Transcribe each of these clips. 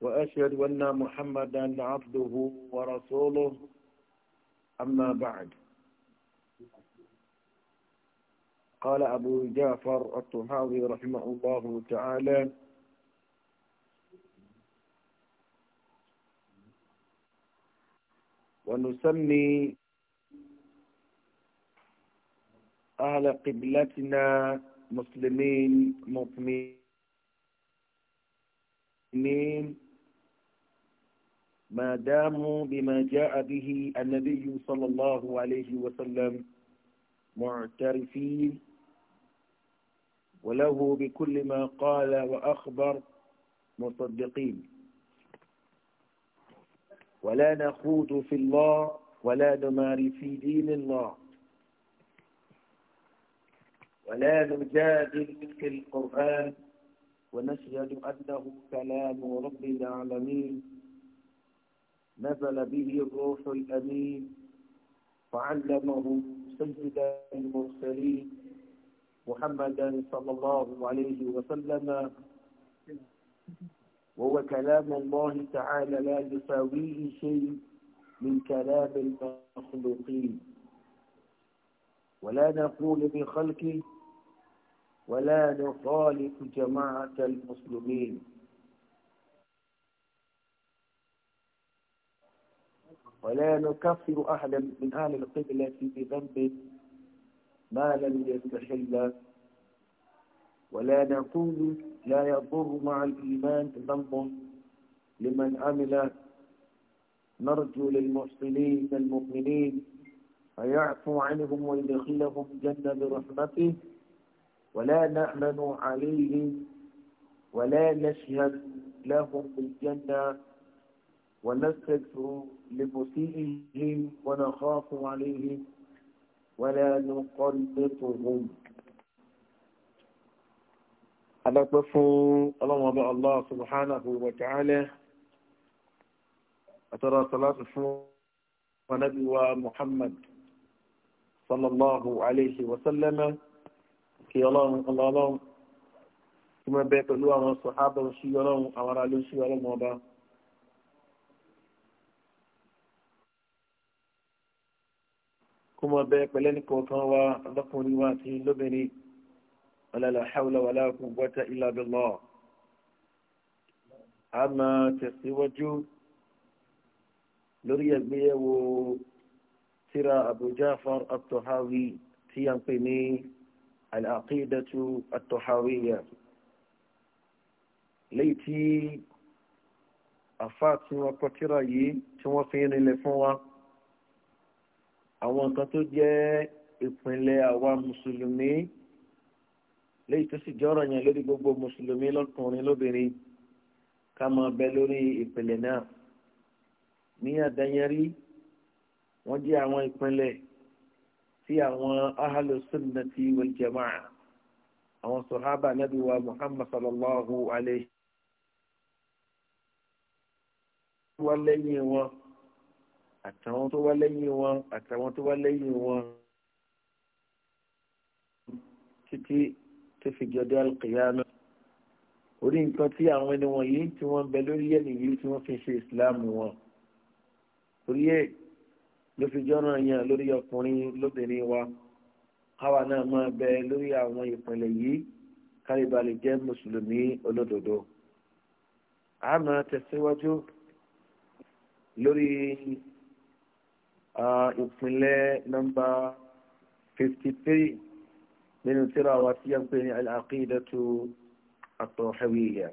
وأشهد أن محمدا عبده ورسوله أما بعد قال أبو جعفر الطهاوي رحمه الله تعالى ونسمي أهل قبلتنا مسلمين مطمئنين ما داموا بما جاء به النبي صلى الله عليه وسلم معترفين وله بكل ما قال وأخبر مصدقين ولا نخوض في الله ولا نماري في دين الله ولا نجادل في القرآن ونشهد أنه كلام رب العالمين نزل به الروح الأمين وعلمه سيد المرسلين محمدا صلى الله عليه وسلم وهو كلام الله تعالى لا يساويه شيء من كلام المخلوقين ولا نقول بخلقه ولا نخالف جماعة المسلمين ولا نكفر أهلا من أهل القبلة بذنب ما لم يستحل ولا نقول لا يضر مع الإيمان ذنب لمن عمل نرجو للمحسنين المؤمنين فيعفو عنهم ويدخلهم جنة برحمته ولا نأمن عليهم ولا نشهد لهم بالجنة ونستغفر لمسيئهم ونخاف عليهم ولا نقلطهم adapẹ́ fún ọlọ́run ọba allah subhanahu wa ta'ala àtọ́rọ salatu fún manabi wa muhammad sallallahu alaihi wasallama kí ọlọ́run ọlọ́run tí wọ́n bẹ́ pẹ̀lú àwọn sọ̀hábà ń ṣí ọlọ́run àwọn ará ló ń ṣí ọlọ́run ọba kó mọ bẹ pẹ̀lẹ́ ní kọ̀ọ̀kan wa lọ́kùnrin wa àti lóbìnrin wàlálà hàwùlà wàlá quwwata illa billah a máa tẹ̀síwájú lórí ẹgbẹ́yẹ̀wò tíra Abu Ja'far at-Tahawi tí a ń pè ní al-Aqidatu at-Tahawiyya léyìí tí àfáà tí wọ́n kọ tíra yìí wa àwọn nǹkan tó jẹ́ ìpínlẹ̀ àwa mùsùlùmí léyìí tó sì jọ́rọ̀ yẹn lórí gbogbo mùsùlùmí lọ́kùnrin lóbìnrin ká máa bẹ lórí ìpínlẹ̀ náà ní àdáyẹrí wọ́n jẹ́ àwọn ìpínlẹ̀ tí àwọn ahlu sunnati wal jama'a àwọn sọ̀hábà nàbí muhammad sallallahu alayhi wa lẹ́yìn wọn àtàwọn tó wá lẹ́yìn wọn àtàwọn tó wá lẹ́yìn wọn títí tó fi jọdẹ alqiyama orí nǹkan tí àwọn ẹni wọn yìí tí wọ́n ń bẹ lórí ẹni yìí tí wọ́n fi ṣe ìsìláàmù wọn orí ẹ̀ ló fi jọ́ràn yàn lórí ọkùnrin lóbìnrin wa káwa náà máa bẹ lórí àwọn ìpìlẹ̀ yìí kálíbà jẹ́ mùsùlùmí olódodo a tẹ̀síwájú lórí ìpínlẹ̀ nọ́mbà 53 nínú tírà wa tí a ń pè ní al-aqidatu at-tahawiyya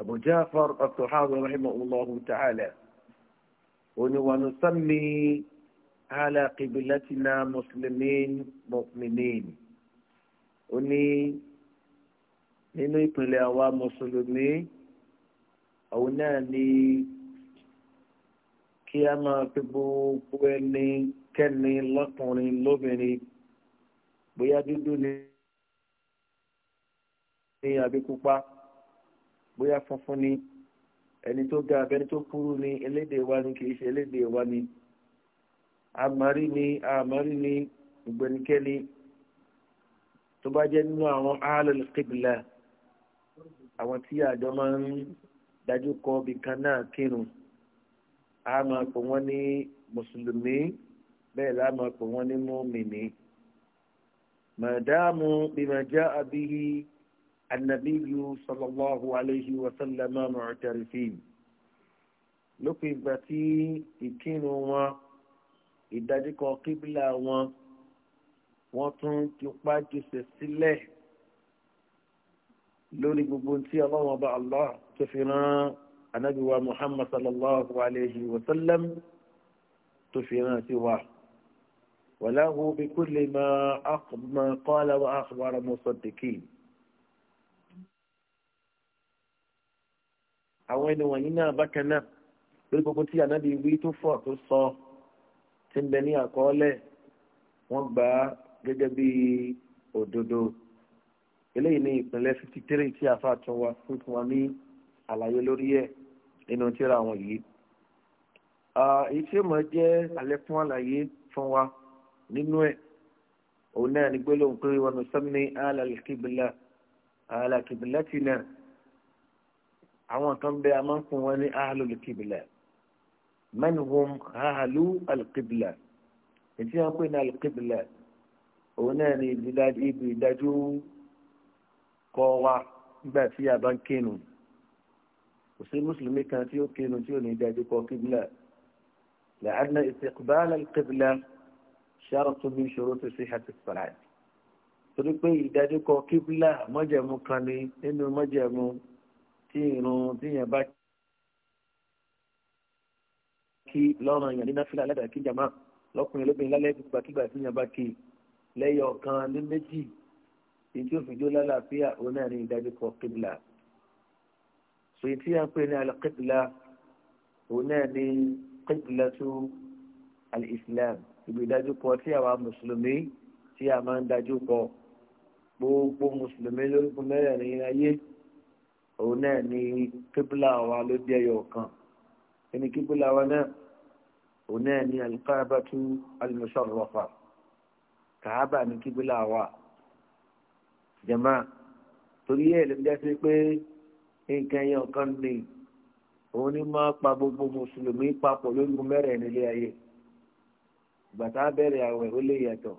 abu jafar at-tahawi rahimahullahu ta'ala oni wa nusammi ala qiblatina mu'minin oni nínú ìpínlẹ̀ àwa mùsùlùmí àwọn náà ni kí a fi gbogbo ẹni kẹ́ni lọ́kùnrin lóbìnrin bóyá dúdú ni ní àbí pupa bóyá funfun ni ẹni tó ga abẹni tó kúrú ni elédè wa ni kì í ṣe elédè wa ni àmàrí ni àmàrí ni ìgbẹnikẹ́ni tó bá jẹ́ nínú àwọn ahlul qibla àwọn tí àjọ máa ń dájú kọ bìkan náà kírun a máa pè wọ́n ní mùsùlùmí bẹ́ẹ̀ la máa pè wọ́n ní mọ́mìnì màdàmú bima jaa bihi annabiyu sallallahu alayhi wa sallam mu'tarifin lópin ìgbà tí ìkínu wọn ìdájíkọ kíbílà wọn wọ́n tún jupá jùsẹ̀ sílẹ̀ lórí gbogbo tí ọlọ́wọ́n bá Allah tó fi rán ànábì wa muhammad sallallahu alayhi wa sallam tó fi hàn sí wa wàláhu bí kúlè máa qala wa akhbara musaddiqin. àwọn ẹni wọ̀nyí náà bákan náà lórí gbogbo tí ànábì wí tó fọ̀ tó sọ tí ń bẹ ní àkọọ́lẹ̀ wọ́n gbà á gẹ́gẹ́ bí òdodo eléyìí ní ìpínlẹ̀ fifty tí a fà tún wa fún wa ní àlàyé lórí ẹ̀ nínú tíra wọn yìí èyí tí mo jẹ́ àlékún àlàyé fún wa nínú ẹ̀ òun náà ni gbólóhùn pé wọn sọmí alàlùkìbìlà alàkìbìlà tì náà àwọn kan bẹ a máa ń fún wọn ní alàlùkìbìlà mẹ́nuhùn ahalu alùkìbìlà ètí wọn pè ní alùkìbìlà òun náà ni ibi ìdájú kọ wa nígbà tí a bá ń kírun kò sí mùsùlùmí kan tí ó kéwòn tí ò ní dájú kọ kíbla làánà ìsèkúbálà kíbla ṣàròtún bí ìṣòro tó ṣe àti sàlàyé torí pé ìdájú kọ kíbla mọ́jẹ̀mú kan ní nínú mọ́jẹ̀mú tí irun tíyẹn bá kí lọ́rùn èèyàn nínú fílà ládàá kí jàmá lọ́kùnrin lóbìnrin lálẹ́ gbàkígbà tíyẹn bá kí lẹ́yọ̀ kan ní méjì èyí tí ó fi jó lálàáfíà òun náà ní ìdájú kọ kíbla so èyí tí a ń pè ní alqibla òun náà ní qibla tó alìsílám ibi ìdájúkọ tí àwa mùsùlùmí tí a máa ń dájú kọ gbogbo mùsùlùmí lórígun mẹ́rẹ̀ẹ̀rin ayé òun náà ní qibla wa ló jẹ́ ẹyọ kan ẹni qibla wa náà òun náà ní alqaabatu almusharrafa kàábà ní qibla wa jama torí ẹ̀ ló ń sí pé nǹkan yẹn ọ̀kan ní òun ni máa pa gbogbo mùsùlùmí papọ̀ lóògùn mẹ́rẹ̀ nílé ayé ìgbà tá a bẹ̀rẹ̀ àwẹ̀ ó lè yàtọ̀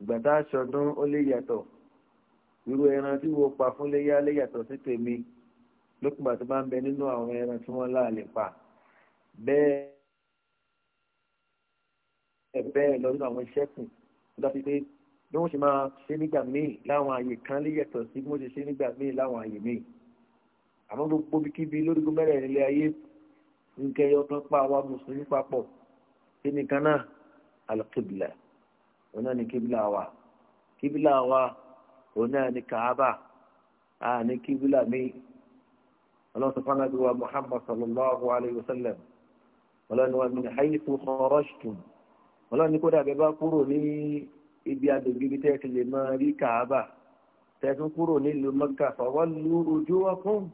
ìgbà tá a ṣọdún ó lè yàtọ̀ irú ẹran tí wo pa fún léyà lè yàtọ̀ sí tèmi lókùn bàtí bá ń bẹ nínú àwọn ẹran tí wọ́n láàlè pa bẹ́ẹ̀ bẹ́ẹ̀ lọ nínú àwọn iṣẹ́ sìn tó dájú pé bí wọ́n ṣe máa ṣe nígbà míì láwọn àyè kan lè yàtọ̀ sí bí wọ́n ṣe ṣe nígbà míì láwọn àyè míì àmọ́ gbogbo kíbi lórígun mẹ́rẹ̀ nílé ayé nǹkan ẹyọ kan pa àwa mùsùlùmí papọ̀ kí nìkan náà alqibla òun náà ní kíbílà wa kíbílà wa òun náà ní kàábà a ní kíbílà mi ọlọ́sọ̀fọ́nà bí wa muhammad sallallahu alayhi wa sallam ọlọ́ni wa min haythu kharajtum ọlọ́ni kódà bẹ́ẹ̀ bá kúrò ní ibi agbègbè ibi tẹ́ẹ̀ lè máa rí kàábà tẹ́ẹ̀ kúrò nílùú mẹ́kà fọwọ́ lu ojú wa fún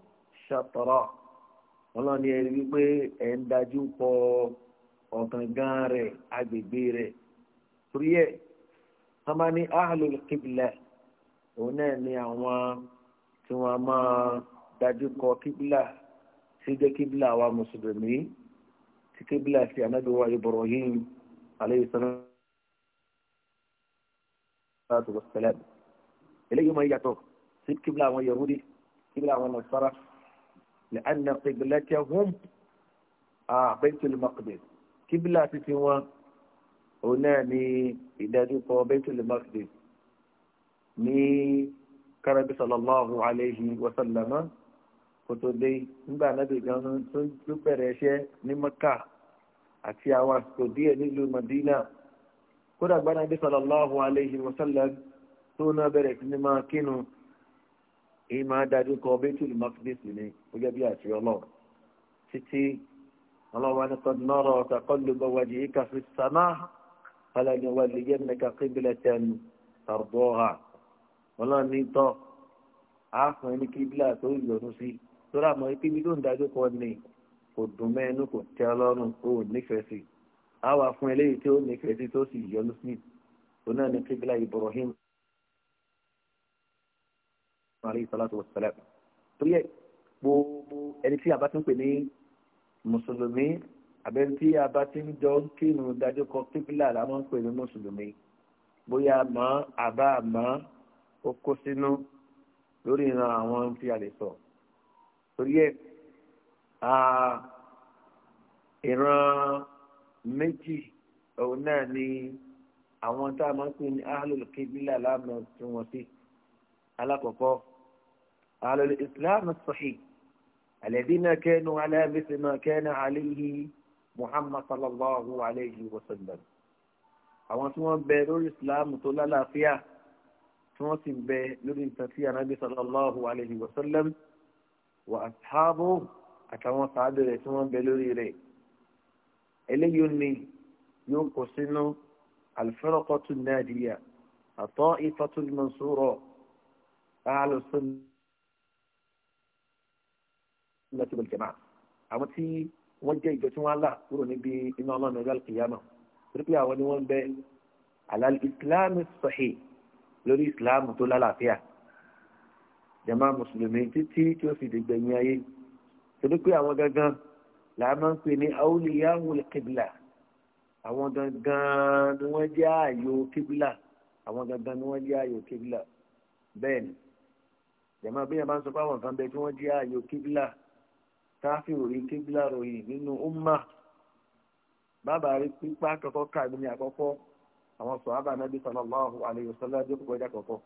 ṣàtọ̀rọ̀ wọn lọ ní ẹrí wípé ẹ̀ ń dájú pọ̀ ọ̀gángan rẹ̀ agbègbè rẹ̀ torí ẹ̀ wọ́n máa ní ahlul kibla òun náà ni àwọn tí wọ́n máa dájú kọ kibla tí jẹ́ kibla wa mùsùlùmí tí kibla fi ànábì wa Ibrahim alayhi salatu eléyìí máa yàtọ̀ sí kibla àwọn Yahudi kibla àwọn Nasara. لأن قبلتهم آه بيت المقدس قبلة سوى هنا إذا بيت المقدس ní kárẹ́bí sallallahu alayhi wa sallama kò tó dé nígbà nábì gan tó ń bẹ̀rẹ̀ iṣẹ́ ní maka àti àwọn àsìkò díẹ̀ nílùú madina kódà gbá nábì sallallahu alayhi wa sallam tó náà bẹ̀rẹ̀ sí ní máa kínu èyí máa dájú kọ bẹ́tùlù mọ́kídésì ni ó jẹ́ bí àti ọlọ́run títí ọlọ́run wa ní kọ́ nọ́rọ̀ ọ̀tà kọ́lù bọ́ wájú yìí kàfi sàmá fàlàní wà lè yẹn nìkan kíbílẹ̀ tẹnu tàbọ̀ ha ọlọ́run ní tọ́ àáfọ̀ ẹni kíbílẹ̀ tó yọ̀nu sí lórí àmọ́ ipi bí ló ń dájú kọ ni kò dùn mẹ́nu kò tẹ́ ọlọ́run kò nífẹ̀ẹ́ sí àwa fún eléyìí tí nífẹ̀ẹ́ sí tó sì yọ̀nu sí òun alayhi salatu wassalam torí ẹ gbogbo ẹni tí a bá ti ń pè ní mùsùlùmí àbẹ́ni tí a bá ti ń jọ ń kírun dájú kọ kíbílà la máa ń pè ní mùsùlùmí bóyá mọ́ àbá mọ́ ó kó sínú lórí ìran àwọn tí a lè sọ torí ẹ ìran méjì òun náà ni àwọn tá a máa ń pè ní ahlul kíbílà láàmú tí wọ́n sí alákọ̀ọ́kọ́. على الإسلام الصحيح الذين كانوا على مثل ما كان عليه محمد صلى الله عليه وسلم àwọn tí wọ́n bẹ lórí islam tó lálàáfíà tí wọ́n sì bẹ lórí nǹkan tí anabi sallallahu alayhi wa sallam wa ashabu àtàwọn sàádé rẹ̀ tí wọ́n bẹ lórí rẹ̀ eléyìí ni yóò kó sínú alfarqatu nadiya àtọ́ ifatul mansura ahlu sunnati wal jamaa àwọn tí wọ́n jẹ́ ìjọ tí wọ́n là kúrò níbi iná ọlọ́run ọjọ́ àlùkìyàmọ̀ torí pé àwọn ni wọ́n ń bẹ àlà ìsìláàmù sahih lórí ìsìláàmù tó lálàáfíà jàmá mùsùlùmí títí tí ó fi dìgbẹ̀yìn ayé torí pé àwọn gangan là máa ń pè ní awliya'ul qibla àwọn gangan ni wọ́n jẹ́ ààyò qibla àwọn gangan ni wọ́n jẹ́ ààyò qibla bẹ́ẹ̀ ni bí yẹn bá ń sọ pé kan bẹ tí wọ́n jẹ́ ààyò qibla káfí òrí kébílà ròyìn nínú umma bàbá rí pípa kọ́kọ́ ká ìlú ní àkọ́kọ́ àwọn sọ̀hábà nàbí sallallahu alayhi wa sallam jókòó ẹja kọ̀ọ̀kọ́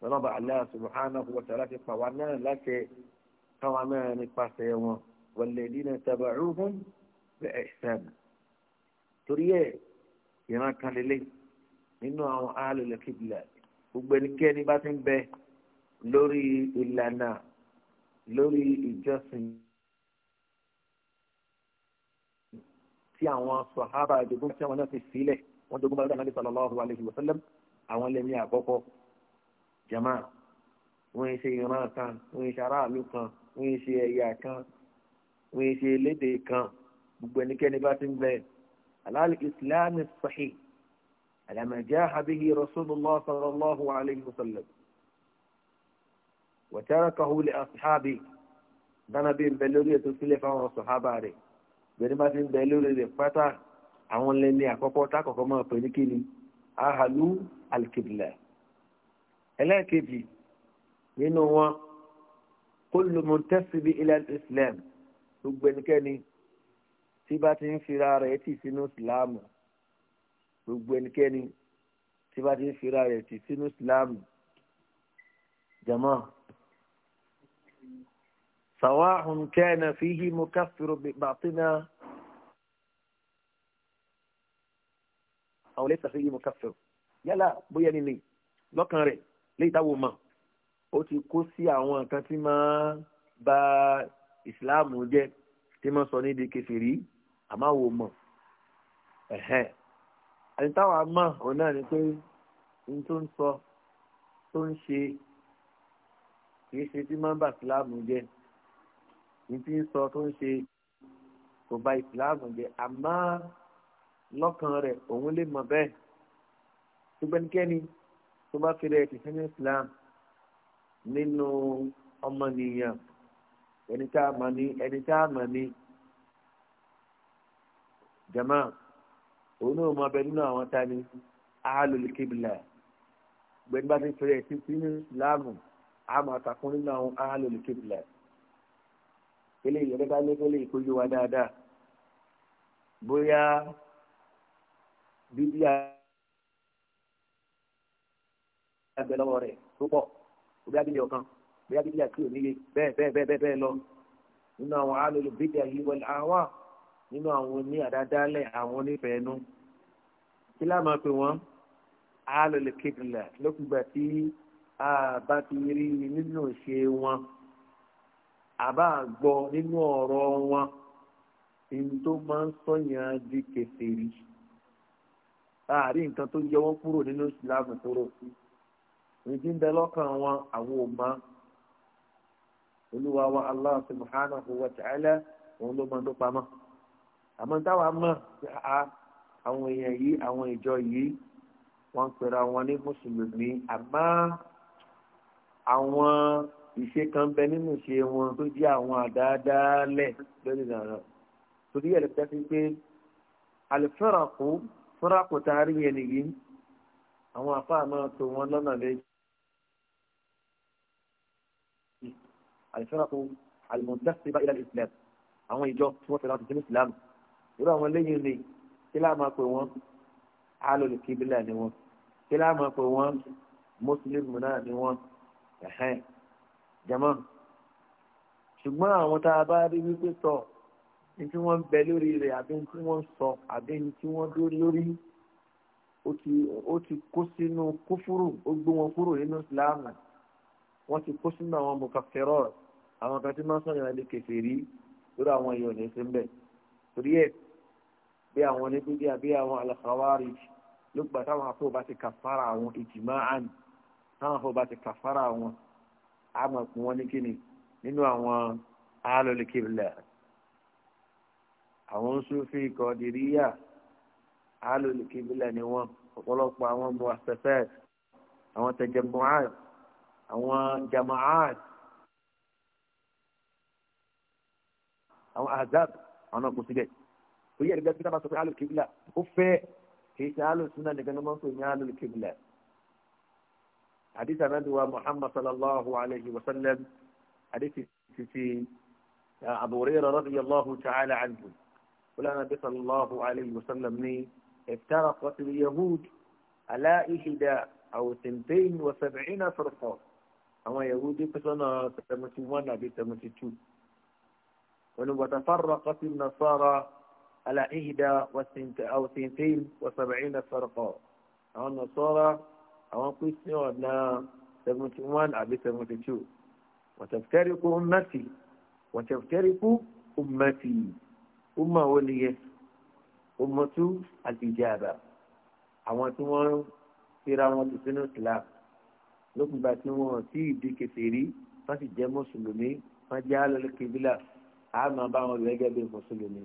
lọ́nà bá Allah subhanahu wa ta'ala ti pa wá náà láti káwọn náà nípasẹ̀ wọn walladina taba'uhum bi ihsan torí ẹ̀ ìran kan lélẹ̀ nínú àwọn ahlul kibla gbogbo ẹnikẹ́ni bá ti ń bẹ lórí ìlànà lórí ìjọsìn tí àwọn sàhábà jogún tí àwọn náà ti sílẹ̀ ti won jogún bá lọ́dọ̀ Ànábì sallallahu alaihi wasallam àwọn lẹ́ni àkọ́kọ́ jama wọ́n ń ṣe ìran kan wọ́n ń ṣe aráàlú kan wọ́n ń ṣe ẹ̀yà kan wọ́n ń ṣe elédè kan gbogbo ẹnikẹ́ni bá ti ń bẹ alali islam sahi ala ma jaha bihi rasulullah sallallahu alaihi wasallam wa tarakahu li ashabi dana bí n bẹ lórí ètò sílẹ̀ fáwọn sàhábà rẹ̀. bẹ̀rẹ̀ bá ti ń bẹ lórí rẹ̀ pátá àwọn lẹ́ni àkọ́kọ́ tákọ̀kọ́ máa pè ní kíni ahalu alkibla ẹlẹ́ẹ̀kejì nínú wọn kullu muntasibi ila islam gbogbo ẹnikẹ́ni tí bá ti ń fira rẹ̀ tì sínú ìsìláàmù gbogbo ẹnikẹ́ni tí bá ti ń fira rẹ̀ tì sínú ìsìláàmù jama sawa'un kana fihi mukaffiru batina. àwọn ilé ìtàfẹ́ yìí mo kà fẹ́ o yálà bóyá nílé lọ́kàn rẹ̀ léyìí táwọn mọ̀ ó ti kó sí àwọn nǹkan tí máa ba ìsìláàmù jẹ́ tí máa sọ ní di kẹfìrí àmọ́ àwọn ò mọ̀ ẹ̀hẹ́n ẹni táwọn mọ̀ òun náà ni pé n tó ń sọ tó ń ṣe kìí ṣe tí máa ń ba ìsìláàmù jẹ́ n tí ń sọ tó ń ṣe kò ba ìsìláàmù jẹ́ àmọ́ lọ́kàn rẹ̀ òun lè mọ̀ bẹ́ẹ̀ ṣùgbọ́nikẹ́ni tó bá fi rẹ̀ kìí sẹ́yìn islam nínú ọmọnìyàn ẹni tá a mọ̀ ní ẹni tá a mọ̀ ní jama òun náà mọ abẹ nínú àwọn tá ni ahlul kibla gbẹni bá ti fi rẹ̀ sí sínú islam àmọ́ àtàkùn nínú àwọn ahlul eléyìí ẹ̀rẹ́ bá lé kó lè kó yé wa dáadáa bóyá bíbí àgbẹ̀ lọ́wọ́ rẹ̀ tó pọ̀ òbí abílẹ̀ ọ̀kan òbí abílẹ̀ àti òníye bẹ́ẹ̀ bẹ́ẹ̀ bẹ́ẹ̀ bẹ́ẹ̀ lọ nínú àwọn alòlù bíbí àyè wọlé àwọn nínú àwọn oní àdádálẹ̀ àwọn onífẹ̀ẹ́ nú kí láà máa pè wọ́n alòlù kìtìlà lókùgbà tí a bá ti rí nínú ìṣe wọn àbá gbọ́ nínú ọ̀rọ̀ wọn ní di kèfèrí àárín nǹkan tó ń yọ wọ́n kúrò nínú ìsìlámù tó rò sí ìdí ń bẹ lọ́kàn wọn àwọn ò mọ̀ olúwa wa allah subhanahu wa ta'ala òun ló máa ń dópa mọ́ àmọ́ táwa mọ̀ àwọn èèyàn yìí àwọn ìjọ yìí wọ́n ń pera wọn ní mùsùlùmí àmọ́ àwọn ìṣe kan bẹ nínú ìṣe wọn tó jẹ́ àwọn àdáadáalẹ̀ lórí ìlànà torí ẹ̀ lè tẹ́sí pé àlùfẹ́ràn kún fúnra kò tá a rí yẹn nìyí àwọn afá máa tó wọn lọ́nà lẹ́yìn. àìsàràkù àlùmọ̀dásíbá ilẹ̀ islam àwọn ìjọ tí wọ́n fẹ́ràn tuntun islam irú àwọn lẹ́yìn ni kí láà máa pè wọ́n alòlù kíbílà ni wọ́n kí láà máa pè wọ́n mùsùlùmí náà ni wọ́n ẹ̀hẹ́n ṣùgbọ́n àwọn tá a bá rí wípé tọ̀ ní tí wọ́n ń bẹ lórí rẹ̀ àbí ní tí wọ́n ń sọ àbí ní tí wọ́n dúró lórí ó ti ó ti kó sínú kúfúrú ó gbé wọn kúrò nínú ìsìláàmù wọ́n ti kó sínú àwọn mùkàfẹ́rọ̀ àwọn kan tí máa ń sọ̀rọ̀ ẹni kèfèrí lórí àwọn èèyàn ní sí mbẹ̀ torí ẹ̀ bí àwọn onígbèdè àbí àwọn alàkàwárì ló gbà táwọn afọ bá ti kàfàrà àwọn ìjìmá àmì táwọn afọ bá ti kàfàrà àwọn àmọ̀ pé ní kíni nínú àwọn alòlùkébìlẹ̀ àti àwọn sufi kọdìríyà alòlùkébílà ni wọn ọ̀pọ̀lọpọ̀ àwọn muasafat àwọn tajamuat àwọn jamaat àwọn azab àwọn náà kò síbẹ̀ ó yẹ ẹ̀dẹ́gbẹ́ síta bá sọ pé alòlùkébílà ó fẹ́ kì í ṣe alòsúnà nìkan ló máa ń pè ní alòlùkébílà hadith anaduwa muhammad sallallahu alayhi wa sallam hadith sisi abu hurairah radiyallahu ta'ala anhu. ولا نبي صلى الله عليه وسلم ني افترقت اليهود على إحدى أو سنتين وسبعين فرقة أما يهودي فسنة 71 أبي 72 وتفرقت النصارى على إحدى أو سنتين وسبعين فرقة أو النصارى أو قسم أبناء 71 أبي 72 وتفترق أمتي وتفترق أمتي umma wo ni yẹ ummatu al-ijaba àwọn tí wọ́n fira wọn ti sínú islam lókùnbà tí wọ́n ti di kèfèrí wọ́n sì jẹ́ mùsùlùmí wọ́n jẹ́ alọ́lẹ̀ kébílà a máa bá wọn gẹ́gẹ́ bí mùsùlùmí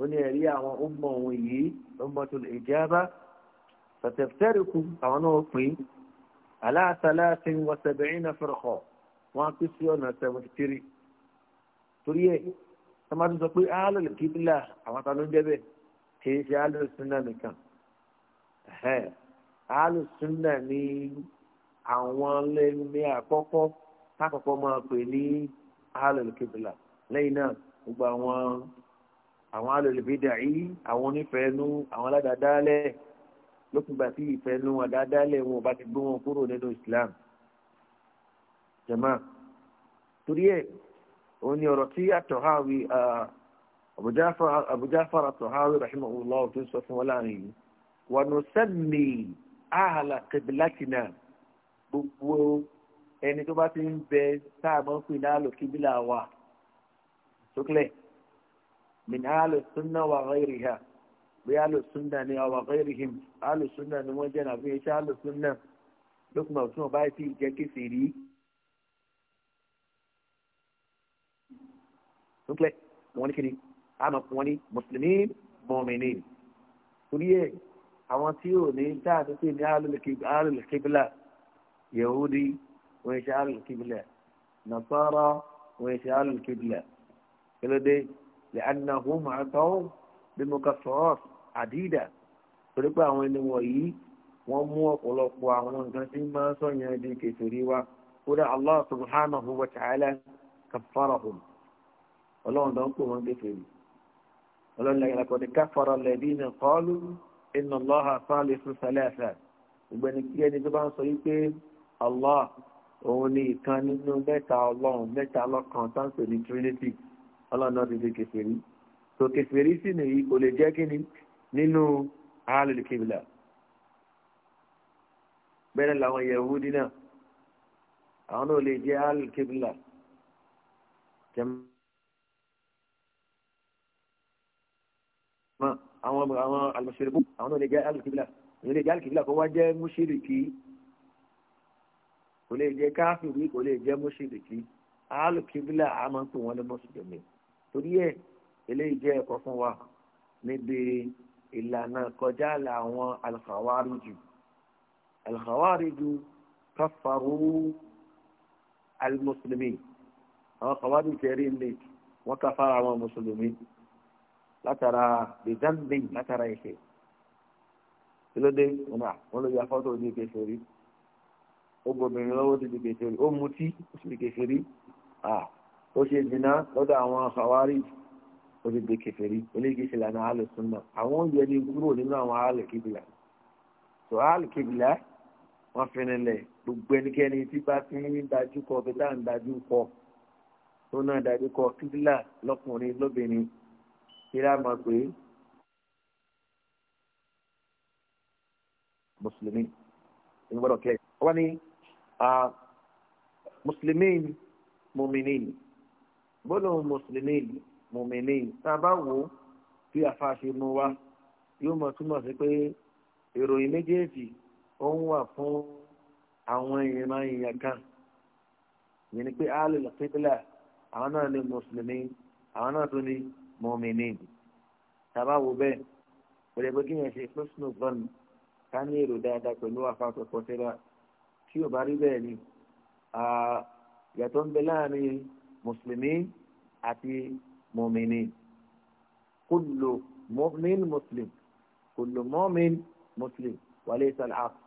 ó ní ẹ̀rí àwọn umma òun yìí ummatu al-ijaba fàtẹ̀fẹ́rìkù àwọn náà pín ala salasin wa sab'ina firqa wọ́n á pín ọ̀nà seventy three torí ẹ̀ tọ́mọ́ tó sọ pé áálòlù kíbílà àwọn ta ló ń jẹ́ bẹ́ẹ̀ kì í ṣe áálòlù súnà nìkan áálòlù súnà ní àwọn lẹ́nu ní àkọ́kọ́ tákọ̀kọ́ máa pè ní áálòlù kíbílà lẹ́yìn náà gbogbo àwọn àwọn áálòlù bídà yìí àwọn onífẹ̀ẹ́nu àwọn aládàádálẹ̀ lókùngbà tí ìfẹ́nu àdáadáalẹ̀ wọn ò bá ti gbé wọn kúrò nínú Islam jama torí ẹ̀ ونيروتيا تهاوي آه، ابو جعفر ابو جعفر التهاوي رحمه الله وتنسف ولاني ونسمي اهل قبلتنا بو ان تو باتين بي سابا فينا لو كبلا وا شكلي من اهل السنه وغيرها بيالو السنه ني او غيرهم اهل السنه نموجنا في اهل السنه لكم ما تو باي في جكي سيري súnlẹ̀ wọ́n ní kiri àmọ́ wọ́n ní mùsùlùmí mọ̀mìnì torí ẹ̀ àwọn tí ò ní dáàbò pé ní alùlùkíbílà yahudi wọ́n ṣe alùlùkíbílà nasara wọ́n ṣe alùlùkíbílà kílódé lẹ́ànàhùn màtọ́wọ́ bí mo ka sọ́ọ̀s àdídà torí pé àwọn ẹni wọ̀nyí wọ́n mú ọ̀pọ̀lọpọ̀ àwọn nǹkan tí máa ń sọ̀yàn di kèfèrí wa kódà allah subhanahu wa ta'ala kafarahum. ọlọ́run tó ń pò wọ́n kéfèé rí ọlọ́run lẹ́yìnlákọ́ni káfọ́rọ̀ lẹ́bí ní kọ́ọ́lù iná lọ́ha fáàlì fún sálẹ́ẹ̀fẹ́ ìgbẹ́ni kí ẹni tó bá ń sọ wípé allah òun ni ìkan nínú mẹ́ta ọlọ́run mẹ́ta lọ́kan tó ní trinity ọlọ́run náà ti di kéfèé rí tó kéfèé rí sì nìyí kò lè jẹ́ kí ni nínú alìkìbìlà bẹ́ẹ̀ làwọn yẹ̀wúdí náà àwọn náà lè jẹ́ alìkìbìlà jẹ́mọ́. àwọn àwọn àlùmọ̀ṣẹ́rẹ́bù àwọn náà lè jẹ́ alùkìbìlà òun lè jẹ́ alùkìbìlà kó wá jẹ́ mùṣírìkì kò lè jẹ́ káfíìrì kò lè jẹ́ mùṣírìkì alùkìbìlà a máa ń pè wọ́n ní mùsùlùmí torí ẹ̀ eléyìí jẹ́ ẹ̀kọ́ fún wa níbi ìlànà kọjá làwọn alùkàwárìjù alùkàwárìjù káfàrú alùmùsùlùmí àwọn kàwárìjù tẹ̀rí ń lè káfàrà àwọn mùsùlùmí látara bìtánbì látara ẹ̀ṣẹ̀ kí ló dé ọ̀nà wọn ló ya fọ́tò ní ìpèsè rí ó gbobìnrin lọ́wọ́ ti di ìpèsè rí ó mutí ó sì di ìpèsè rí ó ṣe dìnnà lọ́dọ̀ àwọn àwárí ó ti di ìpèsè rí eléyìí ṣe lànà àlè súnmọ́ àwọn oúnjẹ ní kúrò nínú àwọn àlè kébìlà tó àlè kébìlà wọn fẹnẹ lẹ gbogbo ẹnikẹ́ni tí bá ti ń dájú kọ bí táà ń dájú kọ tó náà dájú kọ kíbìlà lọ́kùnrin lóbìnrin kí lá mọ̀ pé mùsùlùmí ẹni gbọ́dọ̀ kẹ́ ọ wá ní mùsùlùmí mùmìnì bọ́lọ̀ mùsùlùmí mùmìnì tá a bá wò ó bí àfàṣe mu wá yóò mọ̀ túmọ̀ sí pé ìròyìn méjèèjì ó ń wà fún àwọn ìran èèyàn kan ìyẹn ni pé alẹ́ lọ́pẹ́tẹ́lá àwọn náà ní mùsùlùmí àwọn náà tó ní mu'minin tàbá wo bẹ́ẹ̀ kò lè pé kíyàn ṣe husnu zan ká ní èrò dáadáa pẹ̀lú àfàtọ̀ pọ̀tẹ́rà tí ò bá rí bẹ́ẹ̀ ni yàtọ̀ ń bẹ láàrin mùsùlùmí àti mu'minin kullu mu'min muslim kullu mu'min muslim wa laysa al-'aksu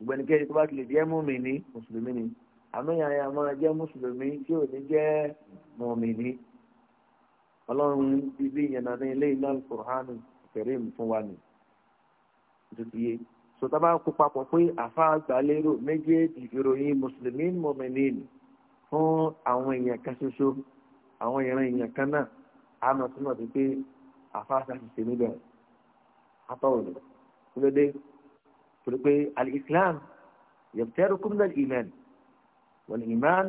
ìgbẹ́nikẹ́ni tó bá ti jẹ́ mu'mini mùsùlùmí ni àmì yàrá jẹ́ mùsùlùmí tí ò ní jẹ́ mu'mini ọlọ́run ibi ìyànnà ní ilé iná kùránù kẹrìm fún wa ni dùdìyẹ sọtá bá kó papọ̀ pé àfa àgbàlérò méjèèjì ìròyìn mùsùlùmí mọ̀mìnín fún àwọn èèyàn kan ṣoṣo àwọn ìran èèyàn kan náà a mọ̀ sí mọ̀ pé àfa àṣàṣìṣe níbẹ̀ àtọ̀wọ̀lẹ̀ kúlódé torí pé al-Islam yabtarukum minal iman wal iman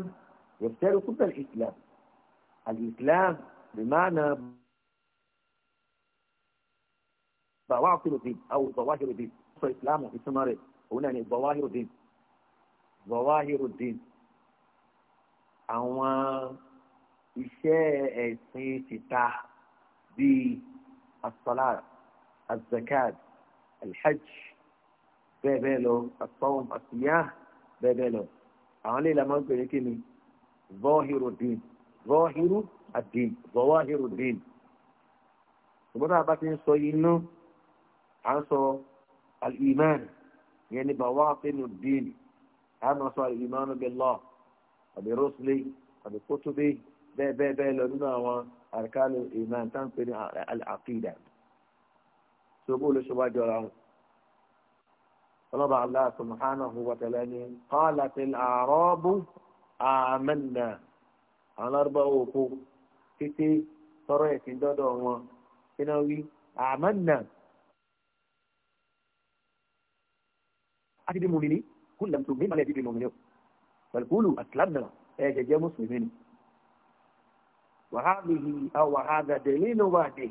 yabtarukum minal Islam بمعنى ظواهر الدين أو ظواهر الدين في فإسلام إسمار هنا يعني ظواهر الدين ظواهر الدين àwọn iṣẹ́ ẹ̀sìn títà bíi asalat azakat alhajj bẹ́ẹ̀ bẹ́ẹ̀ lọ asawam asiyah bẹ́ẹ̀ bẹ́ẹ̀ lọ àwọn lè lamọ́ pé kí ni ظواهر الدين ظواهر àdín zawahiru dín ṣùgbọ́n tá a bá ti ń sọ inú à ń sọ al-iman yẹn ní bawatinu dín à ń sọ al-iman billah àbí rusli àbí kutubi bẹ́ẹ̀ bẹ́ẹ̀ bẹ́ẹ̀ lọ nínú àwọn arkanu iman tá ń pè ní al-aqida ṣùgbọ́n olóṣèwà jọra wọn. رضى الله سبحانه وتعالى قالت الأعراب آمنا على أربع وقوف kété tọrọ ẹ̀sìn dọ́dọ̀ wọn iná wí àmánà àti mùmìnì kú lẹ́mtò mí malẹ̀ bíbí mùmìnì o pẹ̀lúkúlù àtìlámnà ẹ̀jẹ̀ jẹ́ mùsùlùmí ni wàhálìhì àwàhálà dẹ̀línú wà dé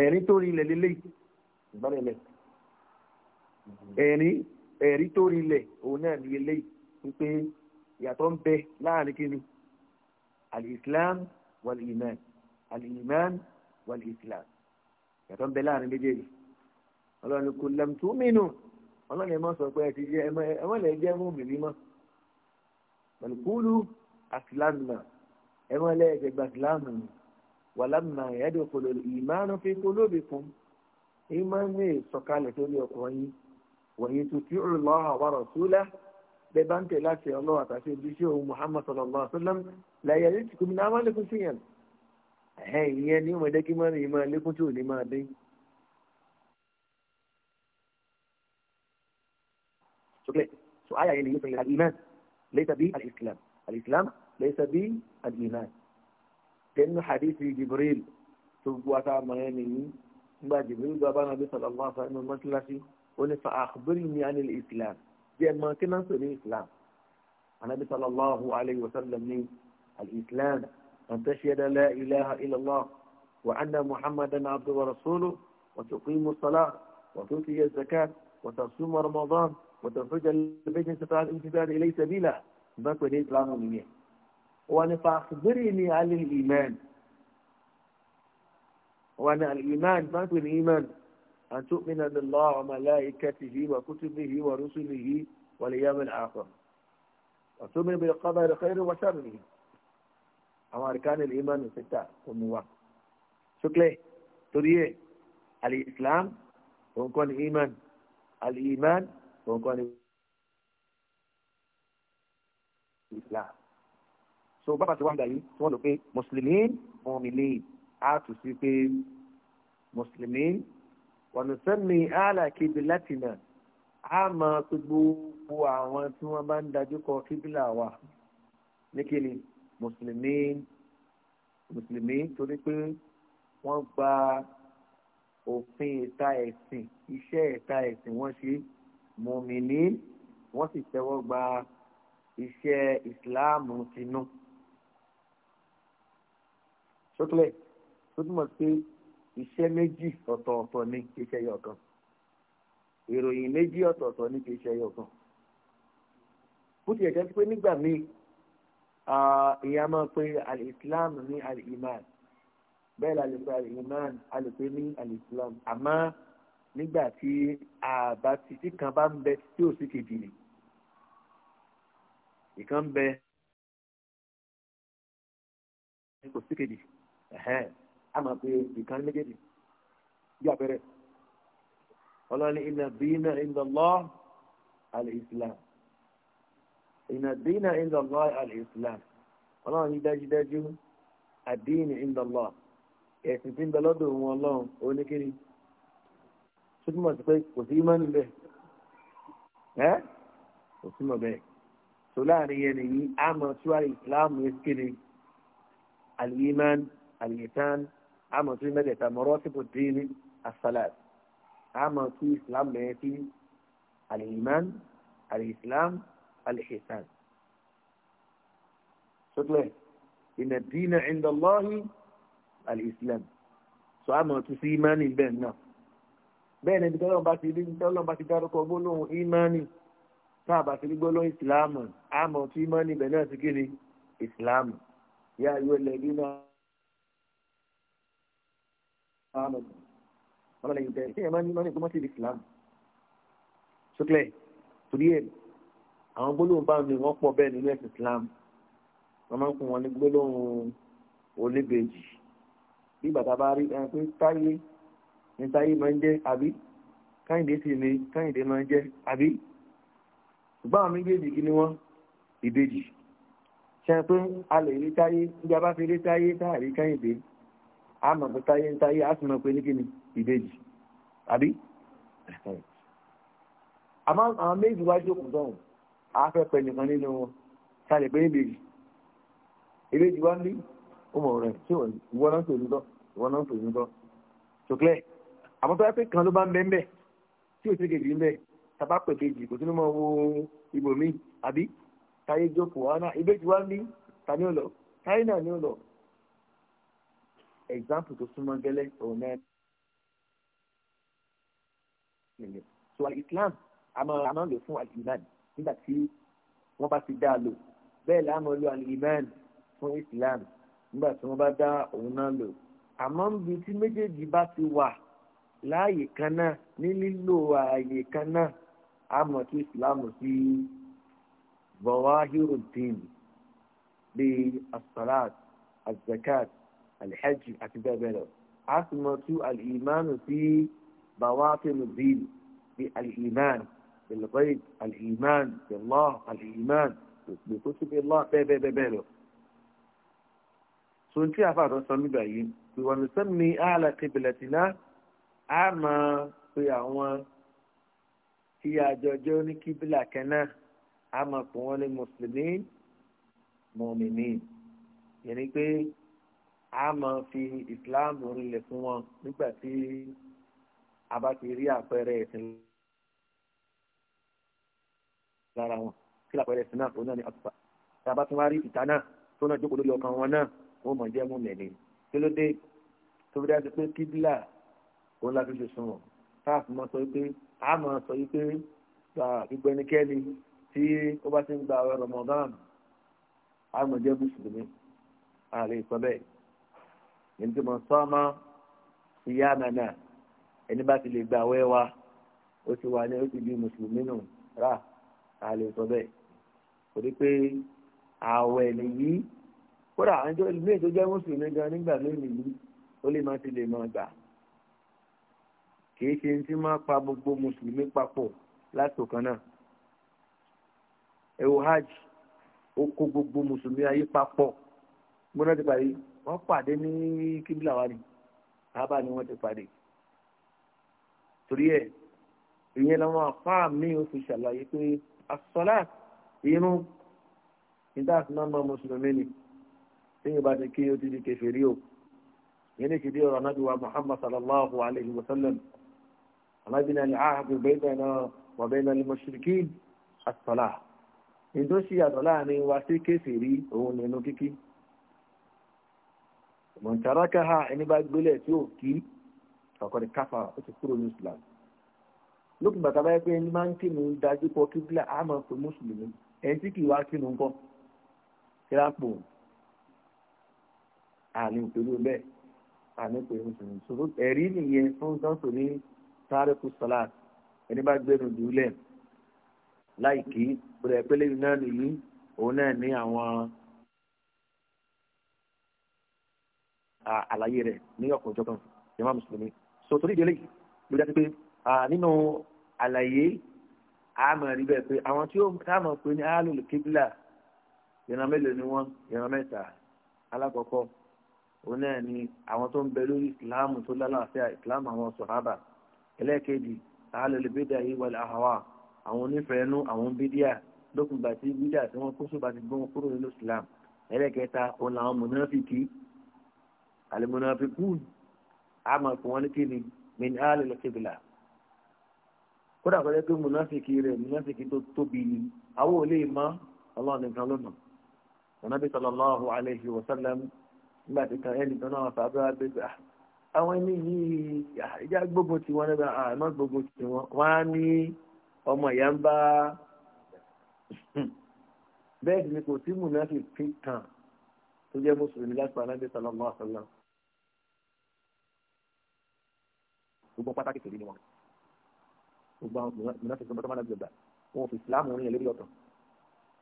ẹ̀rín tó rí ilẹ̀ lélẹ̀ ìgbàlẹ̀lẹ̀ ẹ̀rín ẹ̀rí tó rí ilẹ̀ òun náà ní eléyìí wípé ìyàtọ̀ ń bẹ láàrin kí ni al-islam wal-iman al-iman wal-islam ìyàtọ̀ ń bẹ láàrin méjèèjì ọlọ́run kò lam tu'minu ọlọ́run ẹ̀ mọ́ sọ pé ẹ ti jẹ́ ẹ mọ́ lẹ́ jẹ́ mùmínì mọ́ pẹ̀lú kúlù aslamna ẹ mọ́ lẹ́ ẹ̀jẹ̀ gba ìsìlámù ni wàlámà yadkhulu al-imanu fi qulubikum ìmọ̀ ní ìsọ̀kalẹ̀ tó ní ọkọ̀ yín wa in tuti'u Allah wa rasulahu ببنت لا الله تعالى بيشو محمد صلى الله عليه وسلم لا يلتكم من أعمالكم سيئا هاي يعني ما دك ما ما لكم شو لما دين شكرا سو آية يعني يسمى الإيمان ليس بي الإسلام الإسلام ليس بي الإيمان كأن حديث جبريل سو قطع ما ما جبريل قابل النبي الله عليه ما تلاقي ولا فأخبرني عن الإسلام jẹ́ mọ kí náà sọ ní islam anabi sallallahu alayhi wa sallam ní al-islam an tashhada la ilaha illallah wa anna muhammadan abdu wa rasuluhu wa tuqimu salat wa tuti zakat wa tasuma ramadan wa tahujja al-bayt in istata'a al-imtithal ilayhi sabila bá pè ní islam nìyẹn wọ́n ní fa akhbirni alil iman wọ́n ní al-iman bá pè ní iman. أن تؤمن بالله وملائكته وكتبه ورسله واليوم الآخر وتؤمن بالقدر خير وشره أو أركان الإيمان ستة وموا شكله تريه الإسلام ونكون إيمان الإيمان ونكون الإسلام so bàbá ti wá gbà yìí tí wọ́n lò pé mùsùlùmí òmìnir á tù sí pé mùsùlùmí wọ̀nùsẹ́mi àlà kíbìlátìnà a máa pe gbogbo àwọn tí wọ́n bá ń dájú kọ kíbìlà wa ní kíni mùsùlùmí mùsùlùmí torí pé wọ́n gba òfin ẹ̀ka ẹ̀sìn iṣẹ́ ẹ̀ka ẹ̀sìn wọ́n ṣe mùmìnì wọ́n sì tẹ́wọ́ gba iṣẹ́ ìsìláàmù tinú. sókè tó sí iṣẹ́ méjì ọ̀tọ̀ọ̀tọ̀ ní kì í ṣe ẹyọ kan ìròyìn méjì ọ̀tọ̀ọ̀tọ̀ ní kì í ṣe ẹyọ kan bó ti ẹ̀jẹ̀ pé nígbà míì ìyá máa pe alìsílám ní alìmán bẹ́ẹ̀ la lè pe alìmán a lè pe ní alìsílám àmọ́ nígbà tí àbá títí kan bá ń bẹ tí ò sí kejì ni ìkan bẹ kò sí kejì a máa pe ìkan méjèèjì bí àpẹẹrẹ ọlọ́ni inna dina inda Allah al-Islam inna dina inda Allah al-Islam ọlọ́run yìí dájúdájú àdínì inda Allah ẹ̀sìn tí ń bẹ lọ́dọ̀ wọn ọlọ́run oníkiri tó túmọ̀ sí pé kò sí ìmọ̀ níbẹ̀ ẹ́ kò sí mọ̀ bẹ́ẹ̀ tó láàrin yẹn nìyí àmọ́ tíwárí ìsìláàmù ẹ̀sìn kiri al-iman al àmọ̀ tí mẹ́tẹ̀ẹ̀ta mọ̀rọ́ tí kò dé ní asalat àmọ̀ tí islam bẹ̀rẹ̀ sí al-iman al-islam al-ihsan. sọ́tọ̀ ẹ̀ inna ad-dina 'inda Allahi al-islam sọ àmọ̀ tí sí imani bẹ́ẹ̀ náà bẹ́ẹ̀ ni ibi tọ́lọ́run bá ti rí tọ́lọ́run bá ti dárúkọ gbólóhùn imani tá a bá ti rí gbólóhùn islam àmọ̀ tí imani bẹ́ẹ̀ náà ti kí islam yá ayọ́ ẹlẹ́bí náà ààbọ̀ àwọn ẹ̀yìn tẹ̀ ṣé ẹ̀ máa ní máa ní kó má ti di islam ṣókè tu ẹ̀ àwọn gbólóhùn bá mi wọ́n pọ̀ bẹ́ẹ̀ nínú ẹ̀sìn islam wọ́n máa ń kún wọn ní gbólóhùn Iba tabari, bàtà bá rí ẹ̀ pé táyé ní táyé máa ń jẹ́ àbí káyìndé sì ni káyìndé máa ń jẹ́ àbí ṣùgbọ́n àwọn méjèèjì kí ni wọ́n ìbejì ṣe pé a lè rí táyé níbi abáfi rí táyé táàrí káyìndé a mọ̀ pé táyé ń táyé a sì mọ̀ pé ní kí ni ìbejì àbí àmọ́ àwọn méjì wá jókòó sọ̀hún a fẹ́ pẹ̀ nìkan nínú wọn sáré pé ìbejì ìbejì wá ń bí ó mọ̀ rẹ̀ tí ìwọ náà ń tò nítọ́ ìwọ náà ń tò nítọ́ ṣòkìlẹ̀ àmọ́ tó yẹ pé kan ló bá ń bẹ́ ń bẹ́ tí ò sí kejì ń bẹ́ tàbá pẹ̀ kejì kò sínú mọ́ wo ibòmíì àbí táyé jókòó ọ̀nà ìbejì wá ń bí ta ni lọ táyé náà ni ó lọ example tó súnmọ́ gẹ́lẹ́ òun náà so islam àmọ́ àmọ́ lò fún alimani nígbà tí wọ́n bá ti dá a lò bẹ́ẹ̀ láàmú lo alimani fún islam nígbà tí wọ́n bá dá òun náà lò àmọ́ níbi tí méjèèjì bá ti wà láàyè kan náà ní lílo ààyè kan náà àmọ́ tí islam sí bọ̀wá hírò dín bíi asalat azakat alhajj àti bẹ́ẹ̀ bẹ́ẹ̀ lọ a sì mọ tú alìmánu sí bàwátìmù bíi bí alìmán bilbayd alìmán billah alìmán òpè tó tún billah bẹ́ẹ̀ bẹ́ẹ̀ bẹ́ẹ̀ lọ. sọ tí afa àtọ́ sọ nígbà yìí ìwọ̀n sẹ́mi àlẹ́ kìbìlẹ̀tìná a máa pe àwọn tí àjọjọ́ ní kíbílà kẹ́nà a máa pọ̀ wọ́n ní mùsùlùmí mọ̀mìnì yẹn pé a máa fi islam rinlẹ̀ fún wọn nígbà tí a bá ti rí àpẹẹrẹ ẹ̀sìn lára wọn kí àpẹẹrẹ ẹ̀sìn náà tó náà ní àtúpà tí a bá tún wá rí ìta náà tó náà jókòó lórí ọkàn wọn náà wọn mọ̀ jẹ́ mú mẹ̀lẹ́ kí ló dé tó fi dájú pé kíbílà òun la ṣe sùn wọn táàfù máa sọ pé a máa sọ pé gbogbo ẹnikẹ́ni tí ó bá ti ń gba ọ̀rọ̀ Ramadan a mùsùlùmí a lè sọ ẹni tó mọ sọ́ọ́mọ́ ìyá nànà ẹni bá ti lè gbà wẹ́ wa ó ti wà ní ó ti di mùsùlùmí nù rà á lè sọ bẹ́ẹ̀ kò rí pé àwẹ̀ nìyí kódà àjọ ìlú ètò jẹ́ mùsùlùmí gan nígbà lónìí yìí ó lè má ti lè mọ gbà kìí ṣe ti máa pa gbogbo mùsùlùmí papọ̀ látò kan náà ẹ wo hajj ó kó gbogbo mùsùlùmí ayé papọ̀ gbọ́dọ̀ ti parí wọ́n pàdé ní kíbílà wa ni àbá ni wọ́n ti pàdé torí ẹ̀ ìyẹn làwọn àfáà mi ò fi ṣàlàyé pé àsọlá irun ìdáàfin náà mọ mùsùlùmí ni téèyàn bá ti kí o ti di kèfèrí o yẹn ní ti ọ̀rọ̀ anábì wa muhammad sallallahu alayhi wa sallam anábì náà ni ààbò bẹ́ẹ̀ náà wà bẹ́ẹ̀ náà ni mushrikin àsọlá ìdó àsọlá ni wa sí kèfèrí òun nínú kíkí mọ̀tàràkàhà ẹni bá gbélé tí ò kí ọ̀kọ́ni káfà ó ti kúrò ní islam lókùn bàtà báyìí pé ẹni máa ń kírun dájú pọ̀ kíbílà á máa pè mùsùlùmí ẹni tí kì í wá kírun kọ́ kírápò àní ìpèlú bẹ́ẹ̀ àní pè mùsùlùmí ṣòro ẹ̀rí nìyẹn fún sọ́ńtò ní sáré kù sọ́lá ẹni bá gbẹ́nu dùúlẹ̀ láì kí ó rẹ̀ pẹ́lẹ́ náà nìyí òun náà ní àwọn àlàyé rẹ̀ ní ọ̀pọ̀ ìjọba ìmọ̀ mùsùlùmí so torí ìdílé yìí ló jẹ́ pé nínú àlàyé àmọ̀ rí bẹ́ẹ̀ pé àwọn tí ó táwọn pé ní alùlù kíbílà ìran mélòó ni wọ́n ìran mẹ́ta alákọ̀ọ́kọ́ òun náà ni àwọn tó ń bẹ lórí ìsìláàmù tó lálàáfíà ìsìláàmù àwọn sọ̀hábà ẹlẹ́ẹ̀kejì alùlù bídà yìí wọlé àhàwà àwọn onífẹ̀ẹ́nú alimunafikun a máa pọ̀ wọ́n ní kí ni min ali lọ́kẹ́bìlà kódà kọ́ jẹ́ pé munafiki rẹ̀ munafiki tó tóbi ni àwọn ò lè mọ ọlọ́run nìkan lọ́nà ọ̀nàbí sallallahu alayhi wa sallam nígbà tí kan ẹnì kan náà fàbí wa gbégbé ah, àwọn ẹni yìí ìjà gbogbo tí wọn nígbà àmọ́ gbogbo tí wọn wọn á ní ọmọ ìyá ń bá bẹ́ẹ̀ ni kò sí munafiki kan tó jẹ́ mùsùlùmí láti pa ọ̀nàbí sallallahu alayhi wa sallam. gbogbo pátákì tèmi ni wọn gbogbo àwọn mìíràn fi sọmọtọmọ náà gbẹgbà wọn fi ìsìláàmù rìn lórí ọ̀tọ̀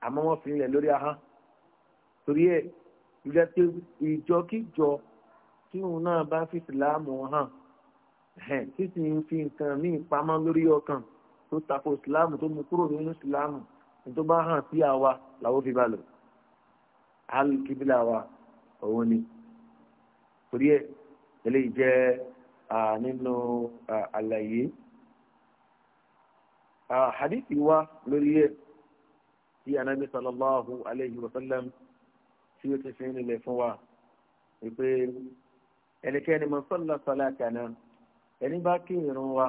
àmọ́ wọn fi rìn lórí ahọ́n torí ẹ ìjọ tí ìjọkíjọ tí òun náà bá fi ìsìláàmù hàn tí sì ń fi nǹkan míì pamọ́ lórí ọkàn tó tako ìsìláàmù tó mú kúrò nínú ìsìláàmù tó bá hàn sí àwa làwọn fi bá lọ alùkíbílà wa òun ni torí ẹ eléyìí jẹ́ nínú àlàyé hadithi wa lórí ẹ̀ tí anábì sallallahu alayhi wa sallam tí ó ti fi ń lè fún wa wípé ẹnikẹ́ni mọ̀ sọ́lá sọ́lá kàná ẹni bá kí ìrun wa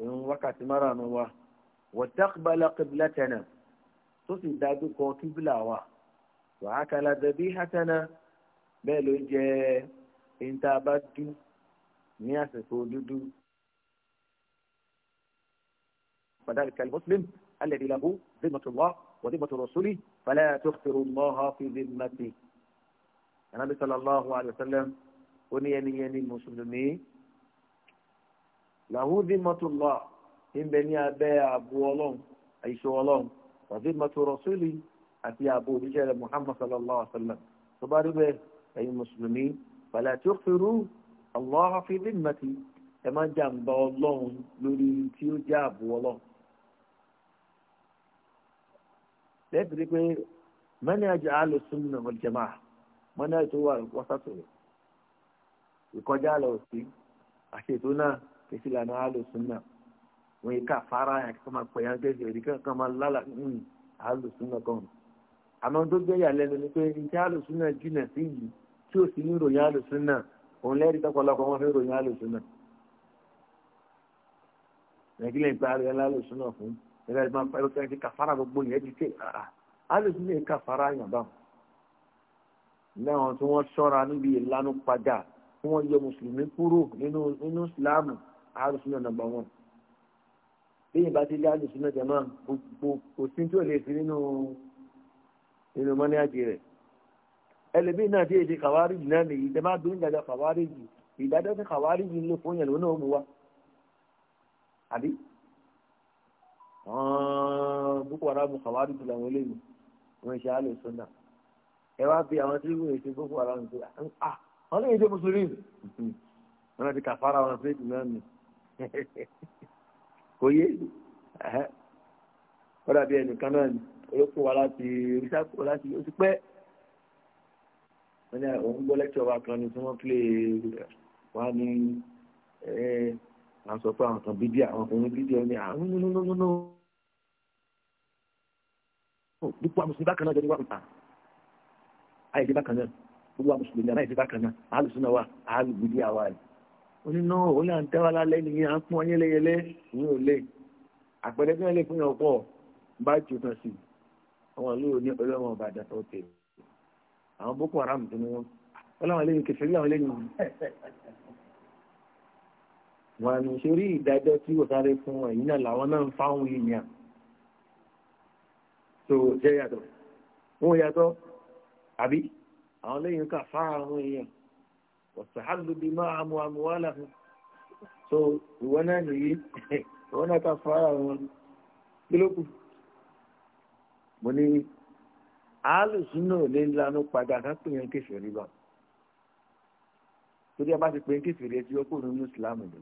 ìrun wákàtí márùn-ún wa wọ́tàkbálá kìbìlá tẹ̀nà tó sì dájú kọ kíbìlá wa wàhákàlà dàbí hàtẹ́nà bẹ́ẹ̀ ló jẹ́ ìntàbá ni asiko فذلك المسلم الذي له ذمة الله وذمة رسوله فلا تخطر الله في ذمته النبي صلى الله عليه وسلم ونيني يني المسلمي له ذمة الله إن بني أبي أبو ولون أيش ولون وذمة رسولي أتي أبو بجال محمد صلى الله عليه وسلم فباربه أي المسلمين فلا تغفروا allah fi zimmati ẹ má jàǹbá ọlọ́run lórí tí ó jẹ́ ààbò ọlọ́run. lẹ́yìn pé mẹ́nẹ́jì alùsùnmù wal jamaa mẹ́nẹ́jì tó wà wọ́sàtò rẹ̀ ìkọjá lọ sí àṣetò náà wọn yìí ká fara yàn kí wọ́n máa pẹ̀yàn gẹ́gẹ́ òdì kankan máa lálà alùsùnmù hmm, kan. àmọ́ tó gbé yà lẹ́nu ni pé njẹ́ alùsùnmù jìnnà sí yìí tí ò sí ní òun lẹ́rìí tọ́pọ̀lọpọ̀ wọn fẹ́ ròyìn alùsùnà nàìjíríà ń pa ara ẹ̀la alùsùnà fún ẹ̀la ìgbà ẹ̀ka ti kàfàrà gbogbo yẹn ti tẹ̀ alùsùnà yẹn kàfàrà yàn bá náà tí wọ́n ṣọ́ra níbi ìlànà padà tí wọ́n yọ mùsùlùmí kúrò nínú nínú ìsìláàmù alùsùnà nàmbà wọn bí ìbá ti lé alùsùnà jẹ náà gbogbo kò sí tí ò lè fi nínú nínú mọ́níyàjì rẹ̀ ẹlẹ́bí náà tí èdè kàwárìjì náà nìyí tẹ́ máa dún ìdájọ́ kàwárìjì ìdájọ́ tí kàwárìjì ń lò fún yẹn lónà òmùwa àbí boko haram kàwárìjì làwọn eléyìí wọn ṣe àlè sọdà ẹ wá bí àwọn tí wọn ṣe boko haram ṣe ah wọn lè ṣe mùsùlùmí wọn ti kàfàrà wọn sí ìdùnnà mi kò yé kọ́dà bí ẹnìkan náà ni olókùn wa láti oṣù pẹ́ wọ́n ní òun gbọ́ lẹ́kítọ̀ wa kan ni tí wọ́n pè é wá ní àwọn sọ pé àwọn kan bídíà àwọn ọkùnrin bídíà ni àwọn nínú gbogbo àmùsùn bákan náà jẹ́ níwá nǹkan àìdí bákan náà gbogbo àmùsùn lèmi àìdí bákan náà àálùsùn wa àálùbídíà wa rẹ̀ onínà òun là ń dá wa lálẹ́ nìyẹn à ń pọ́n yẹ́lẹ́yẹ́lẹ́ ní òlé àpẹẹrẹ bí wọ́n lè fún yàn pọ̀ bá jù tán sí àwọn olóòní ọlọ́wọ́n ọba àdàtọ̀ tèmi àwọn boko haram tó ní wọn wọn làwọn eléyìí kẹfẹ làwọn eléyìí wọn. wọn àmì ìṣòrí ìdájọ́ tí kò sáré fún ẹ̀yìn náà làwọn náà ń fáwọn èèyàn tó jẹ́ yàtọ̀ wọn yàtọ̀ àbí àwọn eléyìí kà fá àwọn èèyàn wọ̀sàhálùbí máa mú àmúwálà fún so ìwọ náà nìyí ìwọ náà kà fá àwọn kí mo ní àálùsí náà lè lanu padà ká pè yẹn kéfì rí bá torí a bá ti pè yẹn kéfì rí ẹtí ọkọ nínú ìsìlámù lè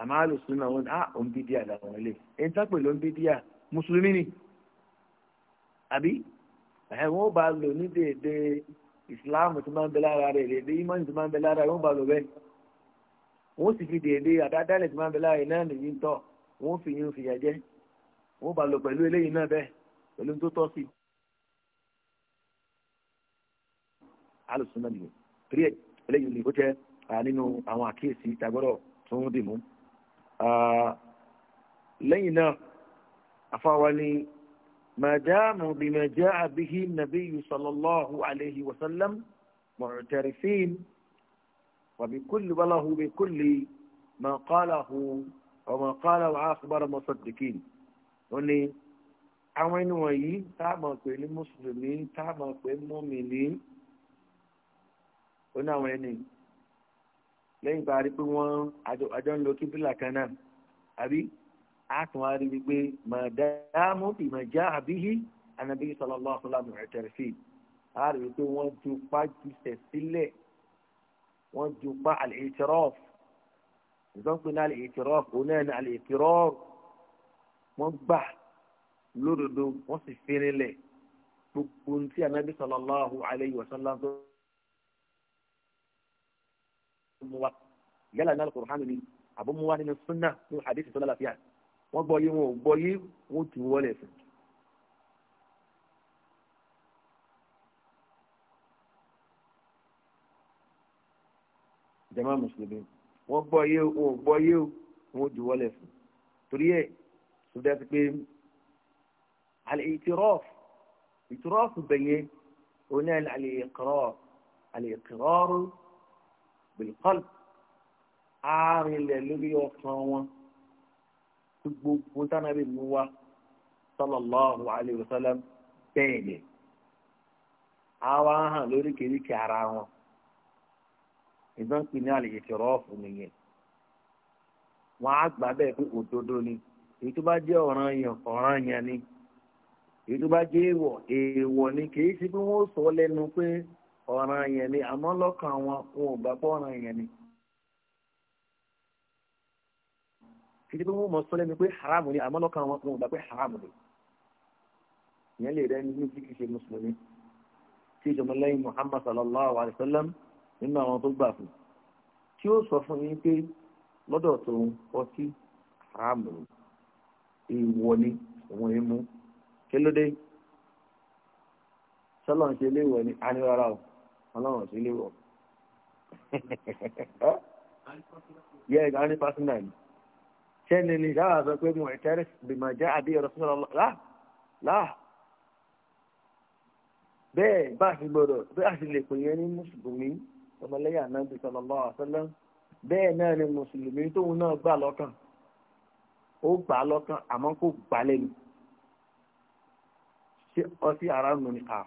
àmọ́ àálùsí náà wọn á ah, òun bí díà làwọn lè ẹni tá pè ló mùsùlùmí ni àbí ẹ̀wọ̀n ó bá lò ní déédé ìsìlámù tó máa ń bẹ lára rẹ̀ déédé ìmọ̀nì tó máa ń bẹ lára rẹ̀ wọ́n bá lò bẹ́ẹ̀ wọ́n sì fi déédé àdádálẹ̀ tó máa ń bẹ lára rẹ̀ náà nìyí ń tọ̀ wọ́n fi yín fìyà jẹ wọ́n bá lò pẹ̀lú eléyìí náà bẹ́ẹ̀ الاندوتوفي على السمانية بريد إلي اللي بجاء أنينو آه، أو أكيسي تابرو سموديمو آه لينا أفاولي ما دام بما جاء به النبي صلى الله عليه وسلم معترفين وبكل بله بكل ما قاله وما قاله وأخبر مصدقين àwọn ẹni wọ̀nyí táàmọ̀ pé ní mùsùlùmí táàmọ̀ pé mùmìnì ó ní àwọn ẹni lẹ́yìn bá rí pé wọ́n àjọ ń lo kíbílà kan náà àbí a tún wá rí wípé màdámù ìmọ̀já àbíyí anabi sallallahu alaihi wa sallam a rí wípé wọ́n ju pa jùsẹ̀ sílẹ̀ wọ́n ju pa al-i'tiraf ìtọ́pẹ́ náà al òun náà ní al wọ́n gbà lódodo wọ́n sì fi rinlẹ̀ gbogbo ohun tí anabi sallallahu alayhi wa sallam tó mú wa yálà ní alukur'an ni àbó mú wa nínú sunna ní hadith tó lálàáfíà wọ́n gbọ́ yé wọn ò gbọ́ yé wọn ò wọlé fún. jama mùsùlùmí wọ́n gbọ́ yé wọn gbọ́ yé wọn ò wọlé fún torí ẹ̀ sọdá ti pé al-i'tiraf i'tiraf bẹ̀yẹ oní al-iqrar al-iqrar bil-qalb àárínlẹ̀ lórí ọkàn wọn gbogbo tánàbí mú wa sallallahu alayhi wa sallam bẹ́ẹ̀ ni àwa hàn lóríkèéríkèé ara wọn ìdán pè ní al-i'tiraf nìyẹn wọn á gbà bẹ́ẹ̀ pé òdodo ni èyí tó bá jẹ́ ọ̀ràn yẹn ọ̀ràn yẹn ni èyí tó bá jẹ́ èèwọ̀ èèwọ̀ ni kì í ṣe pé wọ́n sọ lẹ́nu pé ọ̀ràn yẹn ni àmọ́ lọ́kàn wọn wọn ò bá pọ̀ ọ̀ràn yẹn ni. kì í ṣe pé wọ́n mọ̀ sọ lẹ́nu pé haramu ni àmọ́ lọ́kàn wọn wọn ò bá pé haramu ni. ìyẹn lè rẹ nínú tí kì í ṣe mùsùlùmí tí ìjọba Muhammad sallallahu alayhi wa sallam nínú àwọn tó gbà fún tí ó sọ fún yín pé lọ́dọ̀ tó ń ọtí haramu ni èèwọ̀ ni òun èèmú kí ló dé sọ́lọ́ ń ṣe léwọ̀ ni a ní rárá o ọlọ́run ṣe léwọ̀ yẹ ẹ̀gá ní pásínà ni ṣẹ́ni ni sáà sọ pé mo ẹ̀tẹ́rẹ́ bìmọ̀ jẹ́ àbí ẹ̀rọ sọ́lọ́ láà láà bẹ́ẹ̀ bá a ti gbọ́dọ̀ bẹ́ẹ̀ a ti lè pè yẹn ní mùsùlùmí ọmọlẹ́yà náà bí sallallahu alaihi wasallam bẹ́ẹ̀ náà ni mùsùlùmí tóun náà gbà lọ́kàn ó gbà lọ́kàn àmọ́ kò gbà lẹ́nu ṣe ọtí aráàlú ni a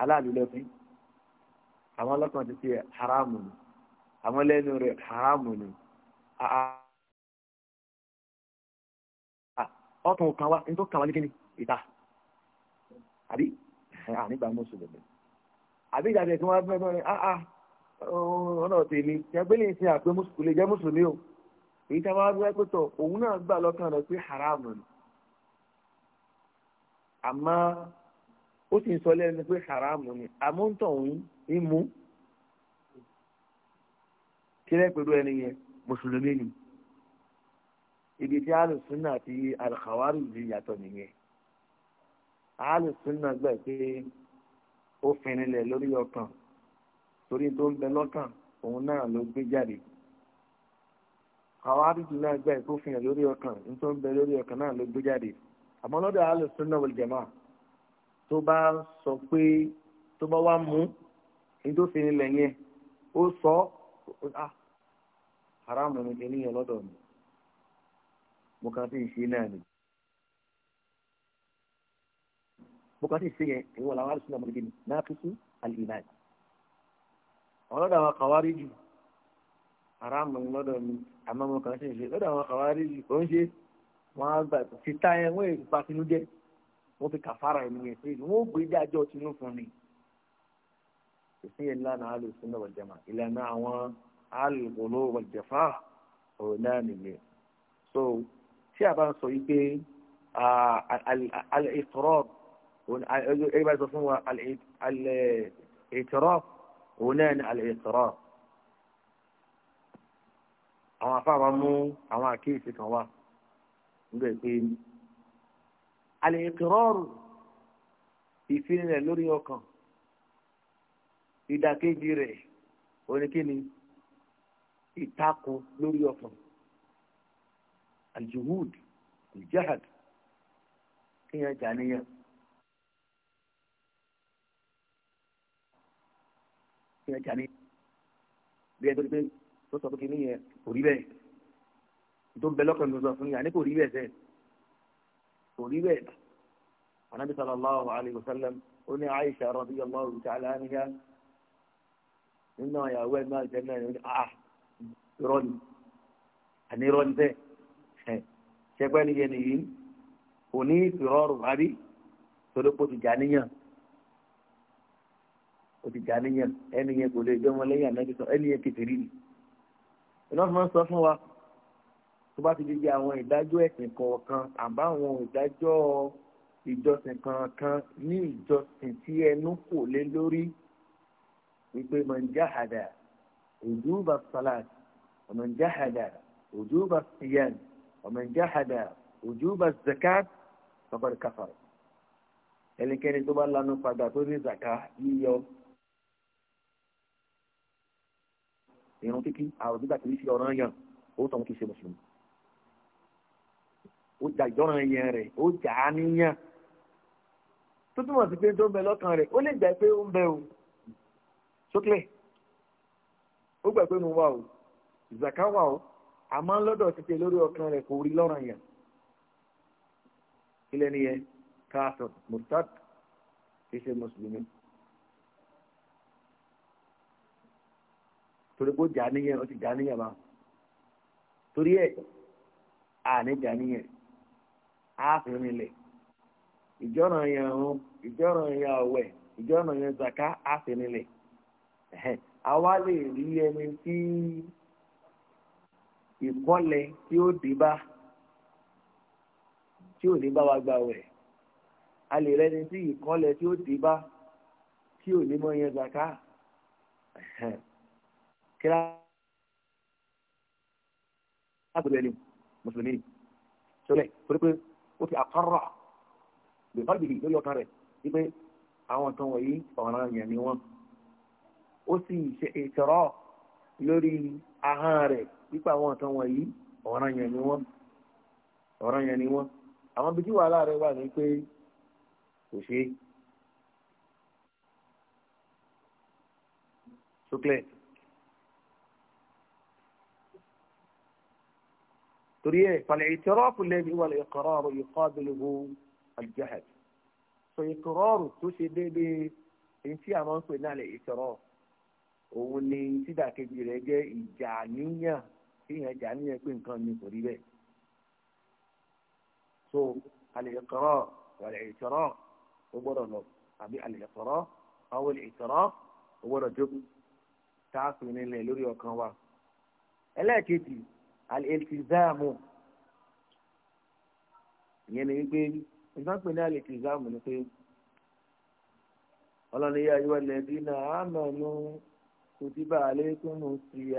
aláàlú lẹ́fín àwọn ọlọ́kàn ti ṣe haramu ni àwọn lẹ́nu rẹ̀ haramu ni ọkàn kan wá nítorí kan wá ní kíni ìta àbí ànígbà mùsùlùmí àbí ìjà tí wọ́n bẹ́ẹ̀ bẹ́ẹ̀ ah ah ọ̀nà tèmi ìyàgbélé ìsìn àpé mùsùlùmí jẹ́ mùsùlùmí o èyí tí a bá wá pé tọ̀ òun náà gbà lọ́kàn rẹ̀ pé haramu ni àmọ́ ó sì ń sọ lẹ́nu pé haramu ni àmọ́ ń tàn òun ń mú kílẹ̀ pẹ̀lú ẹni yẹn mùsùlùmí ni ibi tí alùsùnà àti alùkàwárì yìí yàtọ̀ nìyẹn alùsùnà gbà pé ó fìrìnlẹ̀ lórí ọkàn torí tó ń bẹ lọ́kàn òun náà ló gbé jáde kàwárì yìí náà gbà pé ó fìrìnlẹ̀ lórí ọkàn tó ń bẹ lórí ọkàn náà ló gbé jáde àmọ́ lọ́dọ̀ alùsùnà wọ̀lùjẹ̀mà tó bá sọ pé tó bá wá mú ní tó fi nílẹ̀ yẹn ó sọ ah, haramu ni eléyàn lọ́dọ̀ mi mo kàn fi ṣe náà ni mo kàn fi ṣe yẹn ìwọ làwọn alùsùnà wọ̀lùjẹ̀ mi náà fi sí alìmáì àwọn lọ́dọ̀ àwọn kàwárí jù haramu lọ́dọ̀ mi àmọ́ mo kàn fi ṣe lọ́dọ̀ àwọn kàwárí jù ó ń ṣe wọ́n á gbà síta yẹn wọ́n èrè pa tinú jẹ́ wọ́n fi kàfàrà ẹni yẹn pé wọ́n ó gbé dájọ́ tinú fún ni. òsì yẹn lánà àlò sínú ọ̀jẹ̀mà ìlànà àwọn àlùbọ̀lọ́ ọ̀jẹ̀fà ọ̀rọ̀ náà nìyẹn. so tí a bá ń sọ yìí pé al-itiraf ẹ bá sọ fún wa al-itiraf òun náà ni al àwọn afáàmà mú àwọn àkíyèsí kan wá níbẹ̀ pé àlè ìkìrọ́ọ̀rù ìfinilẹ̀ lórí ọkàn ìdàkejì rẹ̀ oníkíni ìtakò lórí ọkàn aljuhud aljahad kíyàn jàníyàn. kíyàn jàníyàn bí ẹgbẹ́ tó sọ pé kí ni yẹn kò rí bẹ́ẹ̀ tó ń bẹ lọ́kàn ló sọ fún yàrá ní kò rí bẹ́ẹ̀ sẹ́ẹ̀ kò rí bẹ́ẹ̀ anabi sallallahu alayhi wa sallam ó ní aisha radiyallahu ta'ala anha nínú ìyàwó ẹ̀ náà jẹ́ náà ní ah irọ́ ni àní irọ́ ni bẹ́ẹ̀ ṣẹpẹ́ ni yẹn nìyí kò ní ìfìrọ́rù àbí torí kò ti jà níyàn kò ti jà níyàn ẹni yẹn kò lè jọmọ lẹ́yìn ànábi sọ ẹni yẹn tó bá ti di di àwọn ìdájọ́ ẹ̀sìn kọ̀ọ̀kan àbá àwọn ìdájọ́ ìjọsìn kankan ní ìjọsìn tí ẹnu kò lé lórí wípé mọ̀njáhàdà òjúbà salat mọ̀njáhàdà òjúbà siyan mọ̀njáhàdà òjúbà zakat faqad kafara ẹnikẹ́ni tó bá lanu padà tó ní zaka yíyọ ìrun kíkí àwọn ìgbà kìí ṣe ọ̀ràn yàn ó tàn kìí ṣe mùsùlùmí ó jà ìjọ́ràn yẹn rẹ̀ ó jà á níyàn tó túmọ̀ sí pé tó ń bẹ lọ́kàn rẹ̀ ó lè gbà pé ó ń bẹ o sókè ó gbà pé mo wà o ìzàká wà o àmọ́ lọ́dọ̀ títí lórí ọkàn rẹ̀ kò rí lọ́ràn yẹn kílẹ̀ nìyẹn káàtọ̀ murtad kìí ṣe mùsùlùmí. torí pé ó jà níyẹn ó ti jà níyẹn bá torí ẹ̀ àní jà níyẹn àfihàn ilẹ̀ ìjọ́nà yẹn ọ̀run ìjọ́nà yẹn ọ̀wẹ̀ ìjọ́nà yẹn zaka àfihàn ilẹ̀ àwa lè rí ẹni tí ìkọ́lẹ̀ tí ó dé bá tí ò ní bá wa gba ọ̀wẹ̀ a lè rẹni tí ìkọ́lẹ̀ tí ó dé bá tí ò ní mọ yẹn zaka kíra láti rẹ̀ ni mùsùlùmí sọlẹ̀ pérépéré ó ti àkọ́rọ̀ bìkọ́lì bìkì lórí ọkàn rẹ̀ wípé àwọn nǹkan wọ̀nyí ọ̀ràn yẹn ni wọ́n ó sì ṣe ìtọ́rọ̀ lórí ahọ́n rẹ̀ wípé àwọn nǹkan wọ̀nyí ọ̀ràn yẹn ni wọ́n ọ̀ràn yẹn ni wọ́n àwọn ibi tí wàhálà rẹ̀ wà ní pé kò ṣe é. torí ẹ̀ pàlẹ́ ìtẹ́rọ́ọ̀fù lẹ́nu ìwà ìkọ̀rọ̀ọ̀rù ìkọ́bìlìhù àjẹ́hẹ̀d so ìkọ̀rọ̀ọ̀rù tó ṣe déédéé èyí tí a máa ń pè ní àlẹ́ ìtẹ́rọ̀ òun ni sídàkejì rẹ̀ jẹ́ ìjà níyàn tí ìyẹn jà níyàn pé nǹkan ni kò rí bẹ́ẹ̀ so àlẹ́ ìkọ̀rọ̀ àlẹ́ ó gbọ́dọ̀ lọ àbí àlẹ́ àwọn ìtẹ́rọ̀ ó gbọ́dọ̀ jókòó tá a pè nílẹ̀ lórí ọkàn wa ẹlẹ́ẹ̀kejì alẹ́tìzáàmù ìyẹn ni wípé ìfọ̀npẹ̀ ní alẹ́tìzáàmù ni pé ọlọ́ni yá ayé wọlé bí náà àmọ́nú kùtìbà alẹ́kùnrin sí i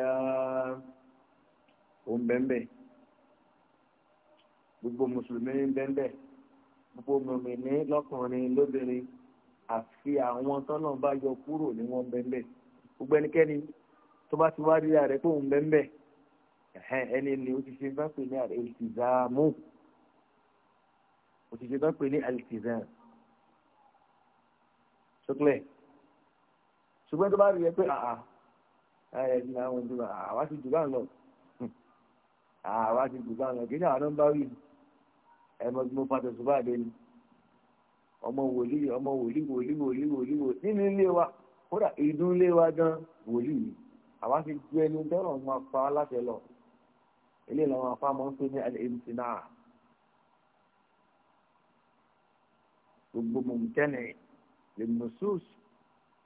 ó ń bẹ́ńbẹ́ gbogbo mùsùlùmí ń bẹ́ńbẹ́ gbogbo mùmìnì lọ́kùnrin lóbìnrin àfi àwọn tọ́nà bá yọ kúrò ní wọ́n bẹ́ńbẹ́ gbogbo ẹnikẹ́ni tó bá ti wá rí ààrẹ pé òun bẹ́ńbẹ́ ẹni ni ó ti ṣe bá pè ní àìsìzámù ó ti ṣe bá pè ní àìsìzám ṣókùlẹ̀ ṣùgbọ́n tó bá rí ẹ pé àà ẹ ní àwọn ìdúrà àwa ti jù bá ń lọ àwa ti jù bá ń lọ kí ni àwọn nọ́mbà rí ẹ mọ bí mo fàtọ̀ sùn bá dé ni ọmọ wòlíì ọmọ wòlíì wòlíì wòlíì wòlíì nínú ilé wa kódà ìdún wa gan wòlíì àwa ti ju ẹni dọ́rọ̀ máa pa á lọ ilé làwọn afáàmọ́ ń pè ní alẹ́mtìnà gbogbo mọ̀mùtẹ́nì lè mọ̀súùs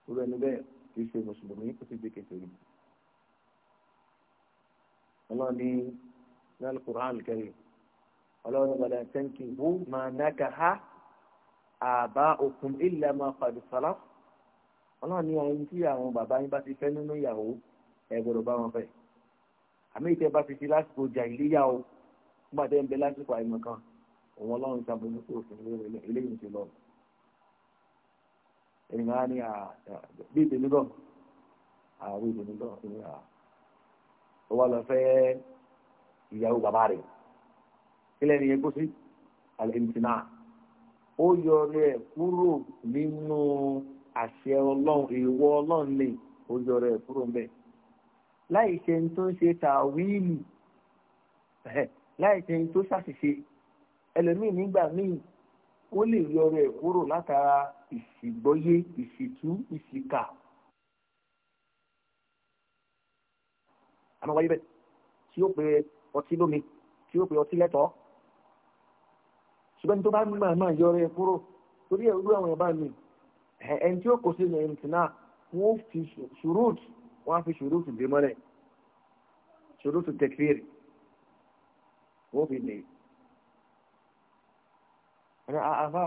gbogbo ẹni bẹ́ẹ̀ kì í ṣe mùsùlùmí kò sí gbèké torí. ọlọ́run ní ní Qur'an Karim ọlọ́run wala tankihu ma nakaha aba'ukum illa ma qad salaf ọlọ́run ní ẹni tí àwọn bàbá yín bá ti fẹ́ nínú ìyàwó ẹ̀ gbọ́dọ̀ bá wọn fẹ́ àmì ìtẹ́ bá ti ṣe lásìkò ọjà ìléyà o nígbà tẹ́ ń bẹ lásìkò àìmọ̀ kan òun ọlọ́run ṣàbójú kúrò fún eléyìí ti lọ. ènìyàn á ní bí ìtẹ̀lú lọ àwọn ìtẹ̀lú lọ ó wá lọ fẹ́ ìyàwó bàbá rẹ̀ kílẹ̀ ni ẹgbó sí àlẹ́mìtìnà ó yọ rẹ̀ kúrò nínú àṣẹ ọlọ́run èèwọ̀ ọlọ́run lè ó yọ rẹ̀ kúrò mbẹ́ẹ̀ láì ṣe ní tó ń ṣe tàwíìlì láì ṣe ní tó ṣàṣìṣe ẹlòmíì nígbà míì ó lè yọrọ ẹ̀ kúrò látara ìṣìgbọ́yé ìṣìtú ìṣìkà àmọ́ wáyé bẹ́ẹ̀ tí ó pe ọtí lómi tí ó pe ọtí lẹ́tọ̀ọ́ ṣùgbọ́n tó bá mímọ̀ náà yọrọ ẹ̀ kúrò torí ẹ̀rú àwọn ẹ̀bá mi ẹni tí ó kò sí ẹ̀yìn tì wọ́n fi ṣùrùtù wọ́n á fi ṣùrùtù dé mọ́lẹ̀ ṣòrótù tẹkfírì wọ́n fi lè ẹ̀rọ àfà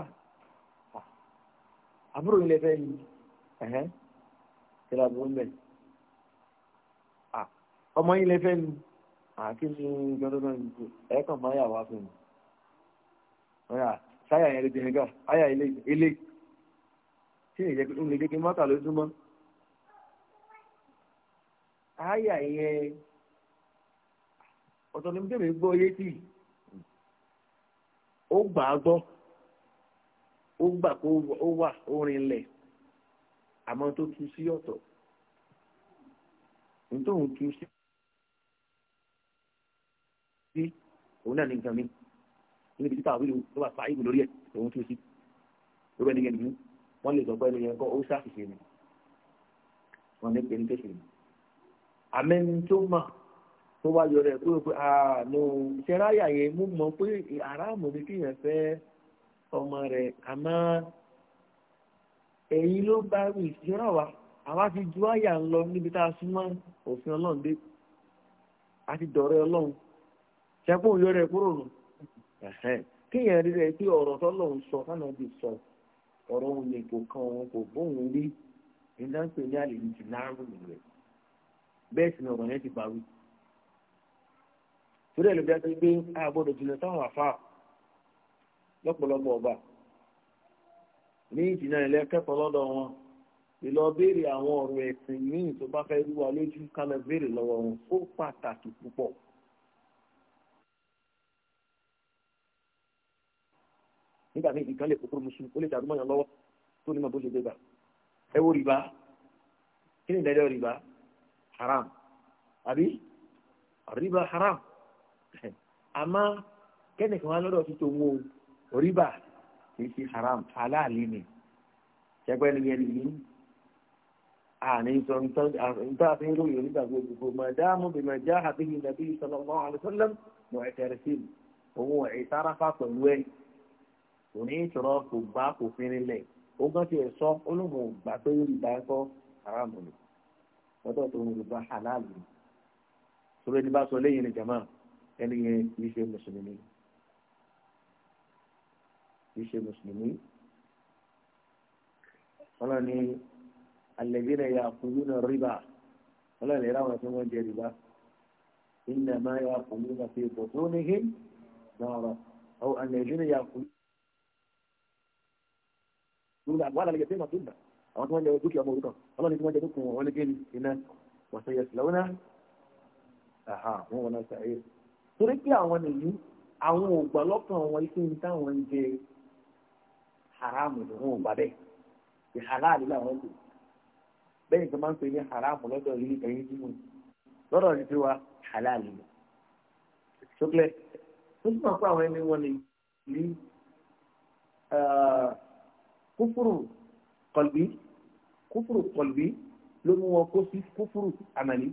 àbúrò ilẹ̀ fẹ́ yìí ẹ̀hẹ́ kíra bó ń bẹ̀ ọmọ ilẹ̀ fẹ́ mi àti ní gbọdọdọ ìgbò ẹ̀ẹ́kàn máa yà wá fún mi ọ̀yà sáyà yẹn lè dín nígbà áyà ilé tí ìyẹn ń lè jẹ́ kí mọ́tà lójúmọ́ áyà yẹn ọ̀tọ̀ ni bíbélì gbọ́ yé tì ó gbà á gbọ́ ó gbà kó ó wà ó rinlẹ̀ àmọ́ tó tu sí ọ̀tọ̀ nítorí tu sí sí òun náà ní nǹkan mi níbi títà àwọn ìlú ló wà fà ìlú lórí ẹ̀ òun tu sí lórí ẹni yẹn wọ́n lè sọ pé ẹni yẹn kọ́ ó ṣàṣìṣe ni wọ́n ní pé ní tẹ̀sí àmẹ́ni tó mọ̀. tó wá yọrọ ẹ̀ kúrò pé àánú ìṣẹ́ráyà yẹn mú ọmọ rẹ̀ àmọ́ èyí ló bá wí wa àwa ti ju àyà ń lọ níbi tá a súnmọ́ òfin ọlọ́run dé a ti dọ̀rẹ́ ọlọ́run sọ fáwọn sọ ọrọ òun lè kó kan òun kò bóun rí ní àlè ní ti náà torí a ti gbé àgbọdọ̀ jùlọ táwọn àfa lọ́pọ̀lọpọ̀ ọba ní na ilẹ̀ kẹ́kọ̀ọ́ lọ́dọ̀ wọn ìlọ béèrè àwọn ọ̀rọ̀ ẹ̀sìn míì tó bá fẹ́ rú lójú béèrè wọn ó pàtàkì nígbà míì nǹkan lè ó lè dàrú tó ní ma bó ṣe dé gbà ẹ wo rìbá kí ni rìbá haram àbí rìbá haram àmọ́ kẹ́nìkan wá lọ́dọ̀ títò wo rìbá kìí ṣe haram aláàlí ni ṣẹgbẹ́ ni yẹn nìyí àní sọ níta fi ń ròyìn nígbà gbogbo màdáàmú bí màjá àbíyí nàbí sallallahu alaihi wasallam mọ̀ ẹ̀tẹ̀ rẹ̀ sí òun ẹ̀ sáráfà pẹ̀lú ẹ̀ kò ní ìṣòro kò bá kò fi rinlẹ̀ ó gán ti ẹ̀ sọ olóhùn ògbà pé rìbá ẹ̀kọ́ haram ni lọ́dọ̀ tó ń rìbá aláàlí ni sọ ẹni yẹn kì í ṣe mùsùlùmí kì í ṣe mùsùlùmí wọn lọ ní alẹ́gbẹ́nà yà kúlú náà rìbá wọn lọ lè ráwọn tí wọ́n jẹ rìbá iná máa yà kúlú náà fi bọ̀ tó ní hí lọ́rọ̀ ọ alẹ́gbẹ́nà yà kúlú lórí àwọn alàlẹ́ yẹn tí wọ́n ti gbà àwọn tí wọ́n jẹ dúkìá ọmọ òrukàn ọlọ́ni tí wọ́n jẹ dúkìá wọn lé gé ní iná wọ́n sọ yẹ torí pé àwọn nìyí àwọn ògbà lọ́kàn wọn ife ń táwọn ń jẹ haramu ni wọn ò gbà bẹ́ẹ̀ ṣe halal làwọn lò bẹ́ẹ̀ ni tó máa ń pè ní haramu lọ́dọ̀ yìí ẹ̀yìn tí mo lọ́dọ̀ yìí tí wa halal ni ṣókè tó túmọ̀ pé àwọn ẹni wọn nìyí kúfúrú kọlbí kúfúrú kọlbí ló mú wọn kó sí kúfúrú àmàlí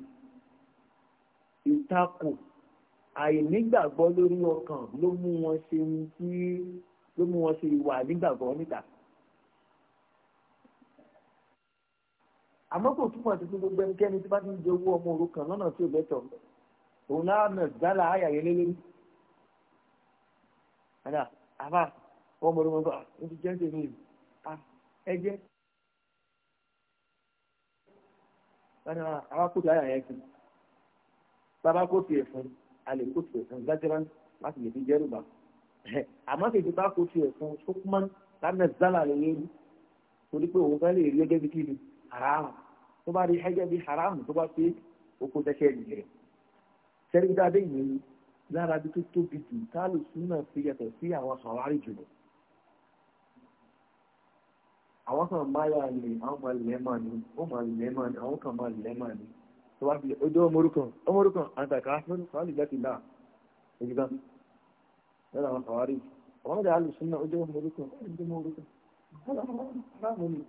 ìtakò àìnígbàgbọ́ lórí ọkàn ló mú wọn ṣe ohun tí ló mú wọn ṣe ìwà nígbàgbọ́ níta. àmọ́ kò túmọ̀ sí pé gbogbo ẹnikẹ́ni tí bá ti ń jẹ owó ọmọ òrukàn lọ́nà tí ò lẹ́tọ̀ òun náà nà dálà ayàyẹ lélẹ́rí. àdá àbá ọmọ òrukàn bá ń ti jẹ́ǹtẹ̀ mi ẹ jẹ́. àwọn akóso ayàyẹ fún bàbá kó tiẹ̀ fún un a lè kó tu ẹ̀sán zajiran láti lè fi jẹ́rù bá àmọ́ kejì bá kó tu ẹ̀sán sókúmán lánàá zálà lè yé mi torí pé òun fẹ́ lè rí ẹgẹ́ bí kí ni haram tó bá rí ẹgẹ́ bí haram tó bá pé oko tẹ́tẹ́ nìyẹn sẹ́rí dáadé yìí lára bí tó tóbi jù táàlù súnà fi yàtọ̀ sí àwọn sọ̀rọ̀ jùlọ àwọn kan máa yà ni àwọn máa lẹ́ẹ̀mà ni ó máa lẹ́ẹ̀mà ni àwọn kan máa lẹ́ẹ̀mà ni tó wá sílẹ̀ ojú ọmọ orúkọ ọmọ orúkọ àtàkà fún fàálì jáde náà ojú gan lọ́dọ̀ àwọn àwárí àwọn ọ̀dà alùsùn náà ojú ọmọ orúkọ ojú ọmọ orúkọ haramu ni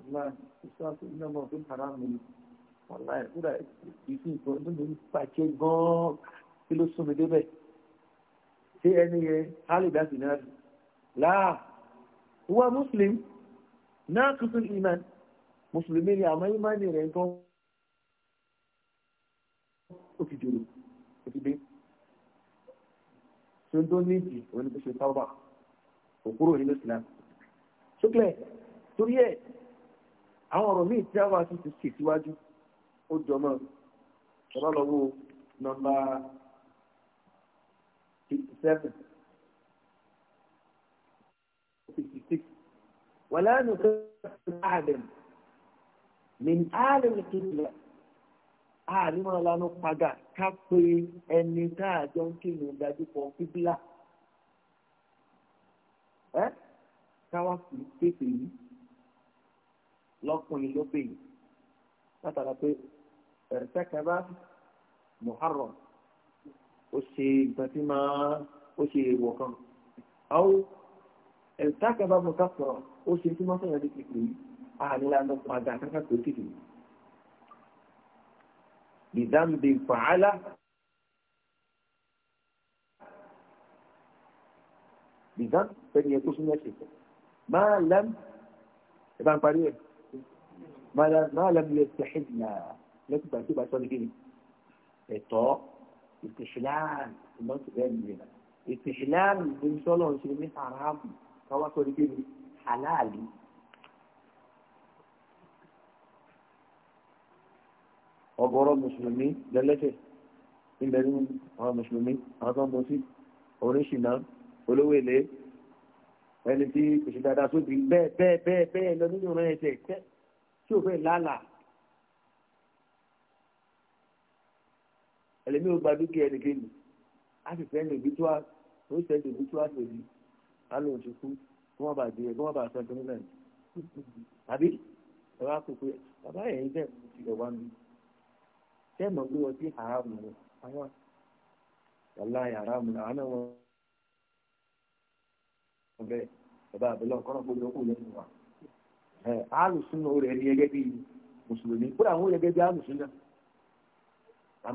ọ̀la ìṣàkóso iná ọmọ ọ̀gbìn haramu ni ọ̀la ìkúra ìfín ìfọ̀ ọdún mi pàṣẹ gan-an kí ló sún mi débẹ̀ ṣé ẹni yẹ fàálì jáde náà láà wọ́n mùsùlùmí náà tuntun ìmọ̀ mùsùlùmí ni àmọ́ ìmọ̀ ni rẹ̀ gan-an ó ti jòrò ó ti dé ṣe tó ní ìdí òun ni kò ṣe tábà kò kúrò nínú Islam ṣókè torí ẹ àwọn ọ̀rọ̀ míì tí a wá sí ti tẹ̀síwájú ó jọmọ́ ọba lọ́wọ́ nọ́mbà fifty seven fifty six wàlẹ́ àná tó ń bá àdẹ̀mù min àlẹ́ mi lọ àní máa lanú padà ká pé ẹni tá a jọ ń kírun dájú pọ̀ fíbílà ẹ káwá sí pépè yìí lọ́kùnrin ló pè yìí látara pé ẹ̀rẹ́sẹ̀ kẹfà muharram ó ṣe nǹkan tí máa ó ṣe èèwọ̀ kan àwọn ẹ̀rẹ́sẹ̀ kẹfà mọ̀tàkùrọ̀ ó ṣe tí máa sọ̀rọ̀ di kékeré àní lanú padà ká pé kékeré bìdáǹbì fàálà bìdán fẹ́ni ẹ̀kọ́ súnmọ́ ẹ̀sìn máa lẹ́m ẹ bá ń parí ẹ̀ máa lẹ́m yẹ tẹ̀hìnà lẹ́kùgbà tí ìbá sọ́ni kíni ẹ̀tọ́ ìtìṣìláàmù ìmọ̀tìbẹ́ẹ̀mì rẹ̀ ìtìṣìláàmù ìgbésọ́lọ́ ń ṣe ní haramu káwá sọ́ni kíni halali ọgọ́rọ̀ mùsùlùmí lẹ́lẹ́tẹ̀ ilẹ̀ nínú àwọn mùsùlùmí àwọn tó ń bọ́ sí oníṣìnà olówó èlé ẹni tí kò ṣe dáadáa sóbì bẹ́ẹ̀ bẹ́ẹ̀ bẹ́ẹ̀ bẹ́ẹ̀ lọ nínú ọ̀rọ̀ ẹ̀sẹ̀ tí ò fẹ́ lálàá ẹlẹ́mi ò gba dúkìá ẹnikẹ́ni a sì fẹ́ ní òbítúwà ó sì fẹ́ ní òbítúwà sèlú á lóun ti kú kó má bàa di ẹ kó má bàa sọ ẹni tó ní náà àbí ẹ wá kó pé bàbá yẹn ń tẹ̀ ẹ̀ wá mi. tẹ́ẹ̀mọ̀ gbé wọn sí haramu ni àwọn wàláhì haramu ni àwọn wọn. ọbẹ̀ bàbá àbẹ̀lẹ̀ ọ̀kọ́rọ̀ kó yọkù lẹ́nu wa alùsùn náà rẹ̀ ní bí àwọn bí alùsùn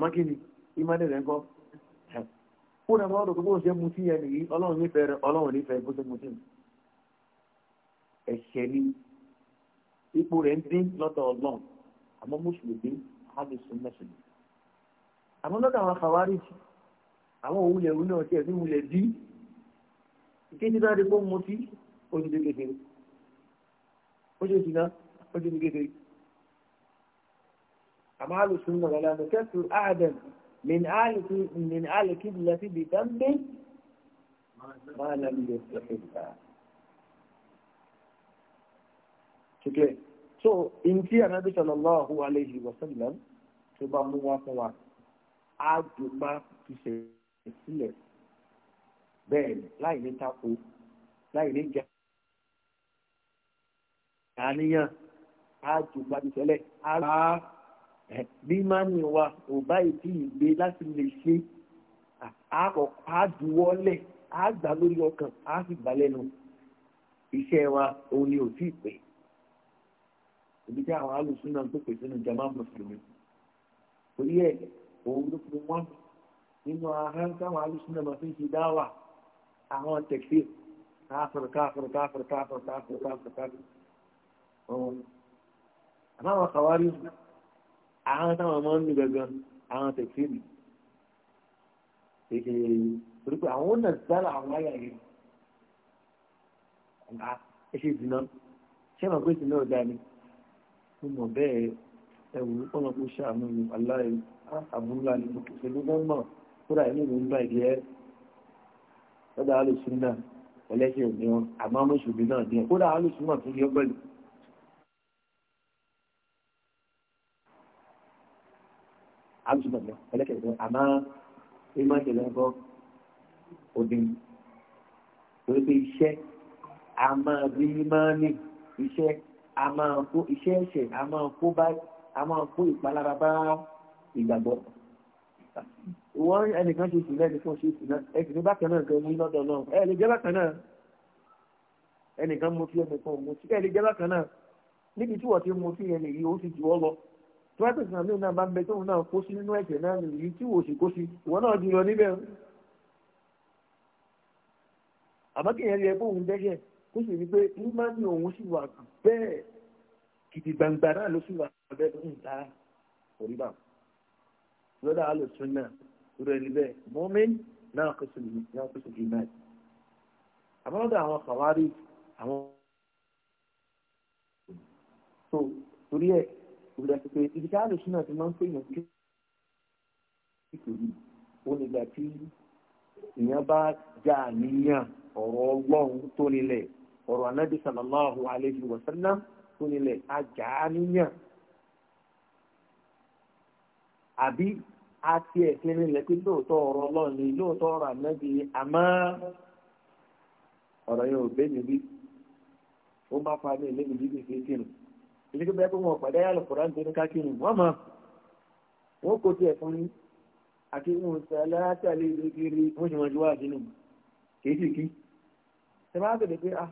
náà kí ni ń gbogbo ṣe rẹ bó ṣe ni ipò ń dín àhábì súnmọ́ sí i àmọ́ lọ́dọ̀ àwọn àfàwárí jù àwọn òwúlẹ̀ òun náà tiẹ̀ ní wulẹ̀ bí ìkéjì náà rí pé mo ti ojúde kékeré ojúde náà ojúde kékeré àmọ́ àlùsùn náà wàlá àmọ́ kẹ́sù áàdẹ̀m min àlùkí lẹ́sí bí dáńdé máa lẹ́nu lè sọ̀rọ̀ so ntí anabi sallallahu alayhi wa sallam tó bá mú wá fún wa á dùn má ti ṣe sílẹ̀ bẹ́ẹ̀ láì ní tako láì ní jẹ́ àníyàn á dùn má ti ṣẹlẹ̀ á rà á bí máa ń wa ò báyìí tí ìgbé láti lè ṣe àádùwọ́lẹ̀ àgbà lórí ọkàn á sì gbà lẹ́nu iṣẹ́ wa òun ni ò tí ì ibi tí àwọn alùsùn náà tó pèsè nù jama mùsùlùmí torí ẹ òun ló fi wọn nínú ahọ́n táwọn alùsùn náà máa fi ń ṣe dáwà àwọn tẹ̀sí káfíìrì káfíìrì káfíìrì káfíìrì káfíìrì káfíìrì káfíìrì ọ̀hún. àmọ́ àwọn kàwárí àwọn táwọn máa ń lu gangan àwọn tẹ̀sí mi kéèké torí pé àwọn náà dára àwọn láyà yìí ẹ ṣe dìnnà ṣé màá pèsè náà dání mo mọ̀ bẹ́ẹ̀ ẹ̀wù ọlọ́pù ṣàánú ni aláì àbúrúlá ni mo kìí ṣẹlú mọ́ kódà inú mi ń bàjẹ́ lọ́dà alùsùn náà ẹlẹ́sìn òní wọn àmọ́ mùsùlùmí náà ní ẹ̀ kódà alùsùn náà tún yọ pẹ̀lú. alùsùn náà ẹlẹ́sìn òní àmọ́ ìmọ̀ ìṣẹ̀lẹ̀ ńkọ́ òdì torí pé iṣẹ́ àmọ́ bí máa ní iṣẹ́ a máa kó iṣẹ́ ẹ̀ṣẹ̀ a máa kó bá a máa kó ìpalára bá ìgbàgbọ́. wọ́n ẹnìkan ṣe ìsìn lẹ́nu fún ṣe ìsìn náà ẹ̀sìn ní bákan náà gan ní lọ́dọ̀ náà ẹ̀ lè jẹ́ bákan náà ẹnìkan mo fi ẹnìkan mo fi ẹ̀ lè jẹ́ bákan náà níbi tí wọ́n ti mo fi ẹnì yìí ó ti jù ọ́ lọ tíwájú náà lóun náà bá ń bẹ tóun náà kó sí nínú ẹ̀jẹ̀ náà nìyí tí wò sí kó sí ìwọ náà jùlọ níbẹ̀ àmọ́ kí yẹn rí ẹ ó sì rí pé ìmánì òun sì wà bẹ́ẹ̀ gidi gbangba náà ló sì wà bẹ́ẹ̀ tó ń ta orí bá lọ́dà alùsùn náà rẹ̀ rí bẹ́ẹ̀ mọ́mìn náà kò sì ní náà kò sì ní náà àmọ́ lọ́dà àwọn kàwárí àwọn tó torí ẹ̀ ìgbà pé ibi tí alùsùn náà ti máa ń pè yàn kí nítorí ó nígbà tí ìyẹn bá jà níyàn ọ̀rọ̀ ọgbọ́n tó nílẹ̀ ọ̀rọ̀ anábì sallallahu alayhi wa sallam tó nílẹ̀ ajá níyàn àbí àti ẹ̀sìn nílẹ̀ pé lóòótọ́ ọ̀rọ̀ ọlọ́run ni lóòótọ́ ọ̀rọ̀ anábì àmọ́ ọ̀rọ̀ yẹn ò bẹ́ẹ̀ níbí ó máa fa ní ìlẹ́yìn bíbí fi kírun ìdí tó bẹ́ẹ̀ pé wọn pàdé ayáàlú kùrán tó ní ká kírun wọ́n mọ̀ wọ́n kò tiẹ̀ fún yín àti ìwọ̀n sẹ́lẹ̀ àtàlẹ́ ìlú kiri wọ́n ti wọ́n ti wá àdínù kì í sì kí ẹ bá bẹ̀rẹ̀ pé ah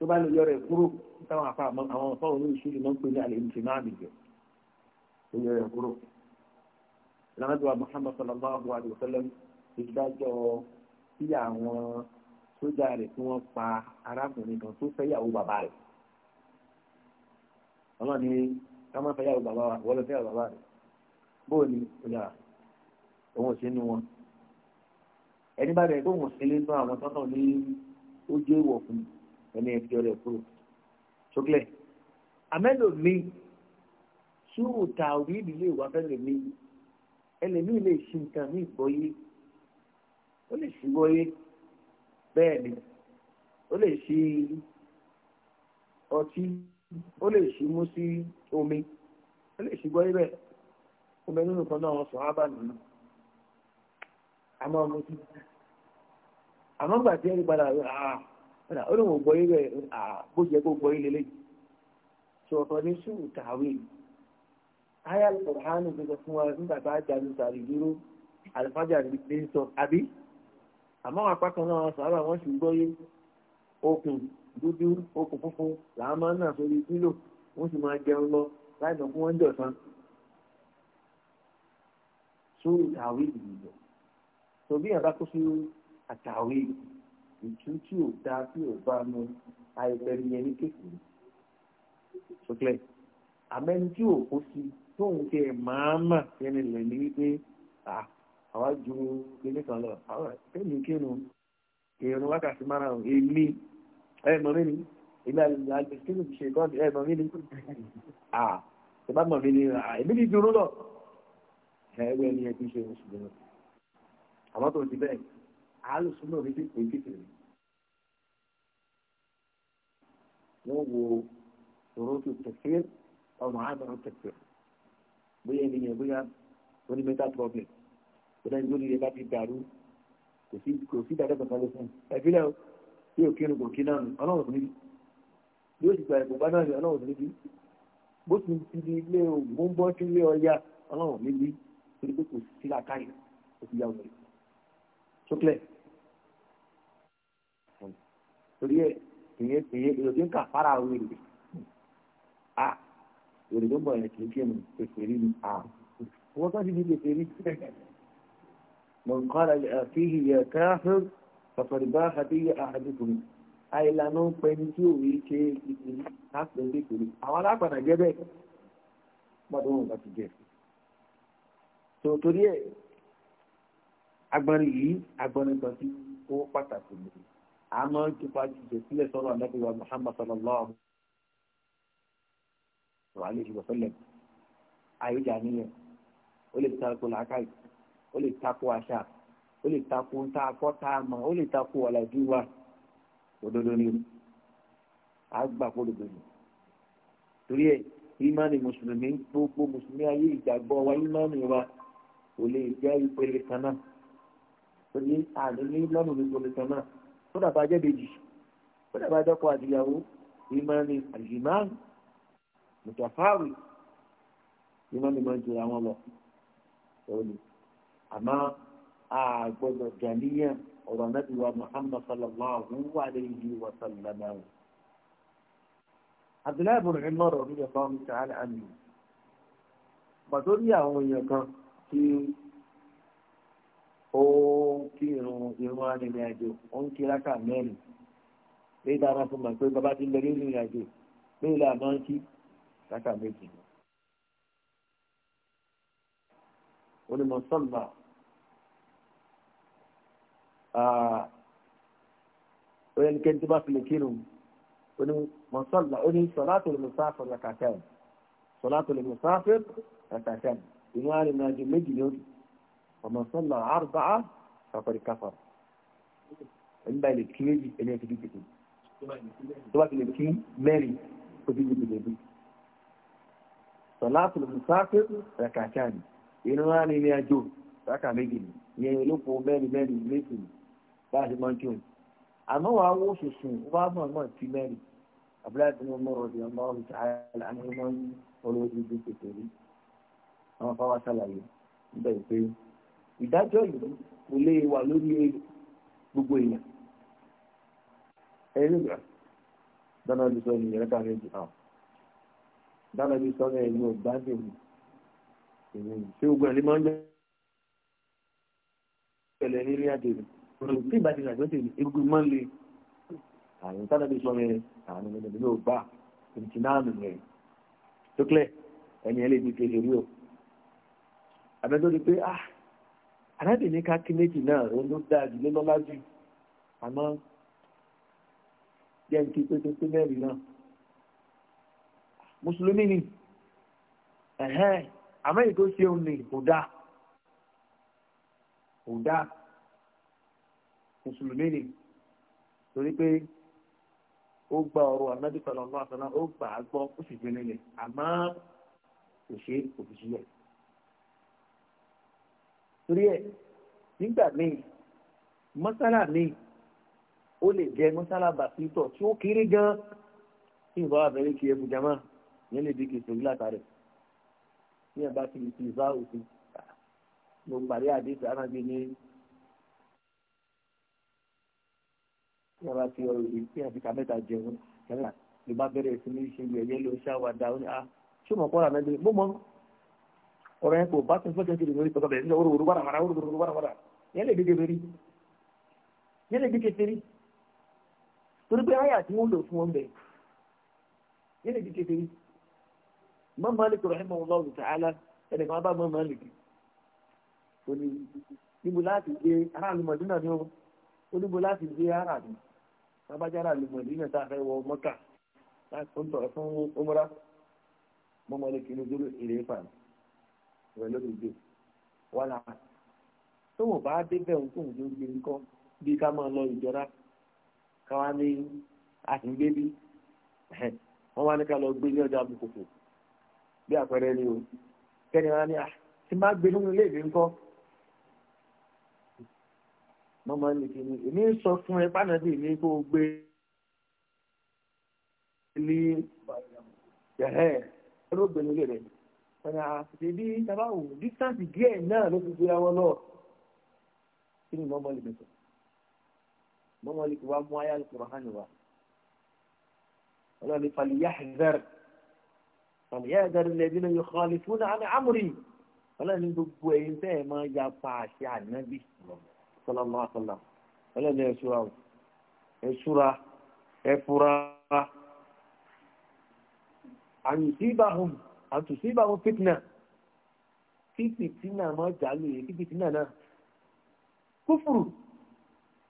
tó bá lè yọ rẹ̀ kúrò táwọn afa àwọn afa òní ìṣúlù náà ń pè ní àlè ìtì náà nìyẹn tó yọ rẹ̀ kúrò. ìlànà ìjọba Muhammad sallallahu alayhi wa sallam ìdájọ́ sí àwọn sójà rẹ̀ tí wọ́n pa arákùnrin kan tó fẹ́ yàwó bàbá rẹ̀ ọlọ́ni ká má fẹ́ yàwó bàbá wa wọ́n lọ fẹ́ yàwó bàbá rẹ̀ bóò ni ìyá òun ò sí inú wọn ẹni bá rẹ̀ kó òun sí nínú àwọn tọ́tọ̀ ní ó jẹ́ ìwọ̀ fún mi ẹni ẹ̀fí ọ̀rẹ́ kúrò ṣókìlẹ̀ àmẹ́lò mi sùúrù ta orí ìdílé ìwà fẹ́lẹ̀ mi ẹlẹ́mí lè ṣe nǹkan ní ìgbọ́yé ó lè ṣe gbọ́yé bẹ́ẹ̀ ni ó lè ṣe ọtí ó lè ṣe mú sí omi ó lè ṣe gbọ́yé bẹ́ẹ̀ ọmọ nínú kan náà wọ́n sọ ábà nínú àmọ́ ọmọ tí àmọ́ gbà ẹni padà rẹ̀ àà ọ̀dà ó lóun ò gbọ́ a ẹ̀ bó jẹ́ kó gbọ́ ilé lẹ́yìn tó ọ̀tọ̀ ní sùúrù tàwé ayé alukọ̀hánù tó sọ fún wa nígbà a jáde sàrí dúró àlùfájà lè sọ àbí àmọ́ apá kan náà sì gbọ́ yé okùn dúdú okùn funfun làwọn máa ń nà sórí kílò wọ́n sì máa jẹun lọ láì mọ̀ fún wọn jọ̀sán sùúrù ìdìbò tòbí ìtú tí ò da tí ò bá mu àìfẹ́mi yẹn ní kékeré ṣùgbọ́n àmẹ́ni tí ò kó sí tóun tiẹ̀ máa mà yẹnì lẹ̀ ní wípé àwa ju kíní kan lọ àwọn ẹ̀mí kírun ìrìn wákàtí márùn-ún èmi ẹ̀mọ́ mi ni èmi àgbẹ̀ kírun ti ṣe kọ́ọ̀dù ẹ̀mọ́ mi ni ìbá mọ̀ mi ni èmi ni dúró lọ ẹ̀ẹ́wẹ̀ ni ẹ ti ṣe oṣù lọ àmọ́ tó ti bẹ́ẹ̀ àálùsùn náà ní pípé pípé rẹ̀ wọ́n wo ṣòrótù tẹ̀fẹ́ ọmọ àmọ́ tẹ̀fẹ́ bóyá ènìyàn bóyá oní mental problem bóyá ní lórí rẹ̀ bá ti dàrú kò sí kò sí dáadáa kankan ló fún un ẹ̀fílẹ̀ o tí ò kírun kò kí náà nù ọlọ́run kò níbi bí ó sì gba ẹ̀kọ́ bá náà ní ọlọ́run kò níbi bó ti ti di ilé ògùn ń bọ́ sí ilé ọya ọlọ́run níbi torí pé kò sí làkàyè kò sí yàwó rẹ̀ ṣókèlè torí ẹ èyàn èyàn èrò tí ń kà fara wèrè à èrò tó ń bọ̀ yẹn kì í ṣe nù pèsè rí ni à wọ́n tó ti di pèsè rí من قال فيه يا كافر فقد باح به أحدكم àìlànà pẹ̀lú tí ò rí ṣe ìpínlẹ̀ láti ọdún ìpínlẹ̀ àwọn alápàdà jẹ́ bẹ́ẹ̀ gbọ́dọ̀ wọn bá ti jẹ́ tó torí ẹ̀ agbọnrin yìí agbọnrin kan sí owó pàtàkì nìyí àmọ́ kípa jùlọ sílẹ̀ sọ́rọ̀ ànábìwà Muhammad sallallahu alayhi wa sallam àyíjà níyẹn ó lè tako làákàyè ó lè tako àṣà ó lè tako tá a kọ́ tá a mọ̀ ó lè tako ọ̀làjú wa òdodo ni a gbà kó dodo ni torí ẹ ìmánì mùsùlùmí gbogbo mùsùlùmí ayé ìgbàgbọ́ wa ìmánì wa kò lè jẹ́ ìpele kan náà torí àdéhùn lọ́nà ìpele kan náà kódà bá jẹ́ bèjì kódà bá jẹ́ kó àtìyàwó ìmọ̀ni àlìmán mùtàfáàrì ìmọ̀ni máa ń jura wọn lọ òní àmọ́ a gbọ́dọ̀ ọ̀rọ̀ nàbí wa muhammad sallallahu alayhi wa sallam. abdullahi bin umar radiyallahu ta'ala anhu pàtó ní àwọn èèyàn kan tí ó ń kírun irun arìnrìn àjò ó ń kí rákà mẹ́rin lè dá máa fún mi pé bàbá ti ń lọ nínú ìrìn àjò lórí ilé àmọ́ ń kí rákà méjì ni. onímọ̀ sọ́lá oye ní kẹ́ntì bá fi lè kírun onímọ̀ sọ́lá ó ní sọ́látò lè mùsáfẹ́ rákà kẹ́rin sọ́látò lè mùsáfẹ́ rákà kẹ́rin ìrun arìnrìn àjò méjì lórí ọmọ sọ́là àrùbá fàkọ̀dì káfàrà ẹ̀yìn báyìí lè kí méjì ẹni ẹ̀fì dìbò tó bá ti lè kí mẹ́rin ó ti dìbò lẹ́bí. sọ̀lá àtùlù musáfir rẹ̀kàkà ni inú wa ní ilé ẹjọ́ rákà méjì ni ìyẹn ló kó mẹ́rin mẹ́rin méjì ni bá a ti máa ń kí òun. àmọ́ wàá wó sùsùn wàá mọ̀ mọ̀ ti mẹ́rin àbúrò àti ọmọ rọ̀bì ọmọ ọ̀rọ̀ ti àyàlà àwọn ọmọ ọlọ́dún tó tẹ̀lé àwọn fáwọn sàlàyé níbẹ̀ pé ìdájọ́ yìí kò lè wà lórí gbogbo èèyàn ẹ̀rí ìgbà dáná bí sọ ènìyàn rẹ́ta rẹ̀ jù náà dáná bí sọ ẹ̀ ní ọ̀gbá dèmí èmi ṣé gbogbo ẹ̀ lè máa ń jẹ́ ẹ̀lẹ́ ní ilé àjèrè tí ìgbà tí ìrìnàjò tèmi egungun máa ń le àrùn dáná bí sọ ẹ̀ àrùn ẹ̀lẹ́ ní ọ̀gbá ìtìnáàmù rẹ̀ tó kílẹ̀ ẹni ẹlẹ́gbẹ̀ẹ́ kejì rí o àbẹ́tọ́ ti pé ah arábìnrin ká kí méjì náà ló ló dáa jù ló lọ́lá jù àmọ́ jẹ́ nkí pé pé mẹ́rin náà mùsùlùmí ni àmọ́ èyí tó ṣe òun ni kò dáa kò dáa mùsùlùmí ni torí pé ó gba ọ̀rọ̀ anábìsọ̀lọ́ ọ̀nà àtọ́nà ó gbà á gbọ́ ó sì gbé nílẹ̀ àmọ́ kò ṣe òfìsílẹ̀ torí ẹ̀ nígbà míì mọ́sálà míì ó lè jẹ́ mọ́sálà bàtítọ̀ tí ó kéré gan tí ìbá abẹ́rẹ́ kí ẹbùn jama yẹn lè di kìsìrí látàrí ní ẹ̀bá ti ti ìbá òfin mo pàdé àdéhùn arábí ní yàrá ti ọ̀rọ̀ yìí tí àfi kàmẹ́ta jẹun kàmẹ́ta ló bá bẹ̀rẹ̀ sí ní ìṣèlú ẹ̀yẹ́ ló ṣáwádà ó ní à ah, ṣé mo kọ́ra mẹ́lẹ́ mo mọ́ Orang yẹn kò bá tún fẹ́ kẹ́kẹ́ lórí pẹ̀lú ẹ̀ ń mana? wọ́rọ̀ wọ́rọ̀ wọ́rọ̀ wọ́rọ̀ wọ́rọ̀ wọ́rọ̀ yẹn lè lebih lórí yẹn lè gbégbé mulu semua pé àyà lebih wọ́n lò fún wọn Allah ta'ala ẹnì kan bá mọ́ Ini ó ní ini láti gbé aráàlú Mọ̀dínà ni ó ó níbo láti gbé aráàlú tábájára lè Mọ̀dínà tá a fẹ́ wọ Mọ́kà láti fún ọmọdé kìíní dúró ìrẹ́fà ni rẹ̀ lórí ìgbé wà láà tó wọ́n bá débẹ̀ ohun tó ń jó gbé ńkọ́ bí ká máa lọ ìjọra káwa ní àtìgbébí wọ́n wá ní ká lọ gbé ní ọjà àbùkùkù bí àpẹẹrẹ ni o kẹ́ni wá ní à ti máa gbé nínú ilé ìwé ńkọ́ wọ́n máa ń lè kí ni èmi ń sọ fún ẹ pánàbí mi kó o gbé ní ẹ̀hẹ́ ẹ ló gbé nílé rẹ̀ yìí ọ̀nà àṣìṣebí sábà wò distance díẹ̀ náà ló fi gbéra wọn náà kí ni mọ́mọ́lì bẹ̀tọ̀ mọ́mọ́lì kò wá mú ayé alùpùpù hàn wá ọlọ́ni falyahdhar falyahdhar alladhina yukhalifuna an amri ọlọ́ni gbogbo ẹ̀yin tẹ́ ẹ̀ máa ya pa àṣẹ ànábì sallallahu alaihi wasallam ọlọ́ni ẹ̀ ṣúra ẹ̀ ṣúra ẹ̀ àyùsí bá hùn àtúnṣe ìbámu fitna kí fìtínà mọ́ jàlù yìí e? kí fìtínà náà kúfùrù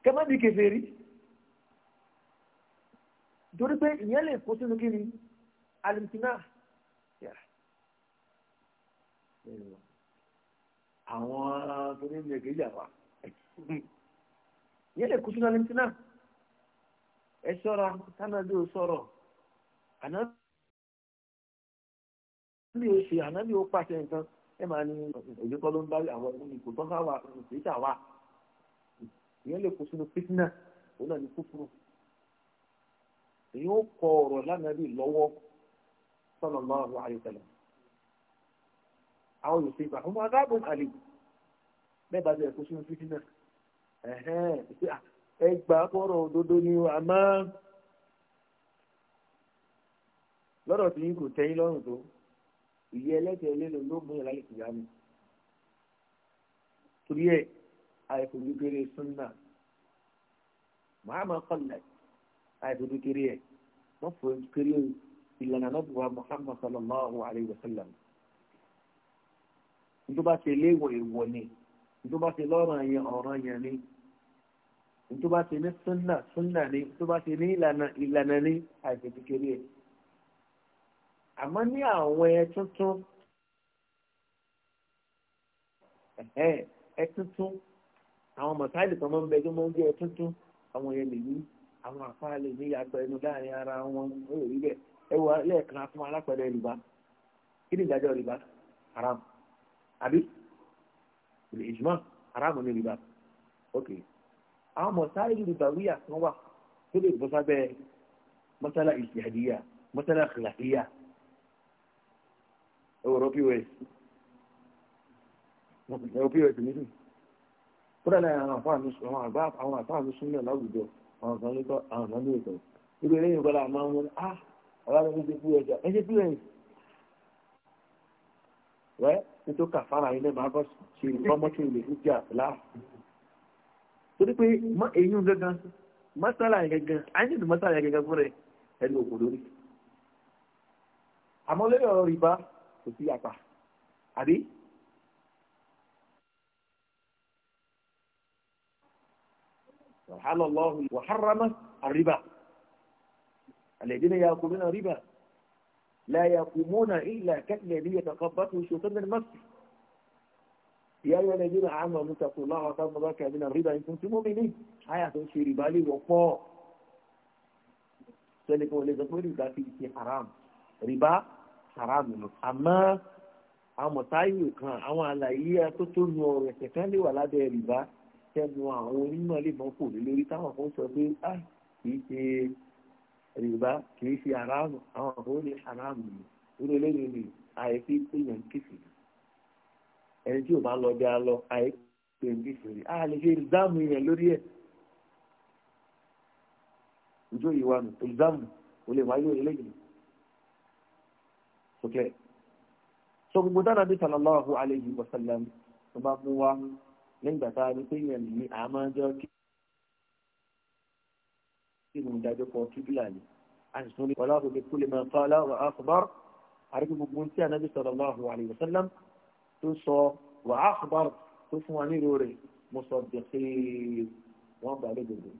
kẹ́mọ́dì kèfèrí torí pé ìyẹn lè kó sínú kíni alimtina àwọn tó ní ilé kejì àwa ìyẹn lè kó sínú alimtina ẹ ṣọ́ra tánàdé ò sọ̀rọ̀ àná bí o ṣe ànábì ó pàṣẹ nǹkan ẹ máa ní èyí kọ́ ló fitna òun náà ní kúkúrú èyí ó sallallahu alaihi wasallam àwọn ti ẹ̀kọ́ sínú fitna òdodo ni àmọ́ lọ́dọ̀ tí yín kò tẹ́yìn lọ́rùn tó. ìyẹ́ ẹlẹ́sẹ̀ lélo ló mú ìlàlẹ̀ ìyá mi torí ẹ̀ àìfojú kéré súnà màámà kọlẹ̀ àìfojú kéré ẹ̀ wọ́n fojú kéré ìlànà lọ́bùwà Muhammad sallallahu alayhi wa sallam nítorí bá ṣe léwọ̀ èèwọ̀ ni nítorí bá ṣe lọ́rọ̀ yẹn ọ̀rọ̀ yẹn ni nítorí bá ní súnà súnà ni nítorí bá ní ìlànà ìlànà ni àìfojú kéré àmọ́ ní àwọn ẹ tuntun ẹ tuntun àwọn mọ̀sáìlì kan máa ń bẹ tó máa ń jẹ́ ẹ tuntun àwọn yẹn lè ní àwọn àfáà lè ní ìyàgbọ́ ẹnu láàrin ara wọn ó rí bẹ́ẹ̀ ẹ wọ lẹ́ẹ̀kan fún alápẹ̀rẹ̀ rìbá kí ni ìdájọ́ rìbá haram àbí ìjùmọ̀ haram ní rìbá ok àwọn mọ̀sáìlì rìbá wíyà kan wà tó lè bọ́ sábẹ́ mọ́sálà ìṣìyàdíyà mọ́sálà kìlàdíyà ẹwọ̀rọ̀ pọ́s ẹwọ̀ pọ́s nínú kódà náà àwọn àfáàní àwọn àgbà àwọn àfáàní súnmọ́ láwùjọ àwọn kan ní kọ́ àwọn kan ní ìtọ́ ibi eléyìí kọ́lá máa ń wọ́n ah ọlọ́run ní ṣe pọ́s ah, ẹ ṣe pọ́s rẹ nítorí kàfàrà yìí náà máa bọ́ ṣe ìfọ́mọ́tò ilé ìjà láà torí pé èyí ń gángan mọ́tàlá yẹn gángan àyìnbó mọ́tàlá yẹn gángan fún rẹ ẹni òkú lórí àmọ́ lórí ọ̀rọ̀ rìbá kò sí yàtà àbí. وحل الله وحرم الربا الذين يأكلون الربا لا يقومون إلا كالذي يتقبضه الشيطان من المسجد يا أيها الذين آمنوا اتقوا الله وتقوا ذاك من الربا إن كنتم مؤمنين آية في ربا لي وفاء سألكم الذين تقولون في حرام ربا haramu nù àmọ́ àwọn mọ̀táyò kan àwọn àlàyé atótónu ọ̀rọ̀ ẹ̀sẹ̀ kan lè wà lábẹ́ rìbá tẹnu àwọn onímọ̀ lè mọ́ kò lé lórí táwọn kan sọ pé a ah, kì í ṣe rìbá kì í ṣe haramu àwọn kan ní haramu nù nínú eléyìí ni àìsí èèyàn kìsìrì ẹni tí ò bá lọ bí a lọ àìsí èèyàn kìsìrì a lè ṣe ìlzámù èèyàn lórí ẹ̀ ìjọ ìwà nù ìlzámù olè wáyé eléyìí tó clear so gbogbo dára bí sallallahu alayhi wa sallam tó bá mú wa nígbà tá a rí pé yẹn ní àmájọ kí nínú ìdájọ́ kan kíbílà ni a sì tún ní ọlọ́run bí kúlẹ̀ máa fọ́ aláwọ̀ àfọ̀bár àríkú gbogbo tí anábì sallallahu alayhi wa sallam tó sọ wà àfọ̀bár tó fún wa nílò rẹ̀ mo sọ dẹ̀kẹ́ wọ́n gbà lódodo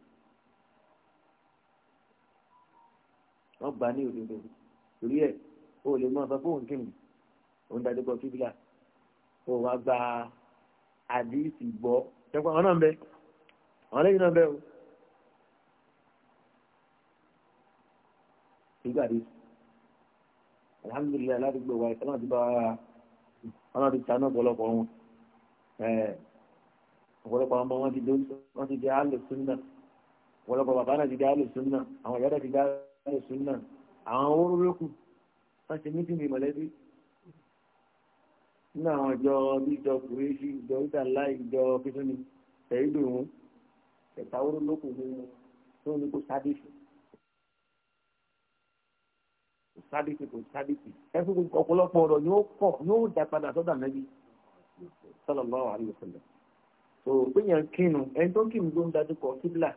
wọ́n gbà ní òdodo torí ẹ̀ o lè mọ sọ fún òun kìnnì òun dájú kọ kíbílà o wá gba àdìsí gbọ́ tẹ́kọ̀ àwọn náà ń bẹ àwọn lẹ́yìn náà ń bẹ o. ìgbà dé alhamdulilayi aládùúgbò wa ìtàn náà ti bá wọn náà ti ta náà ọ̀pọ̀lọpọ̀ wọn ọ̀pọ̀lọpọ̀ àwọn ọmọ wọn ti dé wọn ti di alùsùn náà ọ̀pọ̀lọpọ̀ bàbá náà ti di alùsùn náà àwọn ìyá náà ti di alùsùn náà àwọn owó lókùn wọ́n ṣe mítìmì mọ̀lẹ́bí nínú àwọn ìjọ bí ìjọ kùrẹ́sì ìjọ ìdàlá ìjọ pípínì ẹ̀ẹ́dùnún ẹ̀tàwóró lókùnrin tó ní kó sádìsì kò sádìsì kò sádìsì ẹ̀fún ọ̀pọ̀lọpọ̀ ọ̀rọ̀ yóò kọ̀ yóò dá padà sọ́dọ̀ Ànábì sallallahu alaihi wasallam tó gbìyàn kínu ẹni tó kí mi ló ń dájú kọ kíbla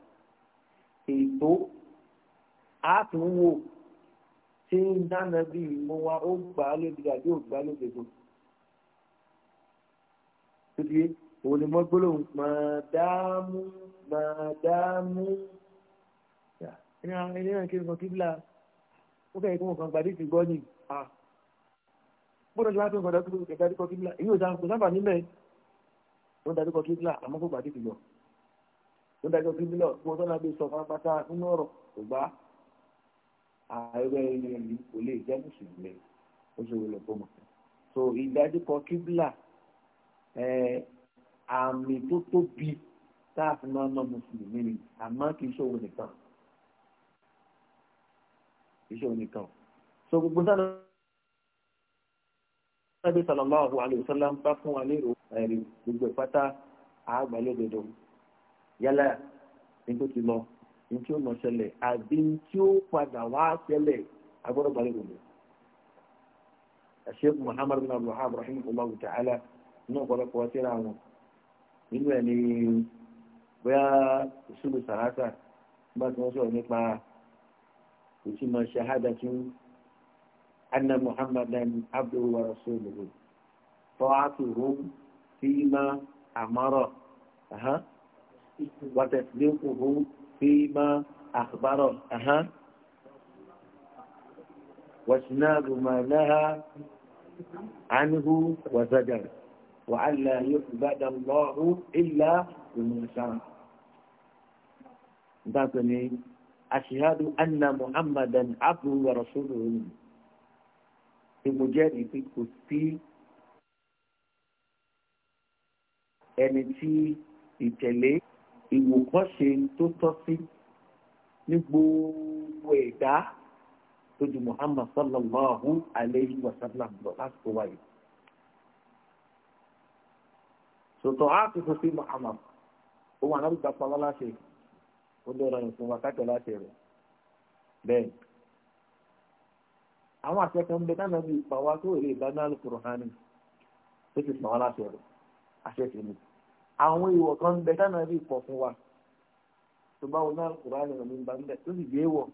ètò àtúnwò tí ń dáná bí ìmú wa ó gbà á lóde àbí ò gbà á lóde gan. Títí òun ni wọ́n gbólóhùn máa dáámú máa dáámú. Ẹni àwọn ilé náà kiri kan kíbla ó fẹ́ kí wọ́n kan gbàdí ti gbọ́ ni. Bọ́dọ̀ ti wá tó ń gbàdọ́ kí wọ́n gbàdí kọ kíbla èyí ò dáa kò sábà nílẹ̀. Wọ́n dájú kọ kíbla àmọ́ kò gbàdí ti lọ. Wọ́n dájú kọ kíbla kí wọ́n tọ́lá ààrẹ ẹni kò lè jẹ́ mùsùlùmí ó ṣe wọlé fún mi. so ìdájúkọ kíbla àmì tó tóbi tá a fi máa ná mùsùlùmí ni àmọ́ kì í ṣòwò nìkan kì í ṣòwò nìkan so gbogbo sáà Nabi sallallahu alayhi wa sallam bá fún wa lérò ẹ̀rí gbogbo ìpátá àgbàlódodo yálà ní tó ti lọ ní tí ó mọ̀ ṣẹlẹ̀ àbí ní tí ó padà wá ṣẹlẹ̀ agbọ́dọ̀ balẹ̀ gbogbo. Sheikh Muhammad bin Abdul Wahab rahimahullah ta'ala ní ọ̀pọ̀lọpọ̀ ọtí ra wọn nínú ẹ̀ ní bóyá ìṣúlù sàrátà nígbà tí wọ́n sọ̀rọ̀ nípa ìtumọ̀ ṣahadatu anna Muhammadan abduhu wa rasuluhu ta'atuhu fima amara wa tasdiquhu فيما أخبره أها واسناد ما نهى عنه وزجر وألا يعبد الله إلا بما شرع ذاتني أشهد أن محمدا عبده ورسوله في مجرد كتبي ẹni tí ìwòkọ́ṣe tó tọ́ sí ní gbogbo ẹ̀dá tó ju muhammad sallallahu alayhi wa sallam lọ lásìkò wáyé. sọ̀tọ̀ á ti fún sí muhammad òun àná lùgbà pa lọ́láṣẹ ó lọ́rọ̀ ìfún wa kájọ láṣẹ rẹ̀ bẹ́ẹ̀. àwọn àṣẹ kan bẹ dáná bíi ìpàwá tó lè dáná lùkùrọ̀ hánì tó ti pàwọ́ láṣẹ rẹ̀ àṣẹ tèmi àwọn ìwọ̀ kan ń bẹ táwọn ẹbí pọ̀ fún wa tó bá wọn náà kúrò àná mi bá ń bẹ tó sì gbé wọ̀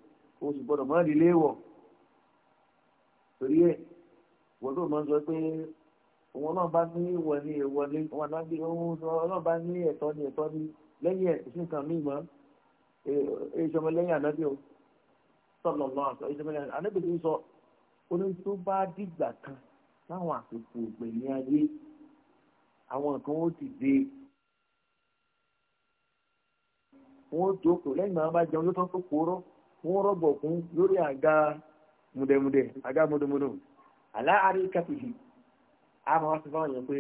o sì gbọdọ̀ mọ́ ilé wọ̀ torí ẹ̀ wọ́n tó máa ń sọ pé òun náà bá ní ìwọ̀ ni ìwọ̀ ni wọn náà bí òun náà bá ní ẹ̀tọ́ ni ẹ̀tọ́ ni lẹ́yìn ẹ̀ sí nǹkan míì mọ́ ìṣọmọ lẹ́yìn ànábì o sọ̀nà náà sọ ìṣọmọ lẹ́yìn ànábì tó ń sọ oní tó bá dìgbà kan láwọn àsìkò ògbẹ̀ni ayé àwọn nǹkan ó ti dé wọn ó jókòó lẹ́yìn náà bá jẹun yóò tán tó kóró wọn ó kún lórí àga mùdẹ̀mùdẹ̀ àga mùdùmùdù aláàárí a máa wá sí fáwọn pé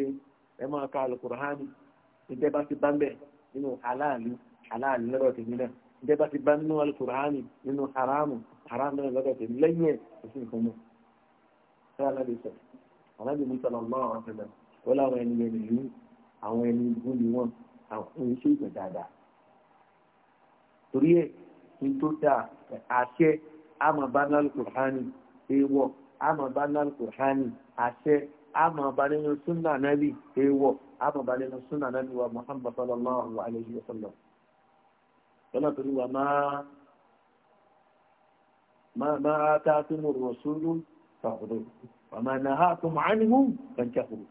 ẹ máa ka alukurahani ìjẹ́ bá ti bá ń bẹ̀ nínú aláàlú aláàlú lọ́dọ̀ tèmi náà bá ti bá nínú alukurahani nínú haramu haramu sọ mi àwọn wọ́n láwọn ẹni ẹni yìí àwọn ẹni àwọn ẹni ṣe torí ẹ̀ ní tó dà àṣẹ àmọ̀ bá náà lùkùránì èèwọ̀ àmọ̀ bá náà lùkùránì àṣẹ àmọ̀ bá nínú súnà nábì èèwọ̀ àmọ̀ bá nínú súnà nábì wa muhammad sallallahu alayhi wa sallam lọ́nà torí wa máa máa ká tó mú rọ̀ṣúlù fàkùrù wa máa nà á tó mọ̀ ánìhù fàǹkàkùrù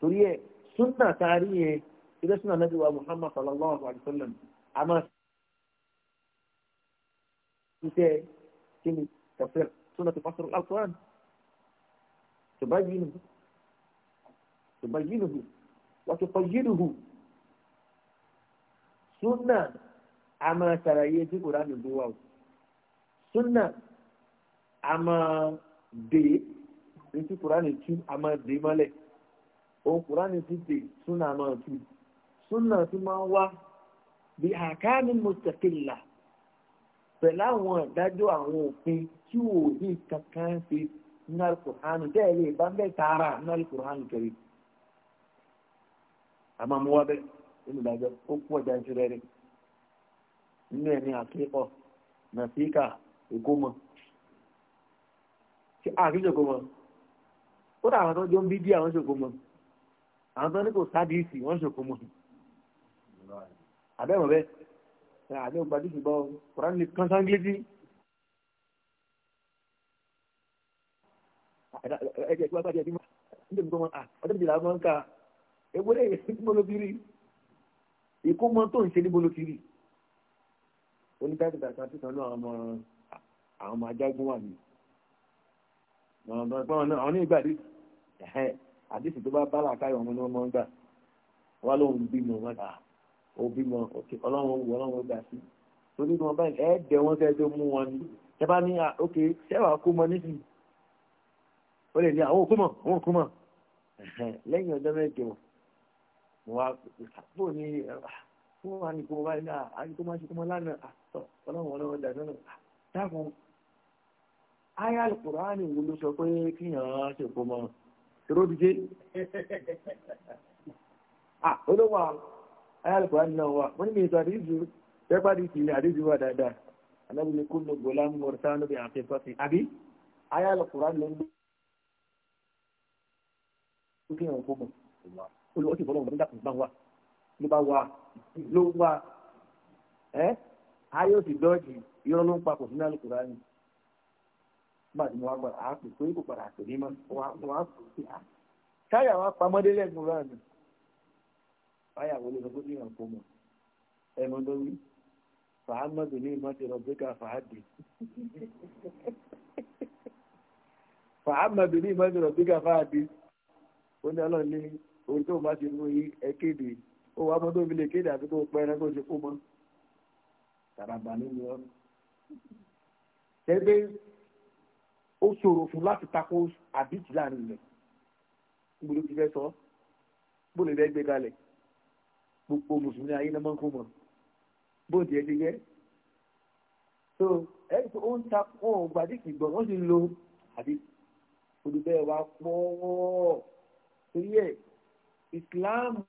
torí ẹ̀ súnà kárí yẹn ilé súnà nábì wa muhammad sallallahu alayhi wa sallam iṣẹ́ kí ni tafsir sunnah tafsir al-Qur'an tubayyinuhu tubayyinuhu wa tuqayyiduhu sunnah a máa di Qur'an ló gbé sunnah a di, itu Qur'an tú a máa dé mọ́lẹ̀ òun Qur'an ti dé sunnah a máa sunnah ti máa wá bí mustaqillah pẹ̀lú àwọn ìdájọ́ àwọn òfin tí ò ní kankan ṣe nínú alukùránù bẹ́ẹ̀ lè bá bẹ́ẹ̀ tààrà nínú alukùránù a àmọ́ mo wá bẹ́ẹ̀ nínú ìdájọ́ ó pọ̀ jàǹtìrẹ rẹ̀ nínú ẹ̀ ní àkẹ́kọ̀ọ́ nàfíkà ìkómọ tí àkíjọ kó mọ ó dà àwọn tó jọ ń bí díẹ̀ àwọn ṣòkó mọ àwọn tó ní kò sádìsì wọ́n ṣòkó mọ àbẹ́wọ̀n bẹ́ẹ̀ àní ògbàdì ṣùgbọ́n kùránì lè kán sáńgílítì ẹ̀jẹ̀ tí wọ́n bá jẹ́ bí wọ́n ń tẹ̀lé wọn ọdún ìdílé àwọn ọ̀nkà ewu lè yẹn níbo ló kiri ikú mọ́ tó ń ṣe níbo ló kiri oníkàtúntà kan tí kan náà ọmọ àwọn ọmọ ajagun wà ní àwọn ní ìgbà àdìsí tó bá bá làákàyọ̀ ọmọ ní wọ́n mọ́ ń ó bímọ òkè ọlọ́run wù ọlọ́run gbà sí torí wọn báyìí ẹ dẹ wọn sẹ tó mú wọn ni ẹ bá ní òkè sẹwàá kó mọ nísì ó lè ní àwọn òkú mọ àwọn òkú mọ lẹ́yìn ọjọ́ mẹ́jọ mo wá bó ni fún wa ní kó mo bá ní àyè tó máa ṣe kó mo lánàá ọlọ́run ọlọ́run dà sọ́nà dákun ayé alukùránì wo ló sọ pé kíyàn ṣe kó mọ ìró díje olówó àwọn ayálùkọ́ àdínà wa wọ́n ní mẹ́ta àdíjù pẹ́pà dì sí àdíjù wa dáadáa alábi ní kúlò gbọ́lá ń mọ̀rọ̀ sáà lóbi àti ìfọ́sí àbí ayálùkọ́ àdínà ń lò kí ẹ̀wọ̀n fọ́mọ̀ olùwọ́ sì fọ́lọ́mọ̀ nígbà tó bá wa ló bá wa ló wa ẹ́ ayé ò sì dọ́ọ̀jì irọ́ ló ń papọ̀ sínú àlùkọ́ àdínà nígbà tí kò padà pè ní mọ́ wọ́n á pè é táyà wa pamọ́dé lẹ́gùn rẹ̀ nù àyà wọlé sọ pé èèyàn kò mọ̀ ẹ mọ tó wí fàámọ́dù ní ìmọ̀tì rọ̀bíkà fàádì fàámọ́dù ní ìmọ̀tì rọ̀bíkà fàádì ó ní ọlọ́ọ̀ni orí tó bá ti mú yí ẹ kéde ó wà mọ́tò fi lè kéde àti kó pẹ́ ẹran ṣe kó mọ́ tàràbà nínú ọ. ṣẹ́gbẹ́ ó ṣòro fún láti takò àbíjì láàrin ilẹ̀ gbọ́dọ̀ ti fẹ́ sọ bó lè fẹ́ gbé kalẹ̀ gbogbo mùsùlùmí ayé náà máa ń kó mọ̀ bóòdì ẹ̀ ti gẹ́ so ẹ̀ tó ń ta wọn ò gbàdí ìgbọ̀n wọ́n sì ń lo àbí olùbẹ́ wa pọ̀ torí ẹ̀ ìsìláàmù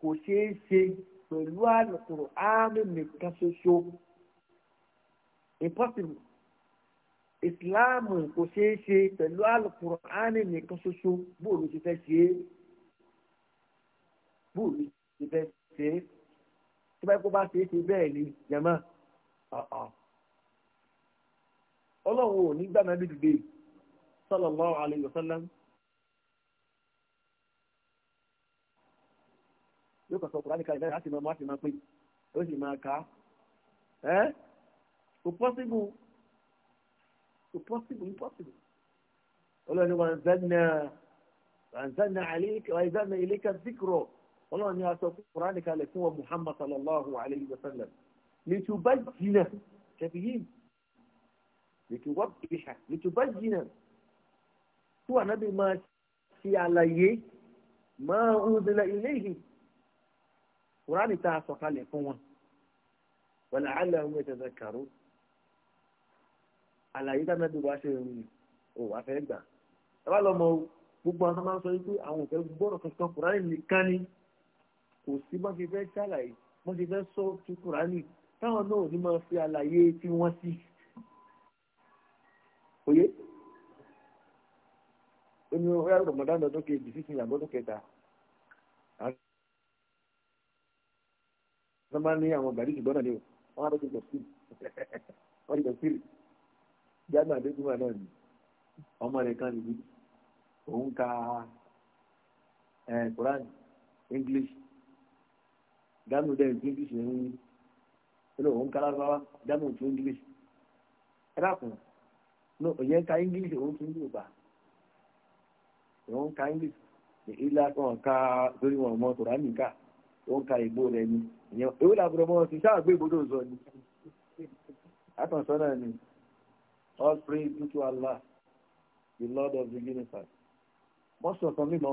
kò ṣeé ṣe pẹ̀lú àlùkùrù ámì nìkan ṣoṣo impossible ìsìláàmù kò ṣeé ṣe pẹ̀lú àlùkùrù ámì nìkan ṣoṣo bóòlù ti fẹ́ ṣe é bóòlù ti fẹ́ ṣe é tí báyìí kó bá ṣe é ṣe bẹ́ẹ̀ ni jẹ̀mọ́ ọlọ́run ò ní gbà náà dìde sallallahu alayhi wa sallam yóò kàn sọ kùránì kalẹ̀ náà láti máa máa ti máa pè ó sì máa kà á kò pọ́sibù kò pọ́sibù impossible ọlọ́run wa ń ń zanna àlẹ́ ń zanna ilé ka zikro ọlọ́run ní aṣọ kùránì kalẹ̀ fún wọn muhammad sallallahu alayhi wa sallam litubayyina tẹ̀bíyìn litubayyina tí wà nábì máa ṣe àlàyé máa ń zilẹ̀ ilé yìí kùránì tá a sọ kalẹ̀ fún wọn wọn làálà ń wẹ̀ tẹ̀sẹ̀ kàró àlàyé tá a nábì wá ṣe ìrìn ò wá fẹ́ gbà ẹ bá lọ mọ gbogbo àwọn tó máa ń sọ yìí pé àwọn òfẹ́ gbọ́dọ̀ kankan kùránì nìkan ni kò sí bọ́n ti fẹ́ ṣàlàyé bọ́n ti fẹ́ sọ ti kùránì táwọn náà ní máa fi àlàyé tí wọ́n sí. òye oní ọ̀rẹ́ rọ̀mọ̀dán ọdún kejì sísìn ìyàgbọ́dún kẹta wọ́n máa ní àwọn gàrí ṣùgbọ́n náà ni wọ́n á lọ́ọ́ ti jọ sí wọ́n ti jọ sí jágbà àdékùnmá náà ni ọmọ rẹ̀ kan nìyí òun ka Quran eh, English dánù dẹ́n tí english ń wí ẹnu òun kára rárá dánù tí english ẹ dákun no òyìn ka english òun tún yóò gbà òun ka english ìlà kan ká lórí wọn mọ tòrá nìka òun ka ìgbó rẹ ni ìyẹn èwo làbúrò mọ ti sáà gbé ìbòdó sọ ni àtànsọ náà ni all praise be to allah the lord of the universe wọ́n sọ̀tàn mímọ́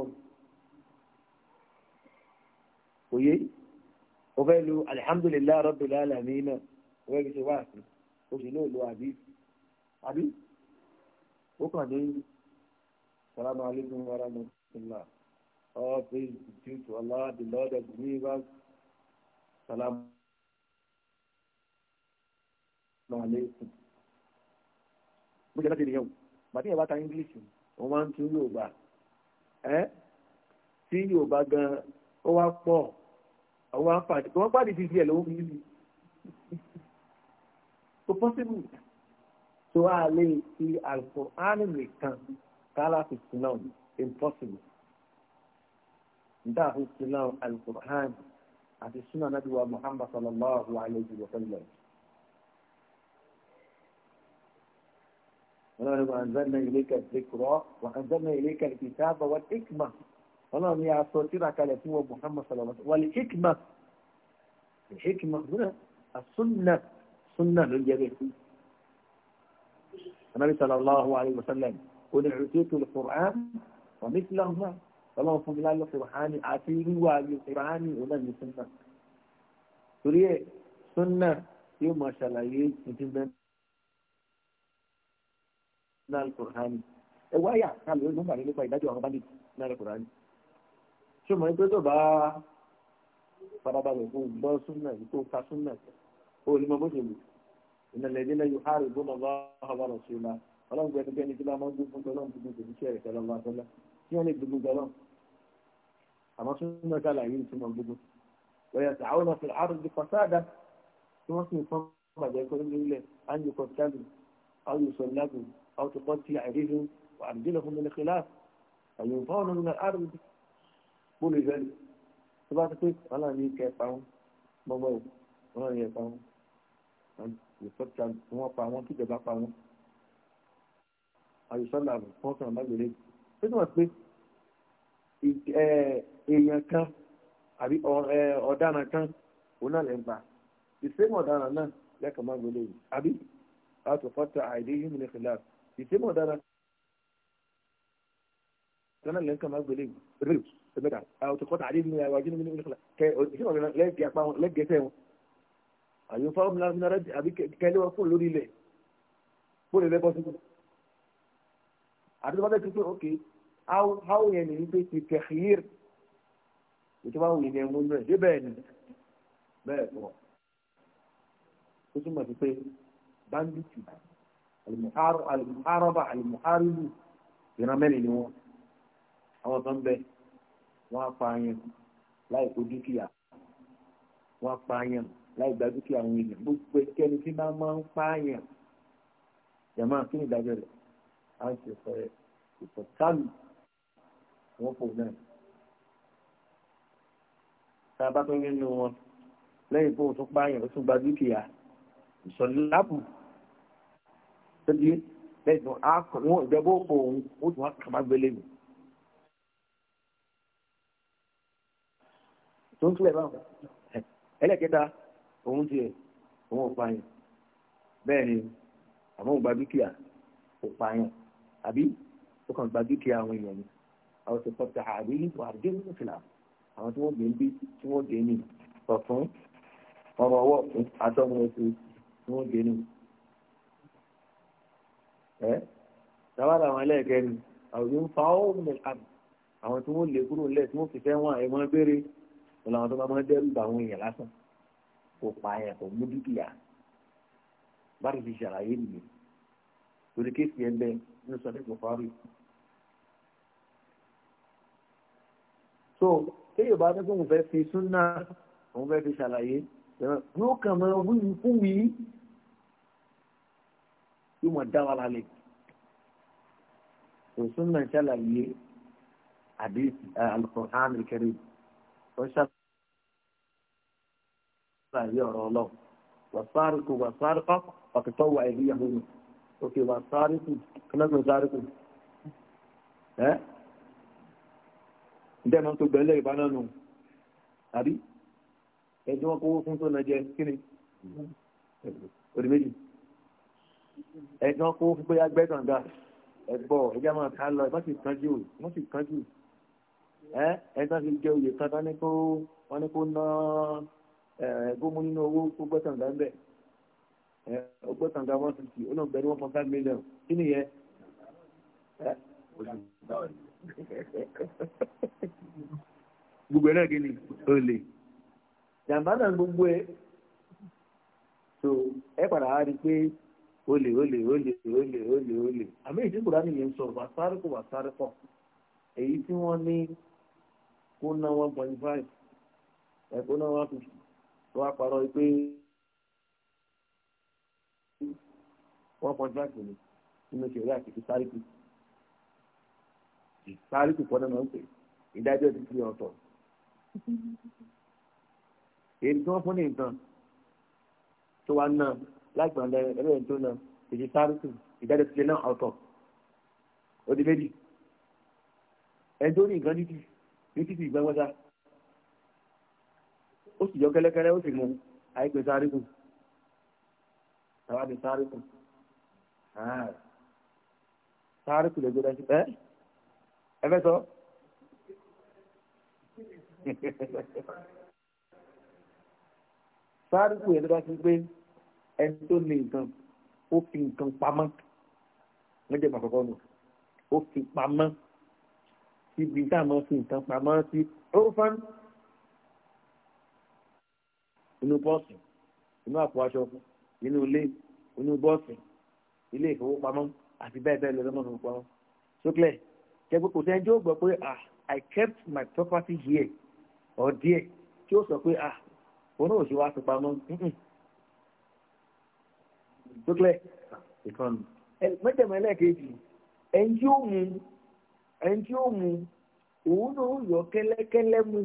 òye o fẹ́ lu alihamudulilayi rabbil alamin náà o fẹ́ fi ṣe wáàsí o sì ní òlu àbí àbí ó kàn ní salamu alaykum wa rahmatulah all praise be due to Allah the Lord of the universe salamu alaykum mo jẹ́ láti ènìyàn o bàtí ìyàwó ta English wọ́n máa ń tún Yorùbá ẹ́ tí Yorùbá gan ó wá pọ̀ àwọn apàdé wọ́n pàdé ti di ẹ̀ lọ́wọ́ yìí ni kò pọ́sibú tó a lè fi Al-Qur'an nìkan tààlà fi sinà impossible níta fi sinà Al-Qur'an àti sinà nàbí wa Muhammad sallallahu alayhi wa sallam. ونحن أنزلنا إليك الذكر وأنزلنا إليك الكتاب والحكمة فلان يا صوتي راك على هو محمد صلى الله عليه وسلم والحكمة الحكمة هنا السنة سنة للجبيل النبي صلى الله عليه وسلم قل اعطيت القرآن ومثله ما فلا وفق الله سبحاني آتيني وابي ان ولن يسنة تريد سنة يوم ما شاء الله يجب أن القرآن وايا ان يقول لهم بعدين يقول لهم بعدين نال القرآن ṣé mo ní pé tó bá farabalẹ̀ fún gbọ́ súnmọ̀ tó ka súnmọ̀ ó ní mo bó ṣe lù ìnàlẹ̀ ìdílé yóò há rè gbọ́dọ̀ bá ọ̀hánwá rọ̀ sí i la ọlọ́run gbẹ́ni gbẹ́ni tí wọ́n máa ń gbé fún tọ́lọ́run gbogbo ìdòwú sí ẹ̀rẹ̀ tọ́lọ́run bá tọ́lá tí wọ́n lè gbogbo tọ́lọ́run àmọ́ súnmọ̀ kálá yìí tí wọ́n gbogbo wọ́yà tàwọn náà fi àrùn di fasáàdà tí wọ́n sì ń fọ́n bàjẹ́ kó ní ilẹ̀ ánìkọ̀ tẹ́lù àwùsọ̀ lágùn àwùsọ̀ pọ́ńtì àìríhìn àdìlẹ̀ fún mi ní bó lè fẹ́ẹ́ tó bá ti pé wàhálà ní kẹ́ pa wọn gbọ́gbọ́ o wọ́n ní ẹ̀ pa wọn ìfọ́tà wọn pa wọn kíjọba pa wọn àyùsọ́là wọn kàn bá gbèrè tó túmọ̀ pé èèyàn kan àbí ọ̀daràn kan òun náà lè ń pa ìsèmọ̀ ọ̀daràn náà lẹ́kọ̀ọ́ máa gbèrè àbí àtòfọ́tà àìdí yìí ní ìfìlà ìsèmọ̀ ọ̀daràn kan náà lè ń máa gbèrè rèé sẹmẹta àwọn tòkọtà àdéhùn ní àwọn ajínú nínú ìlẹ̀kùn kẹ òṣìṣẹ́ wọn lẹ́gbẹ̀ẹ́ apá wọn lẹ́gbẹ̀ẹ́ fẹ́ wọn àyùn fáwọn mìíràn mìíràn rẹ àbí kẹlẹ́ wọn fóònù lórí ilẹ̀ fóònù ilẹ̀ bọ́ sí i àbí wọn bẹ tó pé ok how yẹn nìyí pé ti kẹ̀hìír ètò máa ń wù ní ẹ̀mú rẹ̀ dé bẹ́ẹ̀ ni bẹ́ẹ̀ pọ̀ ó túmọ̀ sí pé banditi alimuharaba alimuharibu ìran mẹ́rin ni wọn àwọn kan bẹ́ẹ̀ wọ́n á pa ayan láì kó dúkìá wọ́n á pa ayan láì gba dúkìá àwọn èèyàn gbogbo ẹnikẹ́ni tí máa máa ń pa ayan jàmáà kí ni ìdájọ́ rẹ̀ á ń ṣe fẹ́ ìfọ̀tálù wọ́n pò náà tá a bá tó nínú wọn lẹ́yìn tó tún pààyàn ó tún gba dúkìá ìsọ̀lápù tó di lẹ́yìn tó wọ́n ìjọba ó òun ó tún wá kàmá gbélé mi. tó ń túlẹ̀ báwọn ẹlẹ́kẹta òun tiẹ̀ òun ò pààyàn bẹ́ẹ̀ ni àmọ́ òun gba dúkìá kò pààyàn àbí ó kàn gba dúkìá àwọn èèyàn ni àwọn tó kọta àbí wà dé nínú fìlà àwọn tí wọ́n gbé ń bí tí wọ́n gbé ní ọ̀fún ọmọ ọwọ́ àtọ́mọ oṣù tí wọ́n gbé ní. ẹ táwọn àwọn ẹlẹ́ẹ̀kẹ́ ni àwùjọ ń fa ọ́ mẹ́ta àwọn tí wọ́n lè kúrò lẹ̀ tí wọ́n fi fẹ́ wọn ẹ̀wọ̀n béèrè wọn làwọn tó bá máa dẹ́rù bá àwọn èèyàn lásán kò pa ẹ̀ kò mú dúkìá bá ti fi ṣàlàyé nìyẹn torí kéèsì ẹ bẹ ní sọdẹ kò fárí. so kéèyàn bá tẹ́kọ̀ òun fẹ́ fi súnà òun fẹ́ fi ṣàlàyé yóò kàn máa wíwí fún mi yóò máa dá wa lálẹ́ kò súnà ṣàlàyé àdéhùn eh, alukọ̀hánì kẹrin wọ́n ṣàlàyé àyè ọ̀rọ̀ ọlọ́run wàsáríkù wàsáríkù ọ̀kìtọ́ wà ìlú yahoo òkè wàsáríkù kílọ́gbọ̀n sáríkù ẹ́ ǹdẹ́mọ̀ tó gbẹ̀lẹ̀ ìbánánu àbí ẹjọ́ wọn kówó fún tó na jẹ kíni òdì méjì ẹjọ́ wọn kówó fún pé agbẹ́kànga ẹ̀bọ̀ ẹjọ́ máa ká lọ ẹ̀bá sì kánjú wọ́n sì kánjú ẹ́ ẹ̀ka sì jẹ oyè kan tán ní kó wọ́n ní kó náà gómú eh, nínú owó tó gbọ́tàǹdà ń bẹ̀ ọgbọ́tàǹdà eh, one fifty olóńgbẹ ní one point five million kí ni yẹ. Eh? gbogbo ẹ̀rọ gini olè jàǹbá náà gbogbo ẹ̀ so ẹ padà wá rí i pé olè olè olè olè olè olè àmì ìdínkù dání yẹn sọ wàsárìkò wàsárìkò èyí tí wọ́n ní kó ná one point five ẹ̀ kó ná one fifty tó wá parọ́ pé wọ́n kọ́ńtrákì ni nínú ìṣẹ̀lẹ̀ àti ti sáríkì sáríkì kọ́ náà ń pè ìdájọ́ ti fi ọ̀tọ̀ èyí tí wọ́n fún ní nǹkan tó wá náà lágbàndà ẹlẹ́yìn tó náà èyí sáríkì ìdájọ́ ti fi náà ọ̀tọ̀ ó di méjì ẹni tó ní nǹkan ní títì ní títì ìgbàgbọ́sá ó sì yọ kẹ́lẹ́kẹ́lẹ́ ó sì mú àìpé sáré kù tàwa ti sáré kù ah. sáré kù lè gbé dájú ẹ ẹ fẹ́ sọ. sáré kù yẹn tó bá ti gbé ẹni tó ní nǹkan ó fi nǹkan pamọ́ lọ́jọ́ ìgbà àkọ́kọ́ nù ó fi pamọ́ síbi tá a máa fi nǹkan pamọ́ sí orúfán inú pọ́ọ̀sì inú àpò aṣọ inú ilé inú bọ́ọ̀sì ilé ìfowópamọ́ àti bẹ́ẹ̀ bẹ́ẹ̀ lọ́dọ́ náà fowópamọ́ sókè kẹ́gbẹ́ kò sẹ́ni tí ó gbọ́ pé ah I kept my property here or there tí ó sọ pé ah òun náà ò ṣe wá sí pamọ́ sókè ìkànnì kejì ẹni tí ó mu ẹni tí ó mu òun náà yọ kẹ́lẹ́kẹ́lẹ́ mu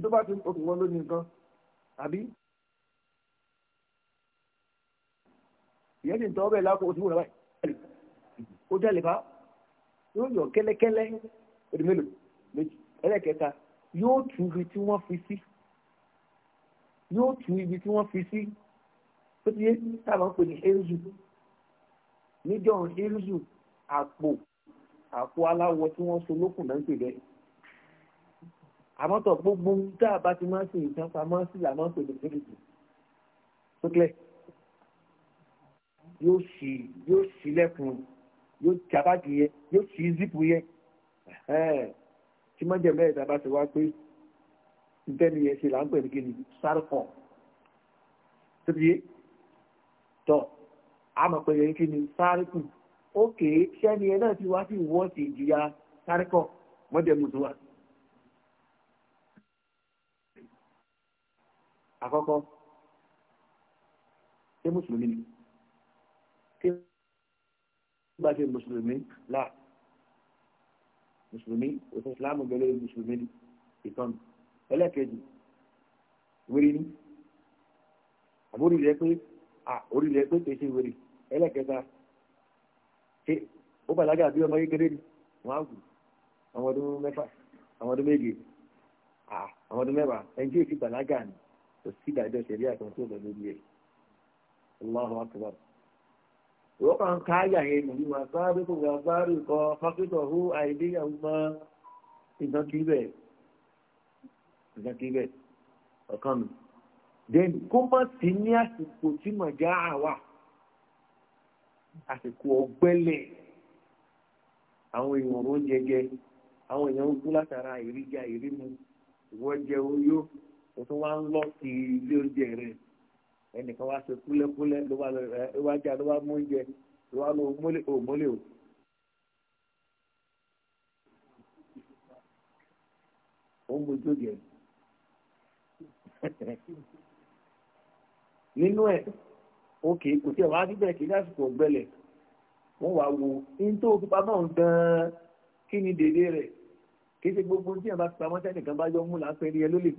tó bá ti okùn wọn lónìí nǹkan àbí ìyẹn ti ń tọ́ bẹ́ẹ̀ lákòókò tí wọ́n rẹ̀ báyìí ó jẹ́ lè bá yóò yọ kẹ́lẹ́kẹ́lẹ́ òdì mélòó méjì ẹlẹ́kẹta yóò tún ibi tí wọ́n fi sí yóò tún ibi tí wọ́n fi sí tó ti yé táwọn ń pè ní erzu níjọ́ erzu àpò àpò aláwọ̀ tí wọ́n so lókùn náà ń pè bẹ́ẹ̀ àmọ́tọ̀ gbogbo tá a bá ti máa ń ṣe ìtàn pamọ́ sí làmọ́ pè ní kékeré sókè yóò ṣì yóò ṣì lẹ́kùn yóò jábàdì yẹ yóò ṣì zipu yẹ tí mọ́jẹ̀ mẹ́rin tá a bá ti wá pé ntẹ́ni yẹn ṣe là ń pè ní kíni sárkọ̀ tó ti yé tọ́ a mọ̀ pé yẹn kíni sárkù ókè sẹ́ni yẹn náà ti wá sí ìwọ́sì ìjìyà sárkọ̀ mọ́jẹ̀ mùsùlùmí. àkọ́kọ́ ṣé mùsùlùmí ni ṣé bá ṣe mùsùlùmí là mùsùlùmí òfin ìsìláàmù bẹ̀rẹ̀ mùsùlùmí ni ìtọ́nù ẹlẹ́kẹ̀ẹ́jì wérí ní àbórí rẹ̀ pé àórí rẹ̀ pé kèé ṣe wérí ẹlẹ́kẹ̀ẹ́ta ṣe ó bàlágà bí ọmọ kékeré ni wọ́n á gùn àwọn ọdún mẹ́fà àwọn ọdún méje àwọn ọdún mẹ́wàá ẹni tí èsì bàlágà ni kò sí ìdájọ́ ìṣẹ̀lẹ̀ àkànṣe ọ̀dọ̀ lórí ẹ̀ Allahu akbar wọ́n kàn ká àyà yẹn nìyí wọn sáré kò wọ́n sáré kọ fákítọ̀ hó àìdíyàwó mọ́ ìdán kí bẹ́ẹ̀ ìdán kí bẹ́ẹ̀ ọ̀kan mi then kó má sí ní àsìkò tí màjá àwà àsìkò ọ̀gbẹ́lẹ̀ àwọn èèyàn oúnjẹ jẹ àwọn èèyàn ń kú látara ìríjà ìrímu ìwọ́jẹ oyó o tó wá ń lọ kiri ilé oúnjẹ rẹ ẹnìkan wá ṣe kúlẹ́kúlẹ́ ló wá rẹ ló wá já ló wá mú oúnjẹ ló wá lọ mọ́lẹ̀ o mọ́lẹ̀ o. ó ń mojú jẹ nínú ẹ òkè kò tí ẹ wá síbẹ̀ kí lásìkò ọ̀gbẹ́lẹ̀ wọ́n wá wo ní tó fi pamọ́ gan kí ni dèdè rẹ̀ kí ṣe gbogbo tí ẹ bá fi pamọ́ sẹ́nìkan bá yọ mú láńpẹ́ rí ẹ lólè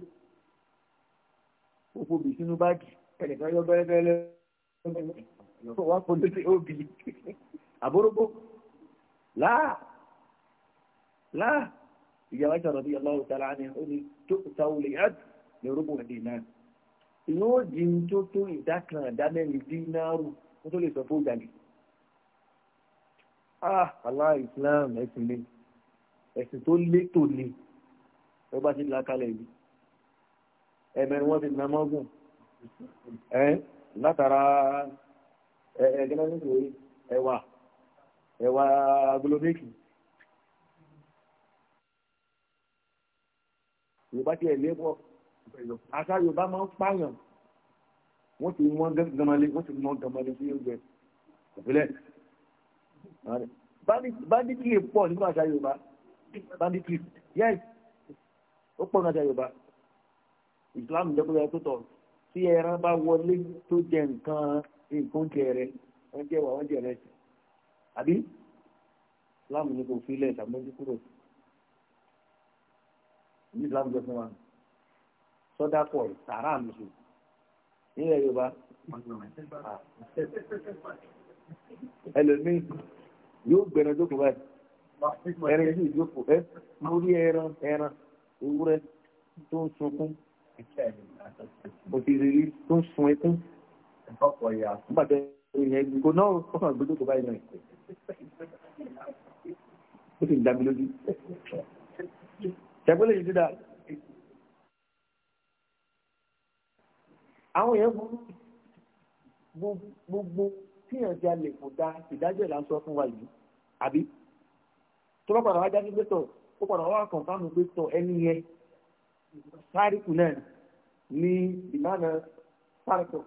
òpó bì sínú báàgì ẹnìkan yọ bẹ́rẹ́bẹ́rẹ́ lọ́wọ́ wá pọ̀ lórí òbí àbórógbó láà láà ìyàwó àjọ rọ̀bí ọlọ́run tara ni ó ní tó sáwọ́ lè yá ní orúkọ ẹ̀dẹ̀ náà ìyẹn ó di tó tó ìdá kan ìdá mẹ́rin dínárù ẹ̀mẹ̀rin wọ́n ti nà mọ́gùn ẹ̀ látara ẹ̀ẹ́dẹ́gbẹ̀rún ẹ̀wà ẹ̀wà agolomẹ́kì yorùbá tiẹ̀ lébọ̀ àṣà yorùbá máa ń pààyàn wọ́n ti mọ́ gamalé wọ́n ti mọ́ gamalé sí oúnjẹ ìpínlẹ̀ banditiri pọ̀ nínú àṣà yorùbá banditiri yes ó pọ̀ nínú àṣà yorùbá ìsìláàmù jẹ́ kó yẹ tó tọ̀ tí ẹran bá wọlé tó jẹ nǹkan nǹkan oúnjẹ rẹ oúnjẹ wà oúnjẹ rẹ àbí ìsìláàmù ni kò fi ilẹ̀ ìsàmójú kúrò ní ìsìláàmù jẹ́ fún wa sọ́dá pọ̀ sàrà àmùsùn nílẹ̀ Yorùbá ẹlòmíì yóò gbẹ̀rẹ̀ jókòó báyìí ẹran yìí jókòó ẹ mo rí ẹran ẹran ewúrẹ́ tó ń sunkún mo ti rí rí tó ń sun ẹkún ọ̀pọ̀ ìyá nígbà tó ìyẹn gbogbo náà ó kàn gbójú tó báyìí náà ó sì ń dábí lójú ṣẹ́gbẹ́ lè dídá àwọn èèyàn gbogbo tíyàn ti a lè kò da ìdájọ́ ìlà ń sọ fún wa yìí àbí tó bá padà wá jáde gbé tọ̀ ó padà wá kàn fáwọn gbé tọ̀ ẹni yẹn sáríkù náà ní ìmánà sáàkù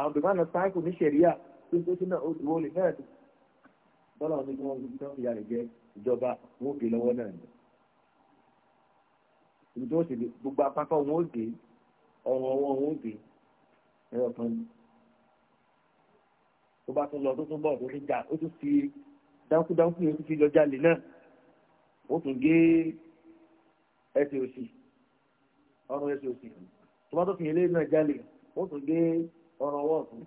àwọn ìmánà sáàkù ní sẹ̀ríà tó tó tó náà ó dúró lè náà dùn bọ́lá wọn ní kí wọ́n fi tán ìyá rẹ̀ jẹ́ ìjọba wọn ò gé lọ́wọ́ náà ni. ibi tó ṣe gbogbo apákọ̀ wọn ò gé ọ̀rọ̀ ọwọ́ wọn ò gé ẹ̀rọ kan ni. tó bá tún lọ tó tún bọ̀ tó tún jà ó tún fi dánkúdánkú yẹn tún fi lọ jalè náà ó tún gé ẹsẹ̀ òsì ọrùn ẹsẹ̀ òsì tó bá tó fi eléyìí náà jálè wọ́n tún gé ọ̀rọ̀ ọwọ́ ọ̀tún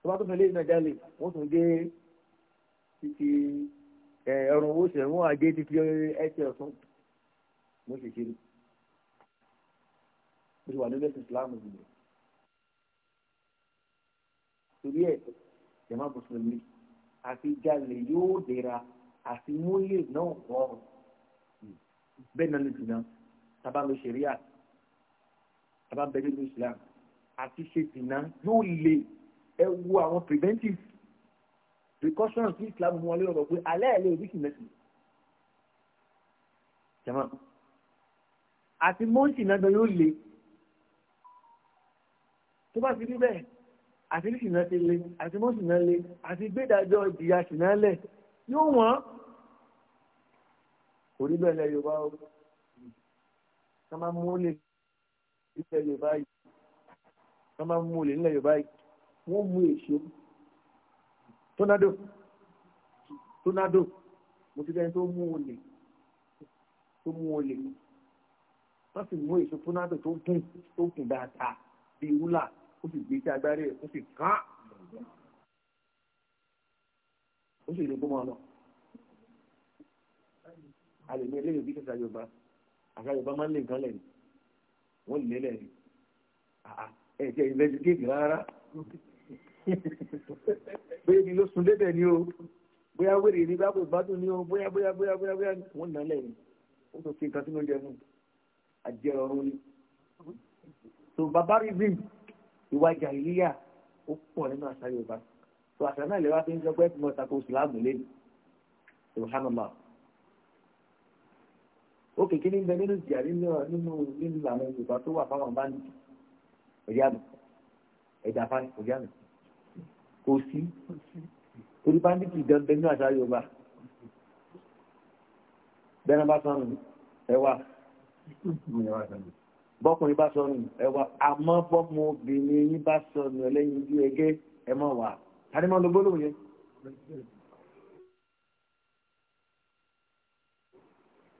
tó bá tó fi eléyìí náà jálè wọ́n tún gé títí ẹ̀rùn owó ṣẹ̀wọ̀n àgé títí ẹ̀ṣẹ̀ ọ̀tún mo sì ṣe mo sì wà lórí ẹ̀sìn ìsìláàmù ìgbìmọ̀ torí ẹ̀ jẹ̀má mùsùlùmí àti jalè yóò dẹ̀ra àti múlẹ̀ náà rọrùn bẹ́ẹ̀ náà lè dùn náà tábà lọ ṣẹ̀ríà abábẹ́lẹ́ ní islam àti ṣe dìnnà yóò lè ẹ wo àwọn preventive precautions ní islam mú wọn lé ọ̀rọ̀ pé alẹ́ ẹ̀ lè rí kìnnẹ́sì jama àti mọ́ǹsì náà yóò lè tó bá ti rí bẹ́ẹ̀ àti rí kìnnà ti lè àti mọ́ǹsì náà lè àti gbẹ́dàjọ́ ìjìyà kìnnà lẹ̀ yóò wọ́n kò rí bẹ́ẹ̀ lẹ́ yorùbá ó ká máa ilẹ̀ yorùbá yìí wọ́n máa ń mú olè nílẹ̀ yorùbá yìí wọ́n mú èso tónádò tónádò mo ti dẹ́ni tó mú olè tó mú olè wọ́n sì mú èso tónádò tó gùn tó gùn dáadáa bíi wúlà ó sì gbé sí agbárí ẹ̀ ó sì kán ó sì lè gbọ́mọ lọ a lè ní eléyìí bí kẹta yorùbá àgbà yorùbá máa ń lè nǹkan lẹ́yìn wọ́n lè lẹ̀ ní ẹ̀jẹ̀ investigate rárá bóyá ibi ló sun débẹ̀ ni o bóyá wèrè ní bábò ìbádùn ni o bóyá bóyá bóyá bóyá bóyá wọ́n nà lẹ̀ ní ó tó fi nǹkan sínú oúnjẹ nù àjẹ ọ̀run ni so barbarism ìwà jàìlíyà ó pọ̀ nínú àṣà Yorùbá so àṣà náà lè wá fi ń sọ pé ẹ̀sìn mọ́ta kó Ìsìlámù lé ní subhanallah ó kéèké ní bẹ nínú ìjà nínú nínú àwọn yorùbá tó wà fáwọn bá ń jù ẹ̀yà mi ẹ̀dà fáwọn ẹ̀yà mi kò sí torí báńdíìtì dandan ní àṣà yorùbá bẹ́ẹ̀ bá sọnù ẹwà bọ́kùnrin bá sọnù ẹwà àmọ́ bọ́mọ obìnrin yín bá sọnù ẹlẹ́yin bí ẹgẹ́ ẹ mọ̀ wá tani mọ́ ló gbólóhùn yẹn.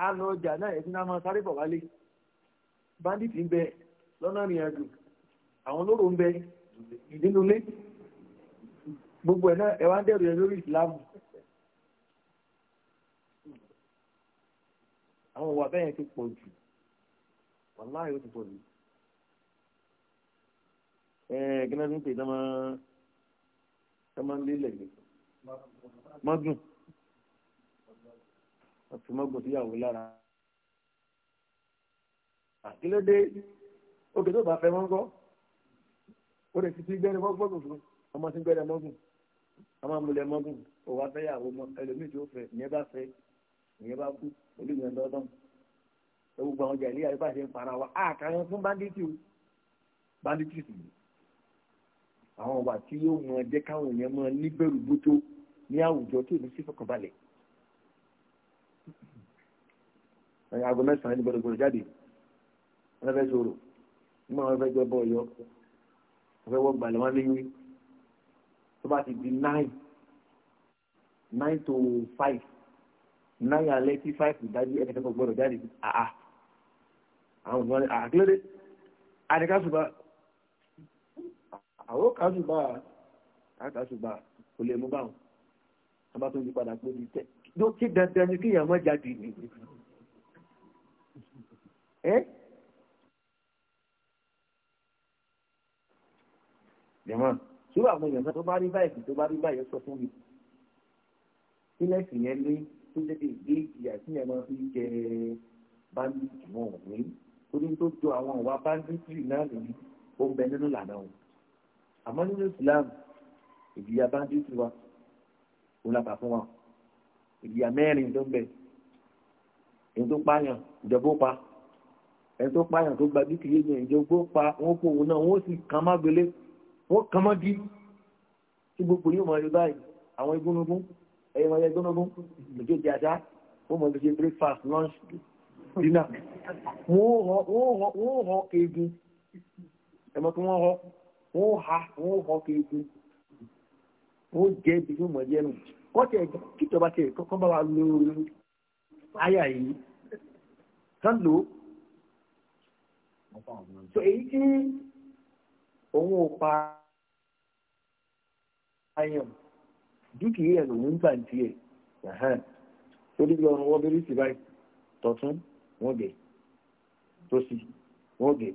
a lọ ọjà náà ẹ̀sìn náà máa sáré bọ̀ wálé bandit ń bẹ lọ́nà rìn àjò àwọn olóró ń bẹ nínú ilé gbogbo ẹ̀ náà ẹ̀wá ń dẹ̀rù ẹ̀ lórí ìsìlámù àwọn òwà bẹ́ẹ̀ ti pọ̀ jù wàláhì ó ti pọ̀ jù ẹ̀ẹ́dẹ́gbẹ́ni pé tọ́mọ lélẹ̀ mọ́gùn ọ̀túnmọ́gbọ̀n síyàwó lára àkílódé òkè tó bá fẹ́ wọ́n kọ́ ó lè ti ti gbẹ́ni mọ́gbọ̀n fún ọmọ tí ń gbẹ́ni mọ́gùn ọmọ amúlẹ̀ mọ́gùn ó wá fẹ́yàwó mọ́ ẹlòmíì tí ó fẹ́ ìyẹn bá fẹ́ ìyẹn bá kú olùyẹn lọ́dọ̀n gbogbo àwọn jàìlì àyíká ṣe ń para wa àkàrà fún banditì o banditì sì ni àwọn ọba tí yóò mọ ẹjẹ káwọn èèyàn mọ níbẹ̀rù bótó ní àwùjọ tó ní sí ẹ̀yìn aago mẹ́sàn-án ní gbọdọ̀gbọdọ̀ jáde wọ́n fẹ́ sọ̀rọ̀ nígbà wọn fẹ́ jọ bọ́ ọ̀yọ́ wọ́n fẹ́ wọ́n gbalẹ̀ wọn léwé tó bá ti di nine nine to five nine alẹ́ tí five ìdájí ẹ̀ka tó gbọdọ̀ jáde àá àwọn ìgbọ́n àkílódé àdìkásùbà àwọn kásùbà àkásùbà kò lè mú báwọn wọ́n bá tó yí padà pé ó di tẹ́ ló kí dandan ni kéèyàn mọ́ jáde nìyí ẹ́ eh? jẹ̀mọ́ ṣúrò àwọn èèyàn tó bá rí báyìí tó bá rí báyìí sọ fún mi sílẹ̀sì yẹn lé tó jẹ́ pé ìgbé ìjìyà tí yẹn máa fi jẹ báńdíìtì wọn ò ní torí tó jọ àwọn ìwà báńdíìtì náà nìyí ó ń bẹ nínú ìlànà wọn àmọ́ nínú Islam ìjìyà báńdíìtì wa ó lábàá fún wa ìjìyà mẹ́rin tó ń bẹ èyí tó pààyàn ìjọba ó pa ẹ tó pààyàn tó gba dúkìá yẹn ìjọ gbó pa wọn kó òun náà wọn sì kàn má gbélé wọn kàn má dí tí gbogbo yóò máa rí báyìí àwọn igúnnugún ẹyẹ máa yẹ igúnnugún lójú ìjà àṣà wọn máa ṣe breakfast lunch dinner wọn ò họ keegun ẹ mọ̀ pé wọ́n họ wọn ha wọn ò họ keegun wọn ò jẹ́ ibi tó mọ̀ jẹ́ nù kọ́tẹ̀ kíjọba tẹ̀ kọ́kọ́ bá wa lo ayà yìí kan lò so èyí tí òun ò pa ayàn dúkìá ẹ̀ lòun ń gbà tiẹ̀ torí bí ọrùn wọ́n bí rí sí báyìí tọ̀tún wọ́n gẹ̀ tó sì wọ́n gẹ̀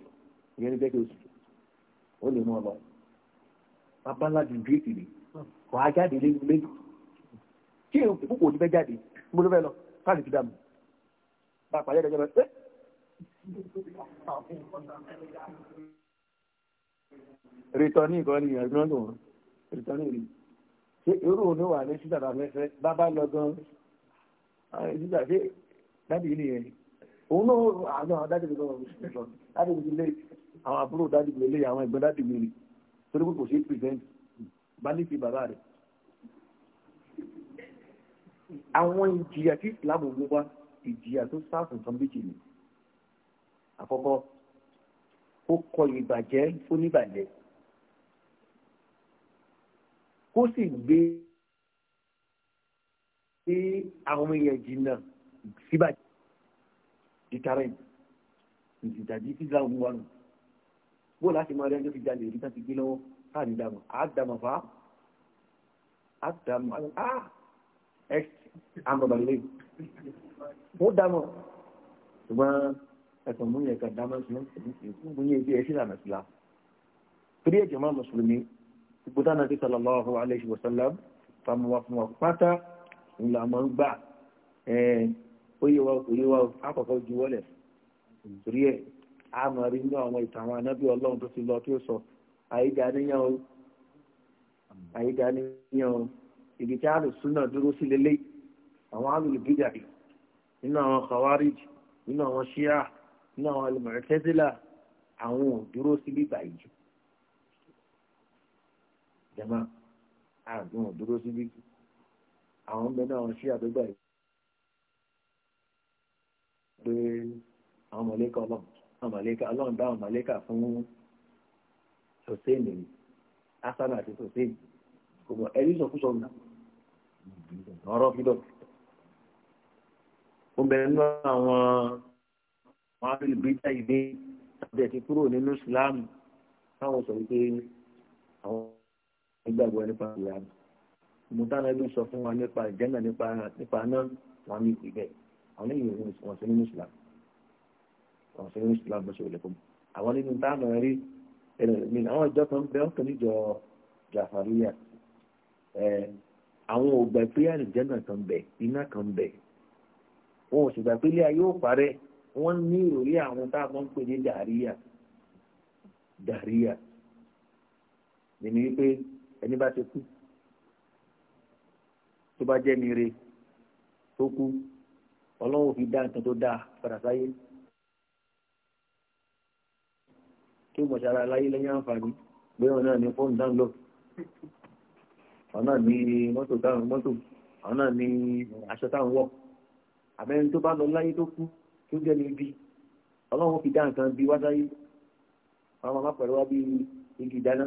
ìyẹn ní bẹ́ẹ̀ oṣù ó lè mú ọ lọ babalá di gírèsì rè kò á jáde lé lé kí èèyàn kò kò ní bẹ́ jáde mo ló lọ káàdì ti dà mí bá a pàdé ẹ̀dẹ́gbẹ́ rìtọ́nì ìkọ́ ni ẹ̀gbọ́n tó wọn rìtọ́nì rí ṣé irú òun ló wà ní sísà tá a fẹ́ fẹ́ bábá lọ gan sísà ṣé dábìí nìyẹn òun náà àwọn dábìí lọ dábìí lè àwọn àbúrò dábìí lè àwọn ẹ̀gbọ́n dábìí lè torí pé kò ṣe é pìrìsẹ́ǹtì bá ní fi bàbá rẹ̀ àwọn ìjìyà tí ìsìlámù ló wá ìjìyà tó sáàfù tán méjì nìyẹn àkọ́kọ́ ó kọ ìbàjẹ́ fúnibàjẹ́ kó sì gbé sí àwọn èèyàn jìnnà síbàjẹ́ deterrent ìdìdàjì sí islam wà nù bó láti máa rí ẹjọ́ fi jalè rí láti gbé lọ́wọ́ káàdì dàmọ̀ àdàmọ̀ fà á àdàmọ̀ á ẹ̀ àmọ̀bàlẹ̀ ó dàmọ̀ ṣùgbọ́n ẹ̀sùn mú yẹn kan dáná sí ẹ̀sùn mú yẹn bí ẹ̀ sí lànà sí la. torí ẹ̀jẹ̀ máa mùsùlùmí ipò táwọn àti sallallahu alayhi wa sallam fàmùwà fún wa pátá ńlá máa ń gbà ó yẹ wa kò yẹ wa àkọ́kọ́ ju wọlé torí ẹ̀ a máa rí nínú àwọn ìtàn àwọn anábì ọlọ́run tó ti lọ tó sọ àyídáníyàn o àyídáníyàn tí alùsùn nínú àwọn khawarij nínú àwọn shia nínú àwọn al-Mu'tazila àwọn ò dúró síbí báyìí jama àwọn ò dúró síbí àwọn bẹ náà ṣí àdúgbò yìí pé àwọn mọ̀lẹ́kà ọlọ́run àwọn mọ̀lẹ́kà ọlọ́run dá àwọn mọ̀lẹ́kà fún sọ̀sẹ́ẹ̀nì asana àti sọ̀sẹ́ẹ̀nì kò mọ̀ ẹ̀rí sọ̀kúsọ̀ nà ọ̀rọ̀ fídọ̀ ó bẹ àwọn wọn á rí ìbíjà ìdí tàbí ẹ̀sìn kúrò nínú ìsìláàmù táwọn sọ wípé àwọn ìgbàgbọ́ nípa ìyàmù mùtánà ló sọ fún wa nípa ìjẹ́nà nípa náà wọn ní ìpìlẹ̀ àwọn èèyàn wọn sí nínú ìsìláàmù wọn sí nínú ìsìláàmù bó ṣe wọlé fún mi àwọn nínú táàmù rí ẹlẹ́mìn àwọn ìjọ kan bẹ́ẹ̀ ọ̀kan níjọ jàfàríyà àwọn ò gbà pé kan bẹ̀ iná kan bẹ̀ wọn ò sì gbà pé ilé ayé ò parẹ́ wọ́n ní ìròrí àwọn tá a máa ń pè ní dàríyà dàríyà nínú wípé ẹni bá ti kú tó bá jẹ́ mi re tó kú ọlọ́run fi dá nǹkan tó dáa padà sáyé tó mọ̀sára láyé lẹ́yìn àǹfààní bóyá ọ̀nà ní fóònù dáńlọ ọ̀nà ní mọ́tò táwọn mọ́tò ọ̀nà ní aṣọ táwọn wọ̀ àbẹ́ni tó bá lọ láyé tó kú tó jẹ́ níbi ọlọ́run fi dá nǹkan bí wáṣáyé àwọn ọmọ pẹ̀lú wá bí igi ìdáná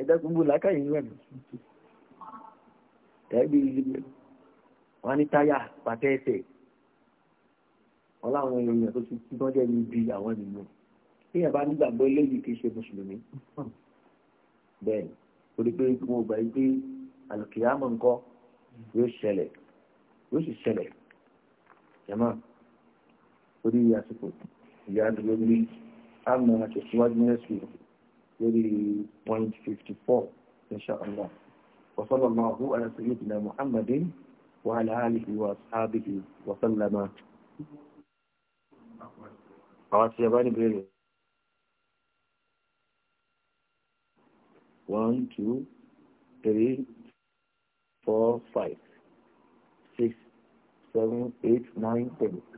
ẹ̀dá gbogbo làákàyè ń rẹ̀mí ẹ̀bí wọn ní táyà pàtẹ́ ẹsẹ̀ wọn láwọn èèyàn tó ti kú tán jẹ́ níbi àwọn ènìyàn èèyàn bá nígbàgbọ́ eléyìí kì í ṣe mùsùlùmí bẹ́ẹ̀ torí pé wọn gbà yí pé àlùkìyàmọ̀ nǹkan yóò ṣẹlẹ̀ yóò sì ṣẹlẹ̀ jẹ́mọ́ orí àsìkò ìyá dúró ní àmì àtẹ̀síwájú nẹ́sì lórí 154 insha Allah وصلى الله على سيدنا محمد وعلى آله وأصحابه وسلم àwọn tí a bá ní bèèrè 1 2 3 4 5 6 7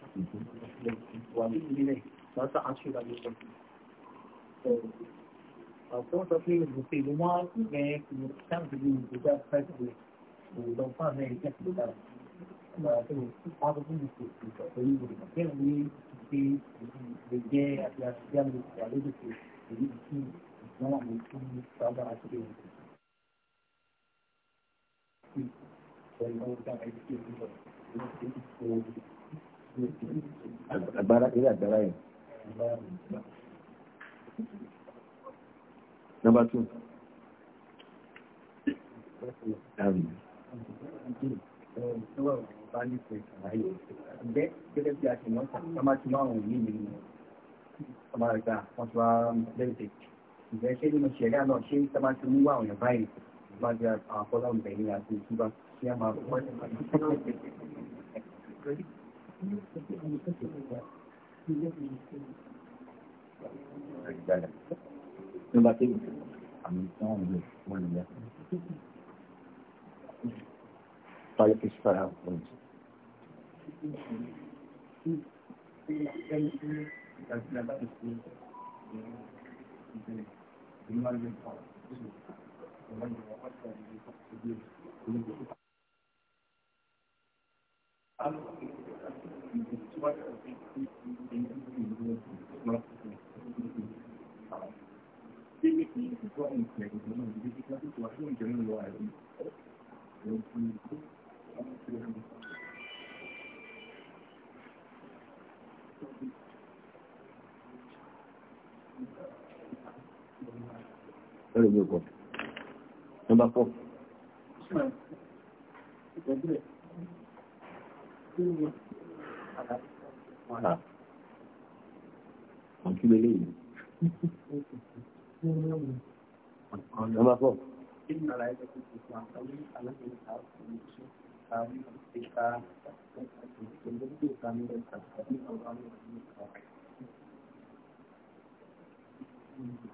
往一米内，然后上去了就问题。对。啊，工作是五岁，我妈应该是三十斤，比较开始主动放在健身的，那这个是八个公斤是比较可以的，这个你对每天要要要要六个斤，一斤，往往每天少到二十斤。嗯，所以我大概就是这个，就是就是。agbára eré agbára yẹn. Number tu. Um, gẹ́gẹ́ bí a ṣe mọ́ sàmá tí máa wùn yìí nínú ọmọ àgbà wọn ti wá lẹ́sẹ̀ ìgbẹ́ ṣé nínú ṣẹ̀ríà náà ṣé sàmá tí mú wà Nígbà tí àmì tí wọ́n lè wọ́n lè Thank you. Very good one. Number four. Thank you ọ̀rà wọn kí lélẹ́ yìí. Number four. Thank you.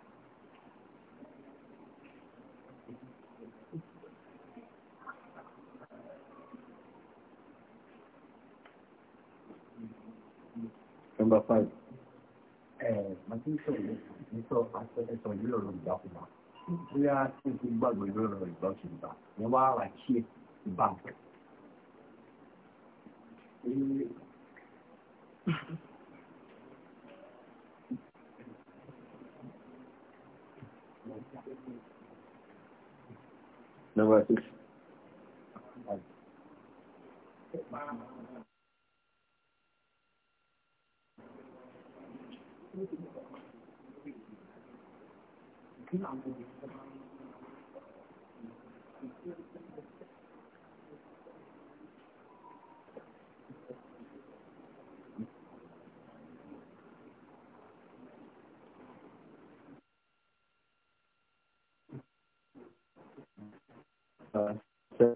number five. màtí sọ̀rọ̀ ní sọ àtẹ̀sọ̀ yìí lọ́rọ̀ ìgbàkúgbà bóyá tí kò gbàgbọ́ lọ́rọ̀ ìgbàkúgbà ni wọ́n loro igbakugba Number six. Uh, so,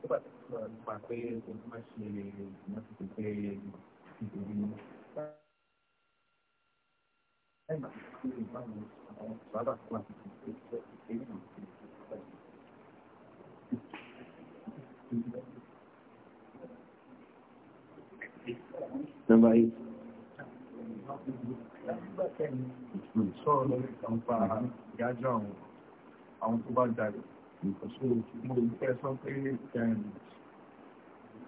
nígbà tó sọ nípa pé o máa ṣe ìmọ̀tòkò pé ìdòwú lẹ́yìn tí ìbámu àwọn bàbá kan Number eight. ìkọ̀sọ́ ìtumọ̀ ìfẹ́ sọ pé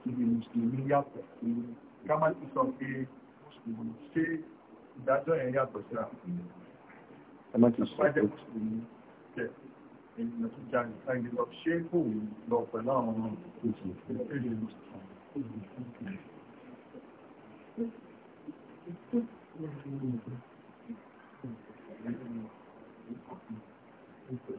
ìdí mùsùlùmí yàtọ̀ sí kámàtì sọ pé mùsùlùmí ṣe ìdájọ́ yẹn yàtọ̀ tó jà ní sáyé lọ ṣé Thank you.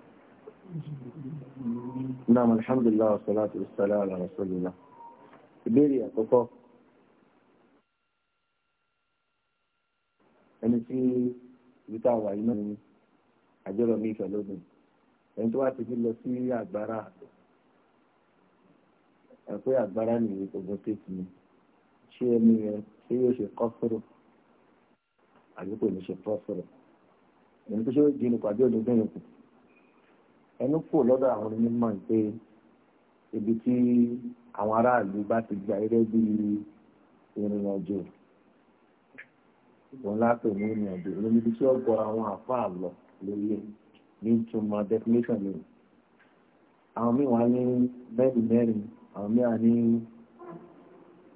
Naam alhamdulillah wassalatu wassalamu ala rasulillah. Ìbéèrè àkọ́kọ́. Ẹni tí ìbítà wà yìí náà ni àjọrọ̀ mi ìfẹ́ lódùn. Ẹni tó wá ti fi lọ sí àgbára ẹ̀pẹ́ àgbára ní ogun tètè ni. Ṣé ẹni yẹn ṣé yóò ṣe kọ́sùrù? Àbí ní ṣe kọ́sùrù? Ẹni tó ṣe ó dín ní pàdé òdòdó yẹn kù ẹnu kò lọ́dọ̀ àwọn onímọ̀ pé ibi tí àwọn aráàlú bá ti gba gẹ́gẹ́ bí ìrìn àjò òun látò ní ìrìn àjò níbi tí ọ̀gọ̀ àwọn àfáà lọ lórí ẹ̀ ní ìtumọ̀ definition ni àwọn míì wá ní mẹ́rin mẹ́rin àwọn míì wá ní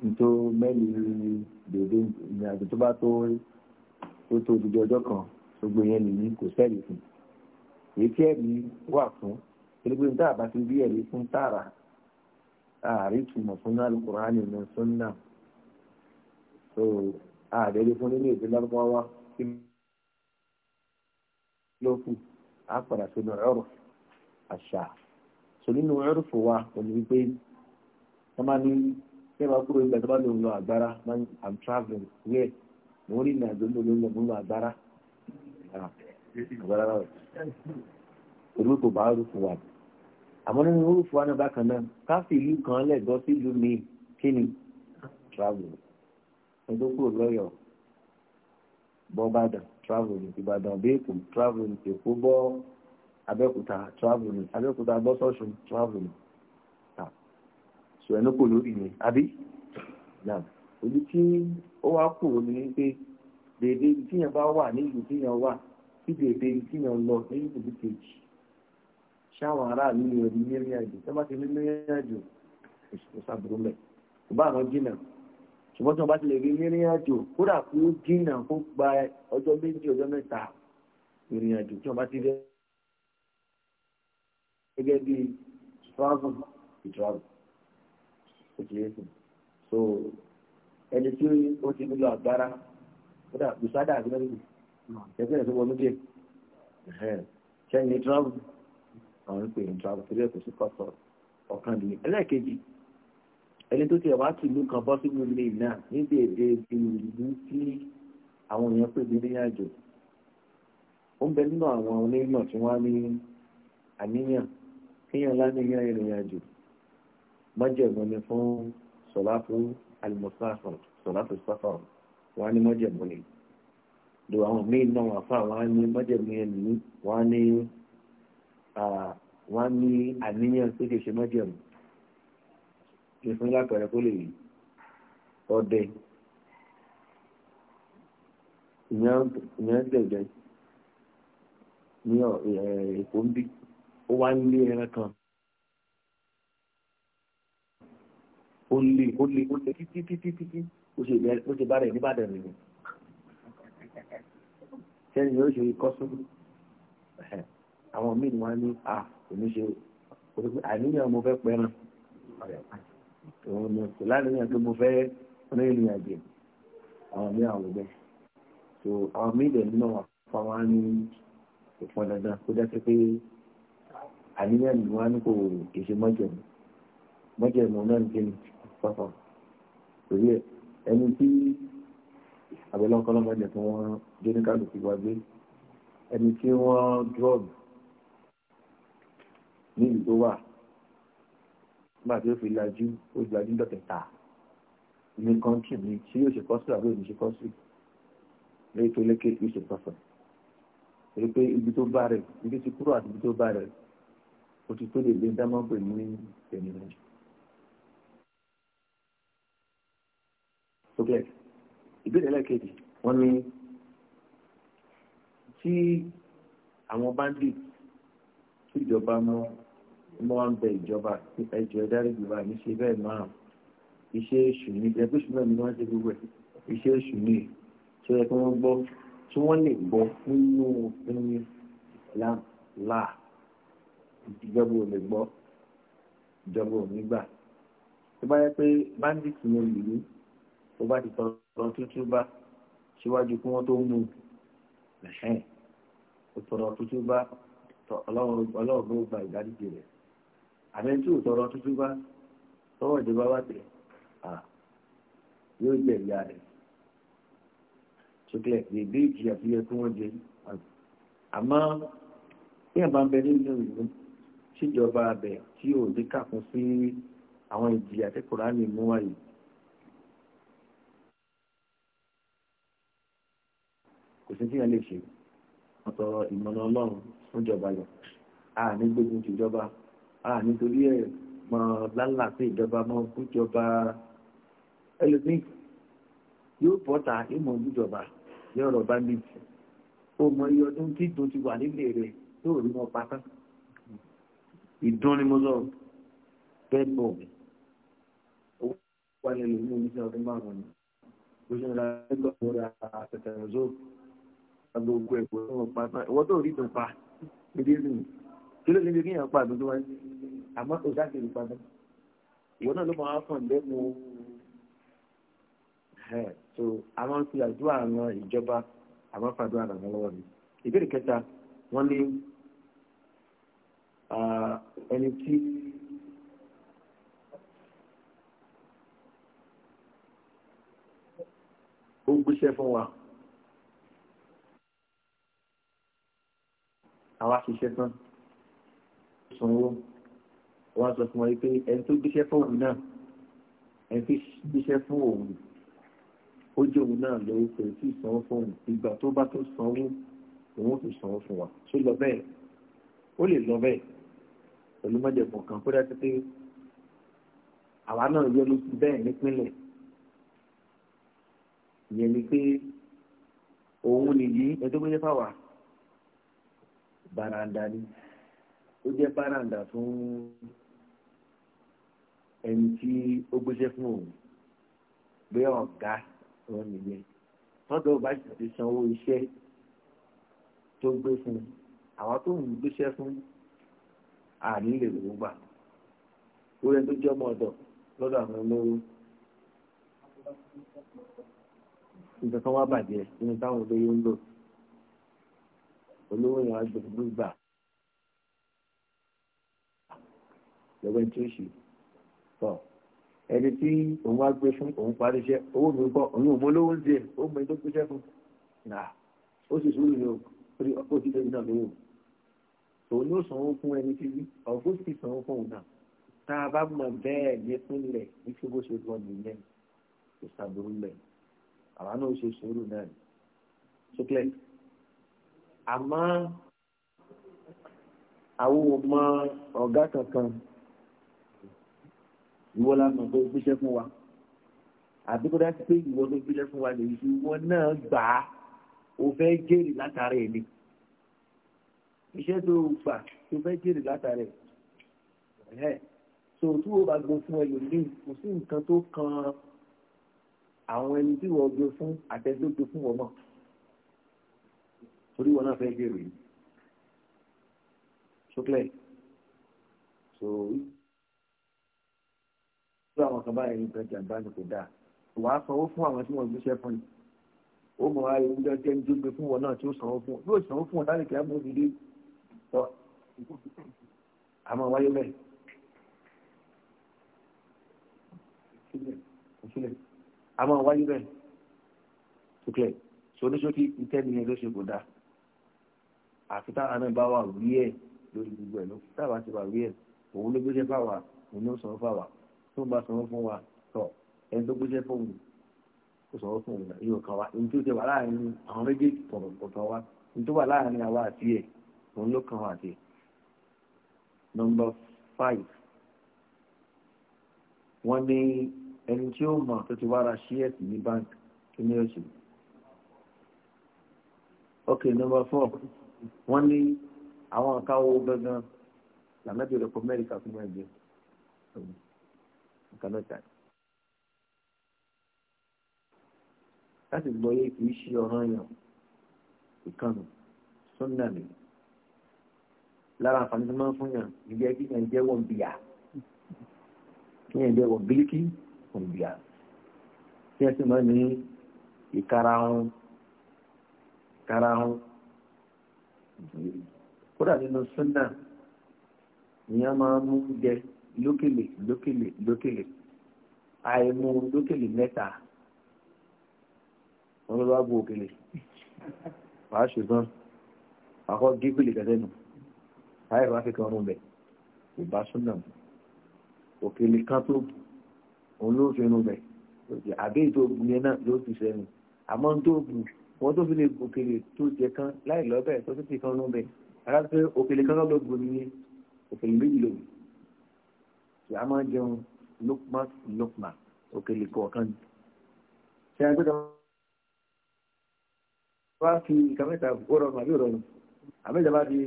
nító mẹ́rin dèdè ìrìn àjò tó bá tó tó tó òdìdí ọjọ́ kan gbogbo yẹn nìyí kò sẹ́ẹ̀lì fún un èyí tí ẹ̀rí wà fún pẹ̀lú tá a bá ti rí ẹ̀rí fún tààrà ààrí ìtumọ̀ fún náà Al-Qur'ani ní sunna so ààrẹ rí fún nínú èdè lárúbáwá tí ló kù á padà sínú ẹ̀rọ àṣà so nínú ẹ̀rọ fún wa òní wípé wọ́n máa ní ṣé máa kúrò nígbà tó bá lòun lọ àgbára man i'm travel where mo rí ìrìn àjò lòun lọ mo lọ àgbára olú kò bá rúfù wà àmọ́ nínú rúfù wà náà bákan náà káfí ìlú kan lẹ́gbọ́ sí ìlú mi kí ni travel ẹjọ́ kúrò lọ́yọ̀ bọ́bàdàn travel ìbàdàn bẹ́ẹ̀kù travel èkó bọ́ abẹ́òkúta travel abẹ́òkúta bọ́sọ̀sùn travel ṣùgbọ́n kò lórí ni àbí náà ojú tí ó wá kù ní pé dèdè tí bá wà ní ìlú tí wà síbi èdè tí yàn lọ lẹ́yìn ìlú kejì ṣáwọn aráàlú yàn ní mẹ́rin àjò tó bá ti rí mẹ́rin àjò kò sàbùrù mẹ́ kò bá àwọn jìnnà ṣùgbọ́n tí wọ́n bá ti lè rí mẹ́rin àjò kódà kó jìnnà kó gba ọjọ́ méjì ọjọ́ mẹ́ta ìrìn tí wọ́n bá ti rí gẹ́gẹ́ bí travel to travel situation so ẹni tí ó ti nílò agbára kódà gbèsè àdá àgbẹ̀rẹ̀ yìí ẹgbẹ́ ìṣòwò olóde ṣẹ́yìn travel àwọn ń pè ní travel torí ẹ̀kọ́ sí pásọ̀ ọ̀kan nìyẹn ẹlẹ́ẹ̀kejì ẹni tó ti ẹ̀wá tìlú kan bọ́ sínú ilé náà níbi èdè ìlú tí àwọn èèyàn pè ní ìrìn àjò ó ń bẹ nínú àwọn onímọ̀ tí wọ́n á ní àníyàn kéèyàn láníyàn ìrìn àjò mọ́jẹ̀mú ni fún sọ̀láfù alimọ̀sáfọ̀ sọ̀láfù sáfọ̀ wọ́n á ní mọ́jẹ̀mú ni lò àwọn míì náà wà fún àwọn ní májẹ̀mú yẹn nìyí wọ́n ní wọ́n ní àníyàn tó ṣe ṣe májẹ̀mú ìfún lápẹ̀rẹ̀ kó lè rí ọdẹ ìyẹn dẹ̀dẹ̀ ní èkó ń bí ó wá ń lé ẹran kan ó lè ó lè ó lè títí títí títí ó ṣe bá rẹ̀ níbàdàn nìyẹn sẹ́ni yóò ṣe kọ́sùn àwọn míì wọ́n ní à èmi ṣe àníyàn mo fẹ́ pẹ́ràn òun ni kò láníyàn pé mo fẹ́ rìn ìrìn àjò àwọn míì àwọn ọ̀gbẹ́ so àwọn míì dẹ̀ nínú àwọn afáwọn ní ìpọn dandan kó dáṣẹ́ pé àníyàn ni wọ́n á ní kò kìí ṣe mọ́jẹ̀mú mọ́jẹ̀mú náà ní kí ni fọ́fọ́ torí ẹ̀ ẹni tí àbẹ̀lọ́kọ́lọ́mọ ẹ̀jẹ̀ tí wọ́n dé ní kálukú wa gbé ẹni tí wọ́n drọ́ọ̀bù ní ìlú tó wà nígbà tí ó fi lajú ó ju lajú dọ̀kẹ̀ta ní kọ́ńtì mi tí yóò ṣe kọ́sì àbí òní ṣe kọ́sì lórí tó lékè yóò ṣe kọ́sì èyí pé ibi tó bá rẹ̀ ibi tí kúrò àti ibi tó bá rẹ̀ ó ti tó lè gbé dámọ́ pè ní ènìyàn ìbéèrè ẹlẹ́kejì wọ́n ní tí àwọn bandit tí ìjọba mọ́ mọ́ ń bẹ ìjọba ẹjọ́ ẹ̀dárí ìjọba ní ṣe bẹ́ẹ̀ máa iṣẹ́ èṣù ní ẹgbẹ́ ìṣúná ni wọ́n ṣe gbogbo ẹ̀ iṣẹ́ èṣù ní ṣe yẹ kí wọ́n gbọ́ tí wọ́n lè gbọ́ nínú ẹni là ìjọba ò lè gbọ́ ìjọba ò ní gbà tó bá yẹ pé bandit ní ìlú tó bá ti tọrọ tútú bá síwájú kí wọ́n tó mú ẹ̀hẹ́n ó tọrọ tútú bá ọlọ́run ló gba ìdáríjì rẹ̀ àmẹ́ni tí ò tọrọ tútú bá tọwọ́ ìjọba wá tẹ̀ yóò jẹ ìyá rẹ̀ sókè bèbè ìjìyà tó yẹ kí wọ́n jẹ àmọ́ bí ẹ̀ bá ń bẹ nínú ìlú síjọba abẹ tí ò ní kàkún sí àwọn ìjìyà tí Kùránì mú wáyé kò sí tí yẹn lè ṣe ọ̀tọ̀ ìmọ̀nà ọlọ́run fún ìjọba lọ àní gbógun ti ìjọba àní torí ẹ̀ mọ̀ lálà pé ìjọba mọ̀ fún ìjọba ẹlòmíì yóò bọ́ta ìmọ̀ ìjọba yọ̀rọ̀ bá mi ó mọ iye ọdún tí ìdùn ti wà nílé rẹ̀ yóò rí wọn pátá ìdùn ni mo lọ bẹ́ẹ̀ bọ̀ mi owó wà lẹ́nu ní oníṣẹ́ ọdún márùn-ún ni ó ṣe ń ra ẹgbẹ́ ọ̀rẹ́ àtẹ̀tẹ̀rẹ̀ zóò agogo ẹ̀kọ́ tó wọ́n pàtó ìwọ́n tó rí tó pa gbèdé nù kí ló níbi kíyàn pa àdúgbò wáyé àmọ́ kò sáà kiri padà ìwọ́n náà ló máa fọ̀n lẹ́nu ẹ̀ so àwọn ti àdúrà àwọn ìjọba àwọn fàdúrà àwọn lọ́wọ́ mi ìbéèrè kẹta wọ́n ní ẹni tí ó gbéṣẹ́ fún wa. àwa ṣiṣẹ́ tán sanwó wọ́n sọ fún wọn pé ẹni tó gbéṣẹ́ fún òun náà ẹni tó gbéṣẹ́ fún òun ó jẹ́ òun náà lówó pé tí ìsanwó fún òun ìgbà tó bá tó sanwó òun ó fi sanwó fún wa ṣó lọ bẹ́ẹ̀ ó lè lọ bẹ́ẹ̀ pẹ̀lú mọ́jẹ̀bọ̀n kan kó dájú pé àwa náà yọ ló ti bẹ́ẹ̀ nípínlẹ̀ ìyẹn ni pé òun nìyí ẹjọ́ gbéṣẹ́ fáwa baranda ni ó jẹ́ baranda fún ẹni tí ó gbéṣẹ́ fún òun pé ọ̀gá wọn nìyẹn tọ́jú ọba sì ti sanwó iṣẹ́ tó gbé fún àwọn tó ń gbéṣẹ́ fún àní lè lówó o tó jẹ́ ọmọ ọ̀dọ̀ lọ́dọ̀ àwọn olówó nǹkan kan wá bàjẹ́ nínú táwọn olówó olówó yẹn á gbẹdúgbò gbà lọ́wọ́ tí ó ṣe tọ́ ẹni tí òun wá gbé fún òun parí iṣẹ́ owó mi kọ́ òun ò mọ olówó ń jẹ ó mọ ẹni tó gbéṣẹ́ fún nà ó sì sùúrù ní o ó ti lóyún náà lóyún òun yóò sanwó fún ẹni tí ọ̀gbọ́n sì sanwó fún òun náà tá a bá mọ̀ bẹ́ẹ̀ nípínlẹ̀ nítorí bó ṣe gbọ́ nìyẹn kò sàbúrú lẹ̀ àwọn náà ó ṣe sùúrù náà sókè. So, àmọ́ àwọn ò mọ ọ̀gá kankan ìwọ la mọ̀ tó gbéṣẹ́ fún wa àbí kó dájú pé ìwọ ló gbéṣẹ́ fún wa lè fi ìwọ náà gbà á o fẹ́ jèrè látara ẹ̀ ni iṣẹ́ tó gbà tó fẹ́ jèrè látara ẹ̀ so tí o bá gbé fún ẹlòmíì kò sí nǹkan tó kan àwọn ẹni tí wọ́n gbé fún àtẹ́gbẹ́ gbé fún wọn náà torí wọn náà fẹ́ bèrè ṣókè so tí àwọn kan báyìí ní pẹ́jà bá ní kò dáa wà á sanwó fún àwọn tí wọ́n gbéṣẹ́ fún yìí ó mọ̀ ayé ń jẹ́ ń dúpẹ́ fún wọn náà tí ó sanwó fún yóò sanwó fún wọn láti kí á mú ìdí tọ́ àmọ́ wáyé bẹ́ẹ̀. àmọ́ wáyé bẹ́ẹ̀ ṣókè so oníṣòkì ìtẹ́ni ẹ̀ ló ṣe kò dáa àfi táwọn náà bá wà wí ẹ̀ lórí gbogbo ẹ̀ ló táwa ti wà wí ẹ̀ òun ló gbéṣẹ́ fáwa òun ló sọ fáwa tó ń bá sọ fún wa tọ ẹni tó gbéṣẹ́ fún mi kò sọ fún mi yóò kàn wá ní tó ti wà láàrin àwọn méjèèjì tọ̀rọ̀ kọ̀ọ̀kan wa ní tó wà láàrin àwa àti ẹ̀ òun ló kàn wá àti ẹ̀. nọmba five wọ́n ní ẹni tí ó mọ̀ tó ti wá ra ṣíẹ́sì ní báńkì kí ni ó ṣe. ok nọmba four wọ́n ní àwọn nǹkan owó gangan làmẹ́bí rẹ̀ kọ́ mẹ́ríkà fún ẹgbẹ́ nǹkan mẹ́ta. láti gbọ́ yé kì í ṣe ọ̀ràn yàn ìkànnì sunna mi lára àǹfààní tó máa ń fún yàn ìgbẹ́ kí yàn jẹ́ wọ̀n bìyà kí yàn jẹ́ wọ̀n bílíkì wọ̀n bìyà kí yàn sì máa ní ìkarahun ìkarahun kódà nínú súnà ìyẹn máa mú jẹ lókèlè lókèlè lókèlè àìmú lókèlè mẹ́ta wọn ló bá bu òkèlè wàá ṣùgbọ́n àkọ́ gígùlì kẹtẹ́nu láì bá fi kan ọrùn bẹ̀ kò bá súnà mu òkèlè kan tó bù òun ló fi irun bẹ̀ àbí ètò òbù yẹn náà ló fi sẹ́nu àmọ́ ń tó bù wọ́n tó fi lè òkèlè tó jẹ kan láì lọ́bẹ̀ tó sì ti kan lọ́bẹ̀ ara pé òkèlè kan lọ́bẹ̀ gbò ní òkèlè méjì lòdì tí a máa jẹun lókùmá lókùmá òkèlè kọ̀ọ̀kan ṣe àgbẹ̀dọ̀ wá fi ìka mẹ́ta ó rọrùn àbí òrọ̀rùn àmẹ́ta bá di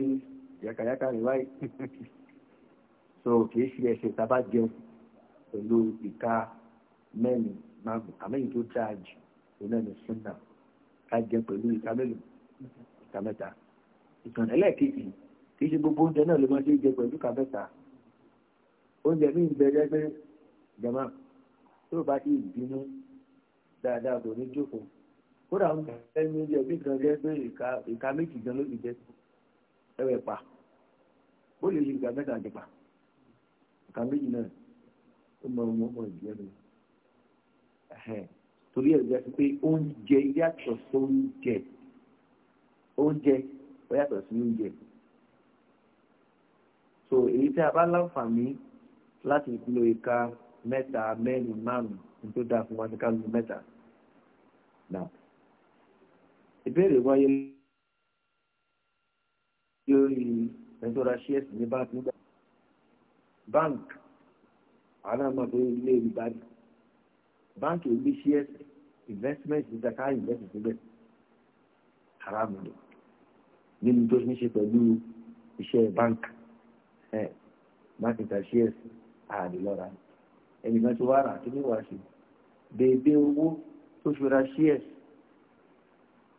yàkàyàkà rẹ̀ báyìí so kì í ṣe ẹ̀ṣẹ̀ tá a bá jẹun pẹ̀lú ìka mẹ́rin márùn-ún àmẹ́yìn tó dáa jù òun ní sunna ajẹ pẹ̀lú ìka mélòó ìka mẹ́ta ìtàn ẹlẹ́ẹ̀kejì kì í ṣe gbogbo oúnjẹ náà ló máa ṣe jẹ pẹ̀lú ìka mẹ́ta oúnjẹ míì bẹ̀rẹ̀ pé jama tó o bá ti bínú dáadáa kò ní jókòó kódà ń bẹ ní oúnjẹ bí kan jẹ pé ìka méjì gan ló ti jẹ ẹwẹ pa ó lè ṣe ìka mẹ́ta ìka méjì náà ó mọ ọmọ ọmọ ìdílé mi torí ẹ̀ gbà pé oúnjẹ yàtọ̀ sóúnjẹ oúnjẹ ó yàtọ̀ sí oúnjẹ so èyí tí a bá láǹfààní láti lo ìka mẹ́ta mẹ́rin márùn-ún tó dáa fún wa ní ká lo mẹ́ta náà ìbéèrè wáyé lórí ẹ̀ńtọ́ra ṣíẹ́sì ní báńkì nígbà báńkì àwọn àmọ́ pé ilé ìbàdàn báńkì ò gbé ṣíẹ́sì investment níta ká invest síbẹ̀ haram ni nínú tó ní ṣe pẹ̀lú iṣẹ́ bank ẹ̀ bank interchange àdìlọ́ra ẹnìkan tó wá rà tó ní wàá ṣe bèbè owó tó fi ra shares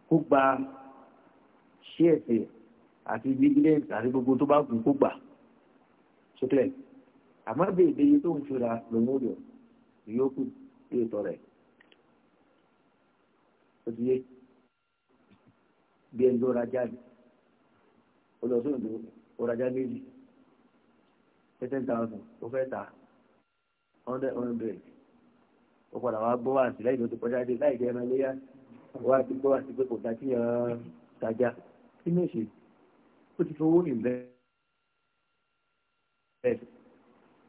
kó gba shares ẹ̀ àti dividend àti gbogbo tó bá kù kó gbà sókè àmọ́ bèbè iye tó ń fi lòun ò yọ ìyókù yóò tọrẹ òdì yé bí ẹni tó rajà ní olùsọ̀rọ̀ òdò òrajà méjì ten thousand ó fẹ́ ta hundred hundred ó padà wá gbọ́ àti lẹ́yìn tó ti kọjá dé láì jẹ́ ẹran léyà wá ti gbọ́ àti pé kò dá kí ẹran tajà kí ní ìṣe ó ti fowó ìlẹ́ ẹ̀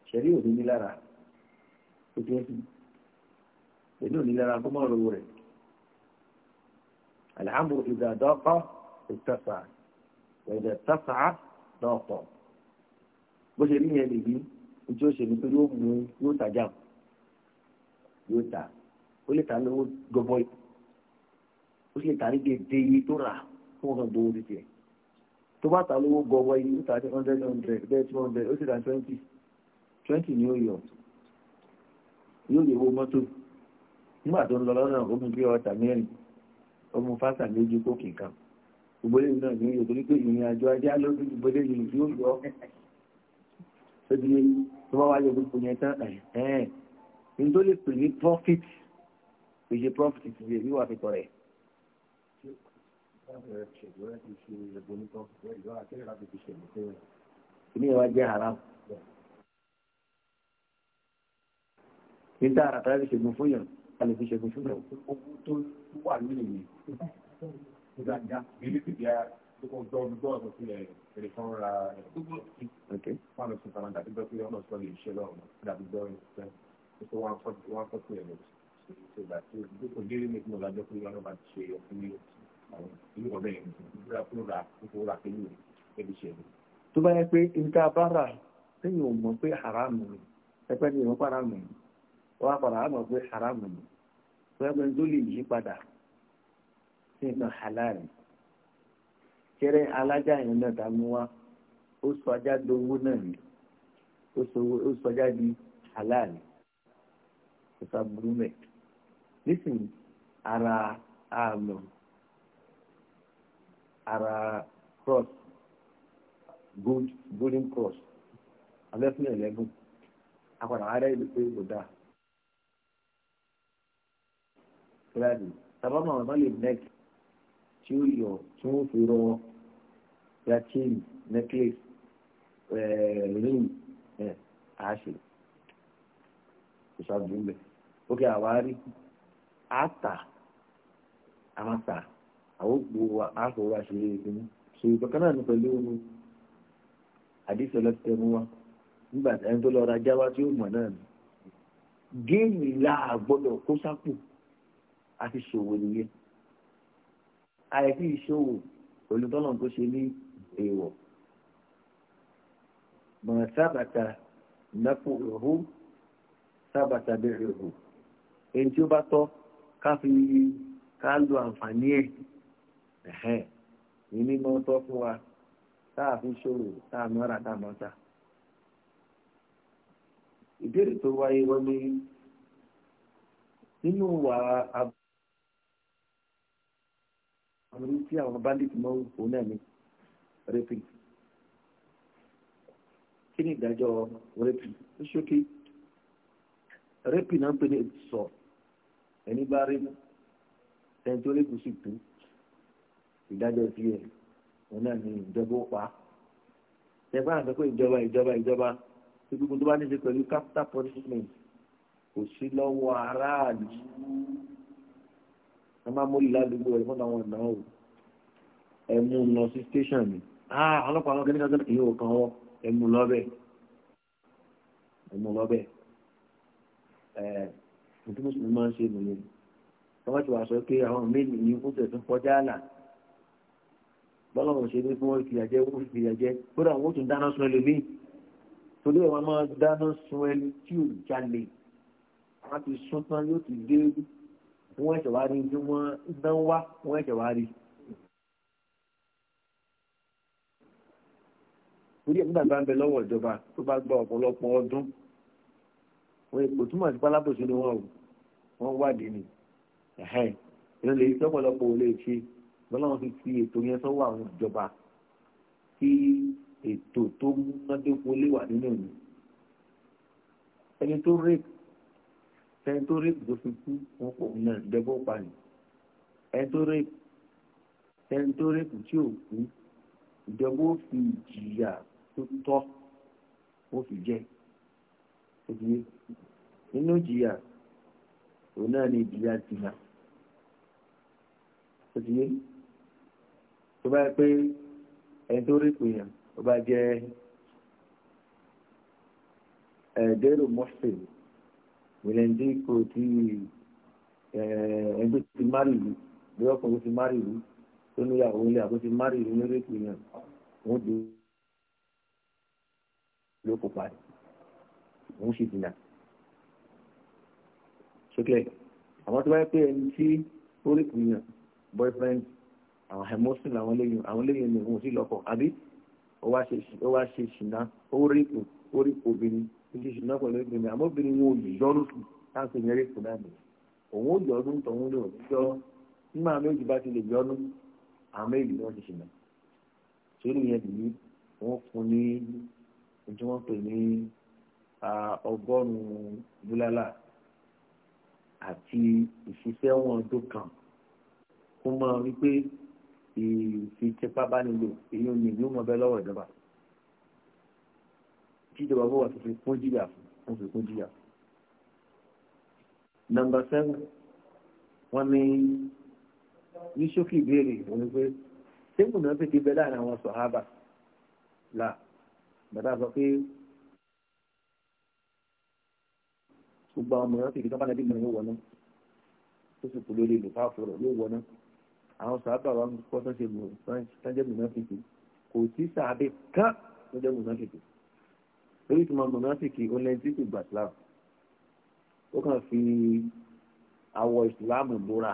ṣẹ̀rí òní ní ó ti ẹ́ sí èmi ò ní lára kó mọ̀ ọ́ lọ́wọ́ rẹ̀. العمر إذا ضاق اتسع وإذا اتسع ضاق bó ṣe rí yẹn nìyí ojú ó ṣe ni pé yóò mú yóò tà jáàmù yóò tà ó lè tà lówó gọbọi ó sì lè tà ní gèdè iye tó rà kó wọn kàn gbowó ti tiẹ̀ tó bá tà lówó gọbọi yóò tà ní hundred hundred bẹ́ẹ̀ two hundred ó sì tà twenty twenty ni ó yọ yóò yẹ owó mọ́tò nígbà tó ń lọ lọ́nà omi bí ọ̀tà mẹ́rin ọmọ fásà méjì kókè kan ìgbóléyìn náà ní ìyọ̀ torí pé ìrìn àjò ajé alóòdù ìgbóléyìn yóò yọ ṣébi tó bá wáyé gbogbo yẹn tán ẹ̀ẹ́n ní tó lè pè ní profit kì profit ti di èyí wà fi tọrẹ. ìní ìwà jẹ́ haram ní tààràtà fi ṣègùn fún yàn a lè fi ṣẹ́gun ṣúgbọ́n. owó tó wà nílẹ̀ yìí dáadáa èyí ti di gbọ́dọ̀ tó fi ẹ̀rẹ̀ kan ra gbogbo fáwọn ọ̀sán kan dàbí gbọ́ pé ọ̀nà ọ̀sán lè ṣe lọ́rùn dàbí gbọ́ ìṣẹ́ tó wọ́n fọ́ sí ṣe gbà tí gbogbo délé ní ìpínlẹ̀ ọ̀làjọ́ pé ọ̀nà bá ti ṣe ọ̀fun ìlú ọ̀bẹ yẹn tó bá yẹ pé nǹkan abára téèyàn pẹ́ẹ́pẹ́ tó lè yí padà sí nǹkan halali kẹrẹ alájà yẹn náà tá a mú wá ó sọ ajá dowó náà ni ó sọ ajá di halali kò sá burú mẹ́ nísìnyí ara àmọ́ ara cross gold golden cross abẹ́fúnlẹ̀ lẹ́gùn akọ̀dà ara ìlú pé kò dáa. kíláàdì sábàmù àwọn lè nẹ́ẹ̀kì tí ó yọ tí wọ́n fi rọ ya chain necklace eh, ring àṣẹ ìṣàdùn ń bẹ̀ ókè àwárí àtà àmàtà àwọn òpó àfọwọ́ àṣírí ìpinnu ṣe ìtọ́kánná ní pẹ̀lú àdìsọ lọ́tẹ̀mú wa nígbà tí ẹni tó lọ ra jáwá tí ó mọ̀ náà ni géèmì là gbọ́dọ̀ kó sápò àti ṣòwò nìyẹn àìsí ìṣòwò olùtọ́nà tó ṣe ní èèwọ̀ mọ̀nà sábàtà nàpò òhù sábàtà bẹ̀rẹ̀ òhù èyí tí ó bá tọ́ ká fi ká lo àǹfààní ẹ̀ ní mímọ́ tọ́ fún wa táà fi ṣòwò táà mọ́ra táà mọ́ta ìbéèrè tó wáyé wọ́n ní nínú wàá orí tí àwọn bandit mọ́ òun náà ní rẹ́pì kí ni ìdájọ́ rẹ́pì ó ṣókè rẹ́pì náà ń pè ní sọ ẹni bá rí ẹni tó lè kù sí kú ìdájọ́ tiẹ̀ òun náà ní ìjọba ó pa ẹgbẹ́ àgbẹ̀ pé ìjọba ìjọba ìjọba gbogbo tó bá ní ṣe pẹ̀lú capital punishment kò sí lọ́wọ́ aráàlú máa mórí ládùúgbò rẹ̀ fọ́nà àwọn ìdánwò ẹ̀mú lọ sí station mi ọlọ́pàá àwọn kẹ́míkà sọ́nà ìyóò kan wọ́ ẹ̀mú lọ́bẹ̀ ẹ̀mú lọ́bẹ̀ ẹ̀ ǹtí mùsùlùmí máa ń ṣe nìyẹn wọ́n bá ti wà sọ pé àwọn méèlì yìí kó tẹ̀ tún kọjá àlà bọ́lọ́mọ̀ ṣe ní kí wọ́n fìyà jẹ́ wọ́n fìyà jẹ́ kódà wọ́n tún dáná sun ẹlòmíì torí ẹ̀ máa dáná sun ẹni tí ò jalè wọ́n ti sún tán yóò ti dé wọ́n ẹ̀ṣẹ̀ wá rí tí wọ́n dán wá wọ́n ẹ̀ṣẹ̀ wá rí. orí ẹ̀ nígbà bá ń bẹ lọ́wọ́ ìjọba tó bá gba ọ̀pọ̀lọpọ̀ ọdún wọ́n kò túmọ̀ sí pálábòsí ni wọ́n o wọ́n wádìí ni ìyẹn lè ṣe ọ̀pọ̀lọpọ̀ ò lè ṣe lọ́lọ́run fi fi ètò yẹn sọ́wọ́ àwọn ìjọba kí ètò tó múnádóko lè wà nínú ìlú ẹni tó rèé ẹni tó rèpù tó fi kú wọn kò náà dẹ́gbọ́ pani ẹni tó rèpù ẹni tó rèpù tí ò kú ìjọba ó fi ìjìyà tó tọ́ ó fi jẹ òdìyẹ nínú ìjìyà òun náà ni ìjìyà dìyà òdìyẹ tó bá pé ẹni tó rèpù yẹn ó bá jẹ ẹ̀ẹ́dẹ́rù eh, mọ́sẹ̀lì ìrìn tí kò tí ẹgbẹ́ ti márì ìlú bí ọkùnrin ti márì ìlú tó níyàwó ilé àbó ti márì ìlú lórí ètò yẹn wọ́n di ló kó parí wọ́n sì dìnnà sókè àwọn tó wáyé pé ẹni tí ó rí ìyàn boyfriend àwọn emotion àwọn lẹ́yìn àwọn lẹ́yìn ni òun sì lọ́kọ àbí ó wá ṣe ṣìnà ó rí obìnrin ibi ìṣúná pẹ̀lú obìnrin àmọ́ obìnrin wo ìjọ́rú sí láti yẹrí fún náà nìyẹn òun ó jọ́rú tọ̀hún lò níjọ́ nígbà méjì bá ti lè jọ́rú àmọ́ èyí ni wọ́n ti ṣìnà sórí yẹn nìyí wọ́n fún ní ojú wọn pè ní ọgọ́rùn-ún búlálà àti ìṣiṣẹ́wọ̀n ọdún kan kó mọ wípé ìfipábánilò èyí ò ní ìlú mọ̀ bẹ́ẹ̀ lọ́wọ́ ìjọba kí ìjọba bó wà tó fi kún jìyà fún wọn fi kún jìyà. nọ́mbà sẹ́wọ̀n wọ́n ní ní ṣókí ìbéèrè òun pé sẹ́wọ̀n náà fi ti bẹ láàrin àwọn sọ̀hábà là bàtà sọ pé gbogbo àwọn mìíràn fi ìdíjọba nàbí mìíràn wọ̀ náà tó sì kú lórí ìlú fáfọ̀ rẹ̀ yóò wọ̀ náà àwọn sọ̀hábà wa ń kọ́ sọ́ṣe mìíràn tán jẹ́ mìíràn fi kò sí sàábẹ̀ kán tó jẹ́ mìíràn fi kò torí ìtumọ̀ mọ̀nàfíkì onlẹ́ntì kò gbà sílámù ó kàn fi awọ ìsìlámù bóra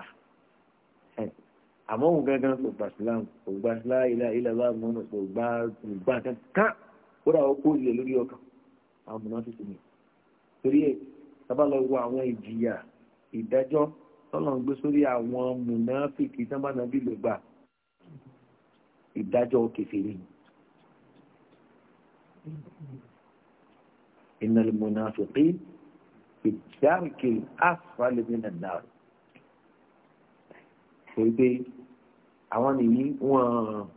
àmọ́ òun gángan kò gbà sílámù kò gbà sílámù ilẹ̀ ilẹ̀ bá mọ́nà kò gbà gbà kankan ó dà ó kó ilẹ̀ lórí ọkàn àwọn mọ̀nàfíkì ni torí ẹ̀ sábà lọ wo àwọn ìjìyà ìdájọ́ tọ́lọ̀ ń gbé sórí àwọn mọ̀nàfíkì sábà náà bí lè gbà ìdájọ́ kẹfẹ́ ni. إن المنافقين في الدرك الأسفل من النار pé àwọn nìyí wọ́n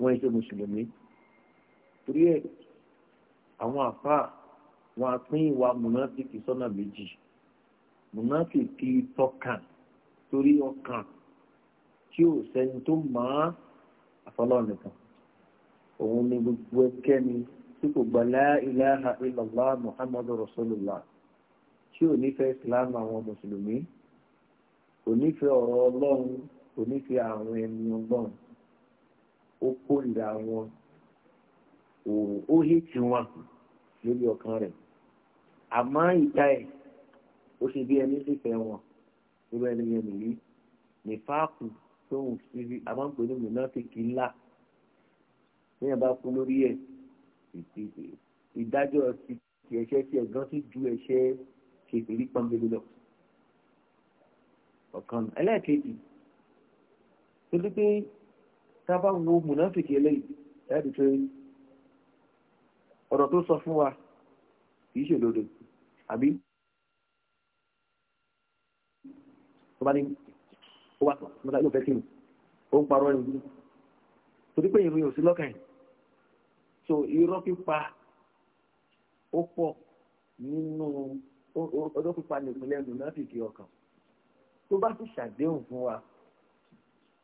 wọ́n ṣe mùsùlùmí torí ẹ̀ àwọn àfa wọn pín ìwà mùnáfíkì sọ́nà méjì mùnáfíkì tọkàn torí ọkàn tí ò sẹ́ni tó máa àfọlọ́nìkan òun ni gbogbo ẹkẹ́ni tí kò gbà láìláha ìlàlá muhammadu rasulullah tí ò nífẹ̀ẹ́ islam àwọn mùsùlùmí kò nífẹ̀ẹ́ ọ̀rọ̀ ọlọ́run kò nífẹ̀ẹ́ àwọn ẹni ọlọ́run ó kórìíra wọn ó hìtì wọn lórí ọkàn rẹ̀ àmọ́ ìta ẹ̀ ó ṣe bí ẹni sífẹ̀ẹ́ wọn irú ẹni yẹn nìyí nífàákù tóun fi àmọ́ pẹ̀lú mìíràn ti kì ńlá ní ẹ̀ bá kú lórí ẹ̀ ìdájọ́ ti ẹ̀ṣẹ̀ tí ẹ̀gán sì ju ẹ̀ṣẹ̀ kékeré pọ́nbélé lọ. ọ̀kan ẹlẹ́ẹ̀kejì tó dé pé tá a bá wo mùnáfìkì eléyìí ẹ̀ẹ́dì pé ọ̀rọ̀ tó sọ fún wa kìí ṣe lóde àbí tó bá ní ó wà mọ́ta yóò fẹ́ kí ni ó ń parọ́ ẹni torí pé ìròyìn ò sí lọ́kàn yìí so irọ́ pípa ó pọ̀ nínú ọdọ́ pípa nìpínlẹ̀ lùnàfìkì ọkàn tó bá ti ṣàdéhùn fún wa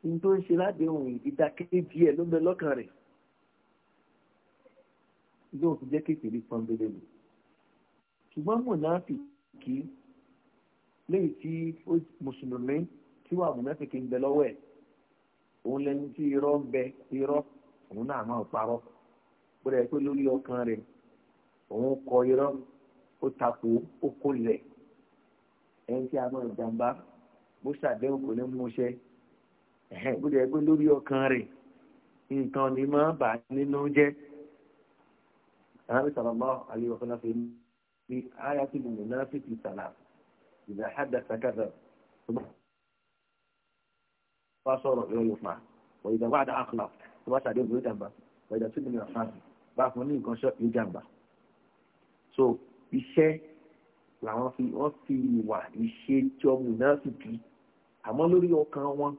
ní tó ń ṣe ládéhùn ìdákéjì ẹ̀ ló ń bẹ lọ́kàn rẹ̀ yóò fi jẹ́ kékeré pọ́nbélé lò ṣùgbọ́n mùnàfìkì léyìí tí mùsùlùmí tí wà mùnàfìkì ń bẹ lọ́wọ́ ẹ̀ òun lẹni tí irọ́ ń bẹ irọ́ òun náà máa parọ́ ó rẹ̀ pé lórí ọkàn rẹ̀ òun kọ irọ́ ó takò ó kó lẹ̀ ẹni tí a máa jàǹbá bó ṣàdéhùn kò ní mú ṣẹ bó rẹ̀ pé lórí ọkàn rẹ̀ nǹkan ni máa bà nínú jẹ́ àwọn ìsàlọ́mọ́ àlè ọ̀kan náà fi bí ayatul munafiki salat ìdá haddatha kadhab bá sọ̀rọ̀ yóò yóò fa wọ́n ìdá wàdà akhlaf tó bá ṣàdéhùn kò ní jàǹbá wọ́n ìdá tó ní ìrànfààní bá fún ní nǹkan ṣọ́ yóò jàǹbá so iṣẹ́ làwọn fi wọ́n fi ìwà ìṣèjọ mùnáfìkì àmọ́ lórí ọkàn wọn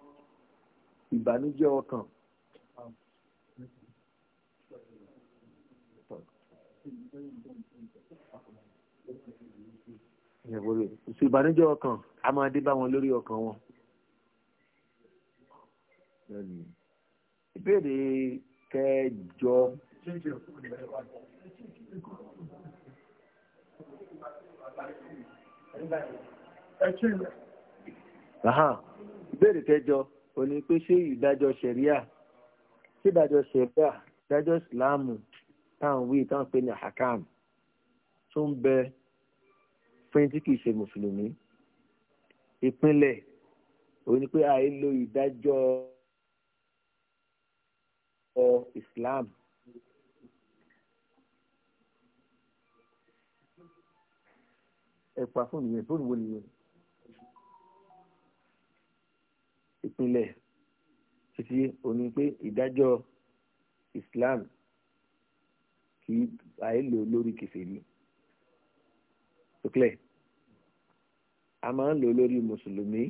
ìbànújẹ́ ọkàn. ìbànújẹ́ ọkàn a máa dé bá wọn lórí ọkàn wọn. ìbéèrè kẹjọ ìbéèrè kẹjọ ó ní pé ṣé ìdájọ́ ṣẹ̀ríà ṣé ìdájọ́ ṣẹ̀ríà ìdájọ́ ìsìláàmù táwọn wí táwọn pè ní hakam tó ń bẹ fún tí kìí ṣe mùsùlùmí ìpínlẹ̀ ó ní pé àìlo ìdájọ́ ọ ìsìláàmù ẹ̀pà fún nìyẹn tó wò nìyẹn ìpínlẹ̀ títí òní pé ìdájọ́ Islam kì í àìlò lórí kìfèrí tókẹ́lẹ̀ a máa ń lò lórí mùsùlùmí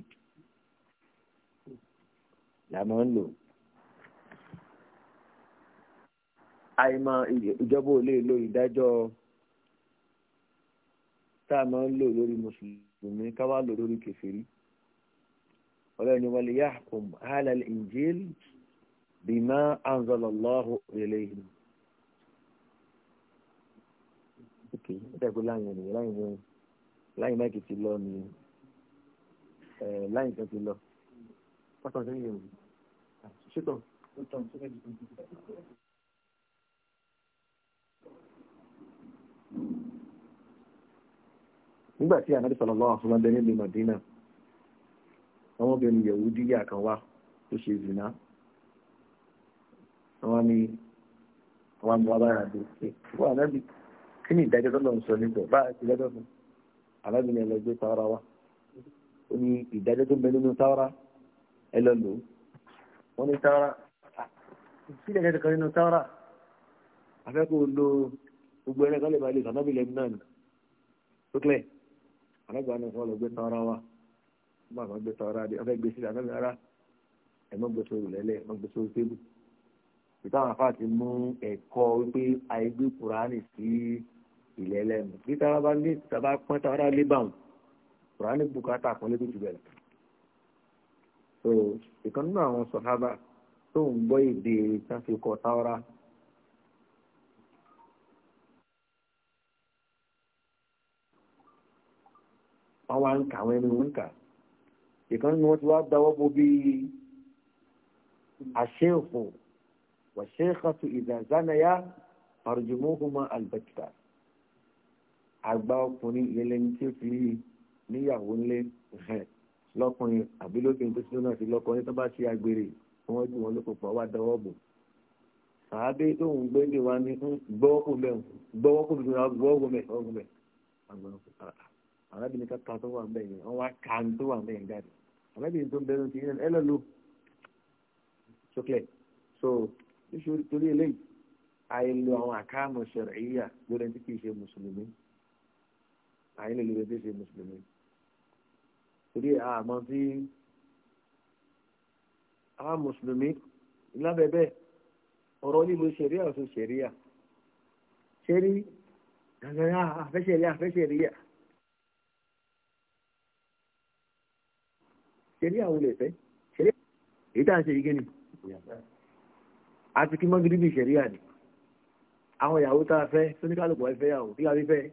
la máa ń lò àìmọ̀ ìjọba ò lè lo ìdájọ́ tá a máa ń lò lórí mùsùlùmí ká wá lò lórí kèfèrí ọlọ́run ni wọ́n lè yahkum ahlal injil bima anzalallahu ilayhim. ok ó dẹ́gbẹ́ láyìn ènìyàn ti lọ ni láyìn kan ti lọ pátá sẹ́yìn ènìyàn ṣètò. nígbà tí ànábì sallallahu alaihi wasallam nílùú Madina àwọn obìnrin Yahudiya kan wá tó ṣe zina àwọn ni àwọn àmọ́ abára àdó wọ́n ànábì kí ni ìdájọ́ tó lọ sọ nípa bá a ti lẹ́dọ̀ fún ànábì ni ẹlẹgbẹ́ tàwárà wa ó ní ìdájọ́ tó bẹ nínú tàwárà ẹ lọ lò ó ní tàwárà sí ìdájọ́ kan nínú tàwárà afẹ́kọ̀ọ́ lo gbogbo ẹ̀rẹ́ lè ba ilé lẹ́nu náà ní ó àrẹ́gbà ní fún ọlọ́gbé tán ara wa bá àwọn gbé tán ara dé ọfẹ́ gbé sílẹ̀ àfẹ́mi ara ẹ̀ mọ́ gbé sórí lẹ́lẹ̀ mọ́ gbé sórí tébù ìtàn àfáà ti mú ẹ̀kọ́ wípé àìgbé kùránì sí so ìkan nínú àwọn sọ̀hábà tó ń gbọ́ èdè tán fi kọ tára wọ́n wá ń kà àwọn ẹni wọ́n ń kà ìkan nínú wọn ti wá dáwọ́ bo bí àṣẹ́fò wàṣẹ́kàtù ìdàzánayá àrùjùmọ́kùnmọ́ àlùbẹ́kìtà àgbà ọkùnrin ìyẹlẹni tí ó fi níyàwó ńlẹ́ lọ́kùnrin àbí lóbìnrin tó sílẹ̀ náà ti lọ́kọ tó bá ṣe agbèrè wọ́n jù wọ́n lóko pọ̀ wá dáwọ́ bò sàádé tó ń gbé lè wá ní gbọ́wọ́kùnrin gbọ́wọ́kùnrin gbọ́wọ́kùnrin gbọ́wọ́kùnrin arábìnrin ká kan tó wà nbẹ yẹn wọn wá kan tó wà nbẹ yẹn jáde arábìnrin tó ń bẹnu ti yẹn ẹ lọ lò sókè so iṣu torí eléyìí àìlò àwọn àkáàmù ṣẹ̀ríyà lórí ẹni tí kìí ṣe mùsùlùmí àìlò lórí ẹni tí kìí ṣe mùsùlùmí torí àmọ́ tí àwọn mùsùlùmí lábẹ́bẹ́ ọ̀rọ̀ lílo ṣẹ̀ríyà ọ̀sùn ṣẹ̀ríyà ṣẹ́rí gàgàrà àfẹ́ṣẹ̀ríyà àfẹ́ṣẹ̀ríyà ṣẹlẹ̀ àwọn olè fẹ́ ṣẹlẹ̀ èyí tá à ń ṣe igi ni àti kí mọ́gírí bí ìṣẹ̀ríà ni àwọn ìyàwó tá a fẹ́ sóníkàlùkù ẹ fẹ́ yàwó tí a fi fẹ́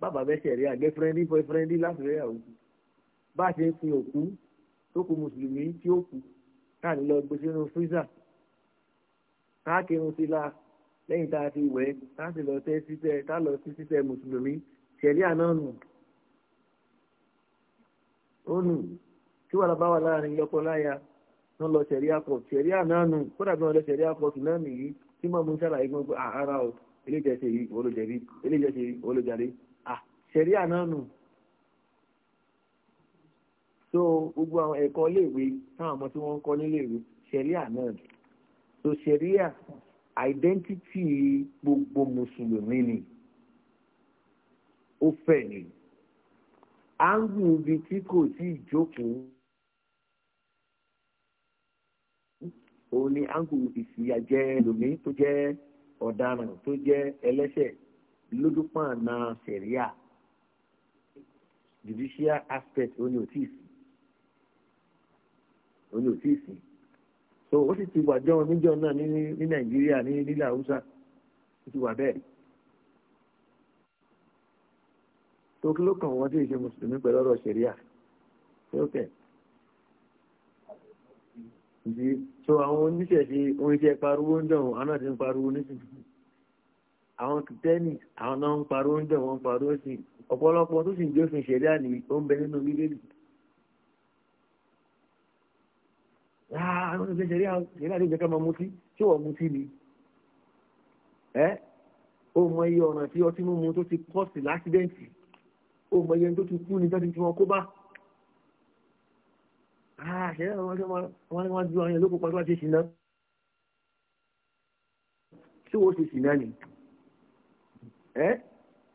bàbá bẹ́ ṣẹ̀ríà gẹ́fẹ́rẹ́ndì fọ́ẹ́fẹ́rẹ́ndì láti fẹ́ yàwó bá a ṣe ń sin òkú tó kù mùsùlùmí tí ó kù táà ní lọ gbé sínú fírísà káàkiri sí lẹ́yìn tá a ti wẹ̀ tá a sì lọ tẹ́ sísẹ́ tá a lọ sí sísẹ́ mùsùlùmí ṣẹ̀ríà náà nù ó nù kí wọ́n bá wà láàrin lọ́kọ láya wọn lọ pọ̀ sẹ̀ríà náà kódà bí wọn lọ pọ̀ tù náà yìí tí mo mú sára igun gbọ́ ara o eléjẹsẹ̀ yìí eléjẹsẹ̀ yìí so gbogbo àwọn ẹ̀kọ́ iléèwé táwọn ọmọ tí wọ́n ń kọ́ níléèwé so identity gbogbo mùsùlùmí ni ó ni o ni áńkù ìfìyàjẹ lòmí tó jẹ́ ọ̀daràn tó jẹ́ ẹlẹ́ṣẹ̀ lójúpọ̀nà sẹ̀ríà judicial aspect òun ni ò tíì sí ni ò tíì sí so ó sì ti wà jọun níjọ náà ní ní nàìjíríà ní nílẹ̀ haúsá ó ti wà bẹ́ẹ̀ tó kí ló kàn wọ́n tí ì ṣe mùsùlùmí pẹ̀lú ìdí so àwọn oníṣẹ̀ṣe orin jẹ́ pariwo ń dàn àwọn náà ti ń pariwo nísìnyí àwọn kìtẹ́nì àwọn náà ń pariwo ń dàn wọ́n ń pariwo sí ọ̀pọ̀lọpọ̀ tó sì ń jófin ṣẹ̀dá ni ó ń bẹ nínú bíbélì. Ah, àwọn oníṣẹ́ ṣẹ̀dá ṣẹ̀dá ló jẹ́ ká máa mutí tí wọ́n mutí ni ẹ́ ó mọ iye ọ̀nà tí ọtí mímu tó ti kọ́ọ̀sì láṣídẹ́ǹtì ó mọ iye tó ti kú ni tó ti fi wọn kó bá àṣẹ àwọn ọmọ wọn ju àwọn olókùn pàtó àti ìṣìná tí ó ṣe ṣìná ni ẹ́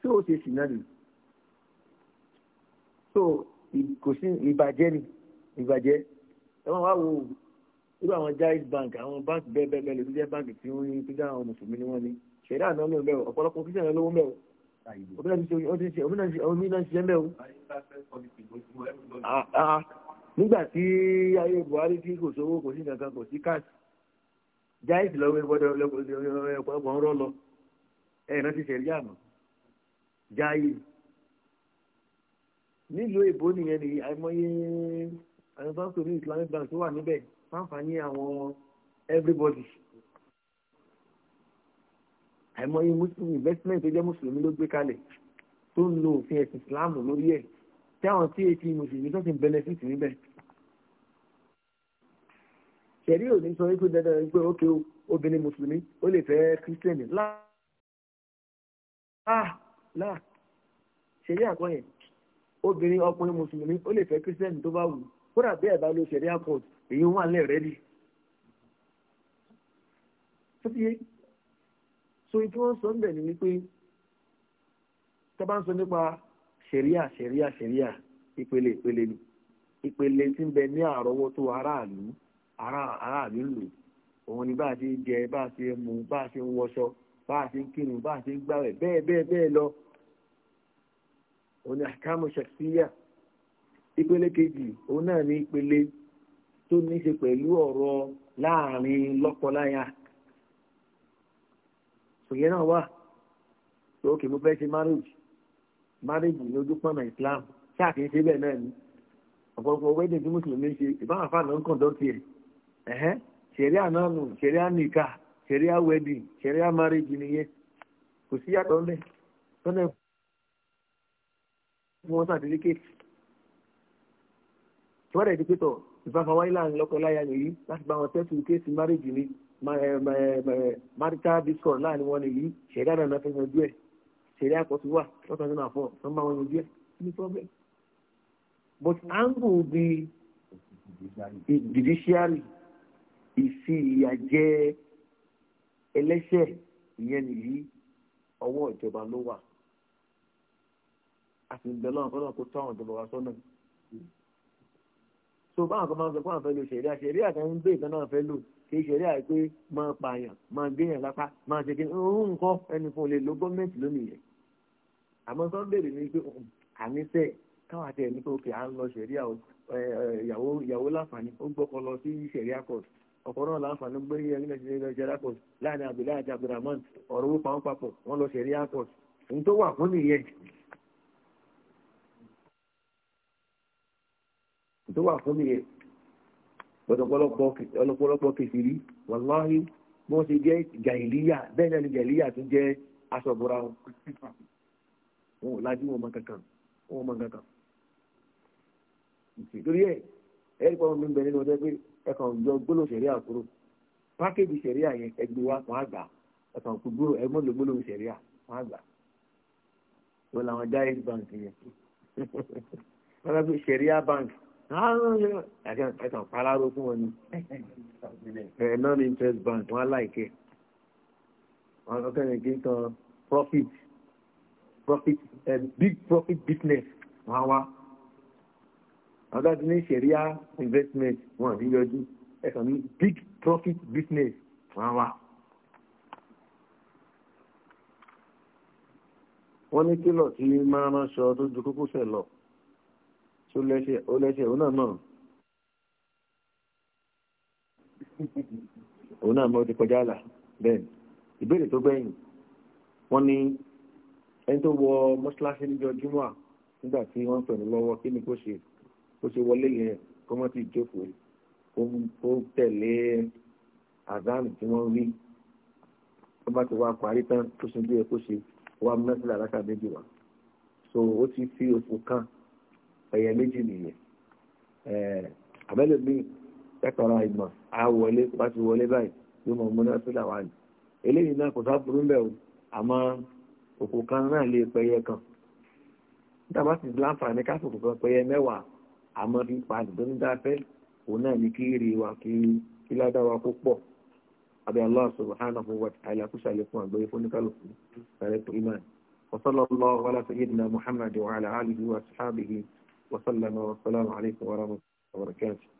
tí ó ṣe ṣìná ni so kò sí ìbàjẹ́ ni ìbàjẹ́ ẹ wọ́n wá wo irú àwọn bank àwọn bank bẹ́ẹ̀ bẹ́ẹ̀ bẹ́ẹ̀ lè jẹ́ bank tí wọ́n ní pínlẹ̀ àwọn mùsùlùmí ni wọ́n ní ṣẹ̀dá àná ló ń bẹ̀rù ọ̀pọ̀lọpọ̀ kí sẹ̀rẹ̀ lówó mẹ́wọ̀ òmìnira ti ṣe òmìnira ti ṣe mẹ́wọ̀ nígbà tí ayé buhari tí kò sówó kò sí nǹkan kò sí káàsì jáìs lọ́wọ́ ìbọdọ̀ ọ̀pọ̀lọpọ̀ ń rọ́ lọ ẹ̀rọ ti ṣẹ̀rí àmọ́ jáìs nílùú èbó nìyẹn ni àìmọye àwọn bá ń pè ní islamic bank tó wà níbẹ̀ fáǹfààní àwọn everybody àìmọye muslim investment tó jẹ́ mùsùlùmí ló gbé kalẹ̀ tó ń lo òfin ẹ̀sìn islam lórí ẹ̀ tí àwọn tí èkì mùsùlùmí tó ti ń benefit níbẹ̀ ṣẹ̀rí ò ní sọ wípé dandan wípé ókè obìnrin mùsùlùmí ó lè fẹ́ kírísítẹ́nì láà ṣẹ̀rí àkọ́ yẹn obìnrin ọkùnrin mùsùlùmí ó lè fẹ́ kírísítẹ́nì tó bá wù kódà bí ẹ̀ bá lo ṣẹ̀rí àkọ́ èyí wà lẹ́ rẹ́dì so ìtí wọ́n sọ ń bẹ̀ ni wípé tó bá ń sọ nípa ṣẹ̀ríà ṣẹ̀ríà ṣẹ̀ríà ìpele ìpele ni ìpele tí ń bẹ ní aráàlú aráàlú lò òun ni bá a ṣe jẹ bá a ṣe ń bá a ṣe ń wọṣọ bá a ṣe ń kírun bá a ṣe ń gbàwẹ̀ bẹ́ẹ̀ ni àkàmù ṣàkíyà ìpele kejì òun náà ní ìpele tó ní í ṣe pẹ̀lú ọ̀rọ̀ láàrin marriage ní ojú pọ̀nà islam ṣáà kì í ṣe bẹ́ẹ̀ náà ni ọ̀pọ̀lọpọ̀ wedding tí mùsùlùmí ṣe ìbáwọn afáàná ń kàn dọ́tì ẹ̀ ṣẹ̀ríà náà nù ṣẹ̀ríà nìkà ṣẹ̀ríà wedding ṣẹ̀ríà marriage nìyẹn kò sí yàtọ̀ ńlẹ̀ tọ́lẹ̀ fún wọn sàtífíkẹ́tì tí wọ́n rẹ̀ di pétọ̀ ìfàfàwáyé láàrin lọ́kọláya nìyí láti bá wọn tẹ́sù kéèsì marriage ni marital discord láàrin wọn nìyí ṣẹ̀dá náà náà fẹ́ yanjú ẹ̀ ṣẹlẹ̀ àkọsí wà one thousand and four tó ń bá wọn yanjú ẹ̀ ní problem but angle bi judiciary ìfi ìyà jẹ ẹlẹ́ṣẹ̀ ìyẹn nìyí ọwọ́ ìjọba ló wà àti ìbẹ̀lọ́ àkọ́lọ́ kó tọ́ àwọn ìjọba wa sọ́nà so báwọn kan máa ń sọ pé àwọn fẹ́ lo ṣẹ̀ríà ṣẹ̀ríà kan ń gbé ìkan náà fẹ́ lò kì í ṣẹ̀ríà pé máa pààyàn máa gbéyàn lápá máa ṣe kí n nǹkan ẹnì kan ò lo gọ́ọ̀mẹ̀ntì lónìí yẹn àmọ́ tó ń bèrè ní pé àníṣe káwọn àti ẹni pé òkè à ń lọ sẹ̀ríà ìyàwó ìyàwó láǹfààní ó gbọ́kọ lọ sí sẹ̀ríà court ọ̀pọ̀ náà láǹfààní gbé ní ẹni lẹ́sìn ní sẹ̀ríà court láàrin àbílẹ̀ àti abdulrahman ọ̀rọ̀ owó pàwọn papọ̀ wọ́n lọ sẹ̀ríà court ohun tó wà fún nìyẹn tó wà fún nìyẹn ọ̀pọ̀lọpọ̀ kèfìrí wàláhí bó ṣe jẹ́ jàìlíyà bẹ́ẹ̀ náà ni jàìlíyà tún jẹ́ aṣọ̀bùra wọn wọn ò lajú wọn mọ kankan wọn mọ kankan nítorí ẹ ẹrí pọ́n mi ń bẹ nínú ọjọ́ pé ẹkàn jọ gbólò sẹ̀ríà kúrò pákéjì sẹ̀ríà yẹn ẹgbẹ́ wa wọn àgbà ẹkàn kú gbólò ẹgbọ́n ló gbólò sẹ̀ríà wọn àgbà wọn làwọn Jaiz bank yẹn wọn lọ fi sẹ̀ríà bank ẹkàn palaro fún wọn ni ẹ non interest bank wọn láìkẹ wọn kọ́kẹ́ ní kí n kan profit profit eh, big profit business wọn wá àwọn tó investment wọn àti yọjú ẹ̀sán ní big profit business wọn wá. wọ́n ní kílọ̀ tí máa ránṣọ tó ju kókósẹ̀ lọ tó lẹ́ṣẹ̀ ó lẹ́ṣẹ̀ òun náà náà òun náà mọ́ ti kọjá àlà bẹ́ẹ̀ ìbéèrè tó gbẹ̀yìn wọ́n ní ẹni tó wọ mọ́ṣáláṣí níjọ júmọ́ nígbà tí wọ́n pẹ̀lú lọ́wọ́ kí ni kó ṣe kó ṣe wọlé yẹn kó má ti jókòó kó tẹ̀lé àdánù tí wọ́n rí tó bá ti wá parí tán tó ṣe bí ẹ kó ṣe wá mẹ́sìlá aláṣà méjì wá so ó ti fi oṣù kan ẹ̀yẹ méjì nìyẹn àbẹ́lẹ̀ mi kẹ́kọ̀ọ́ra ìmọ̀ á wọlé bá ti wọlé báyìí yóò mọ̀ mọ́ mẹ́sìlá wá ní eléyìí náà kò sá burú bẹ́ẹ̀ o àmọ́ òkú kan náà lè pẹyẹ kan dábà sì láǹfààní kásòkò kan pẹyẹ mẹ́wàá àmọ́ fi pa àdìdónídàáfẹ́ òun náà ní kí rí wa kí kí ládàá kó pọ̀ abẹ́ Allah subhanahu wa ta'ala kó ṣàlékún àgbẹ̀yẹ fóníkàlùkù rẹ̀ tó imáà وصلى الله على سيدنا محمد وعلى آله وأصحابه وسلم والسلام عليكم ورحمة الله وبركاته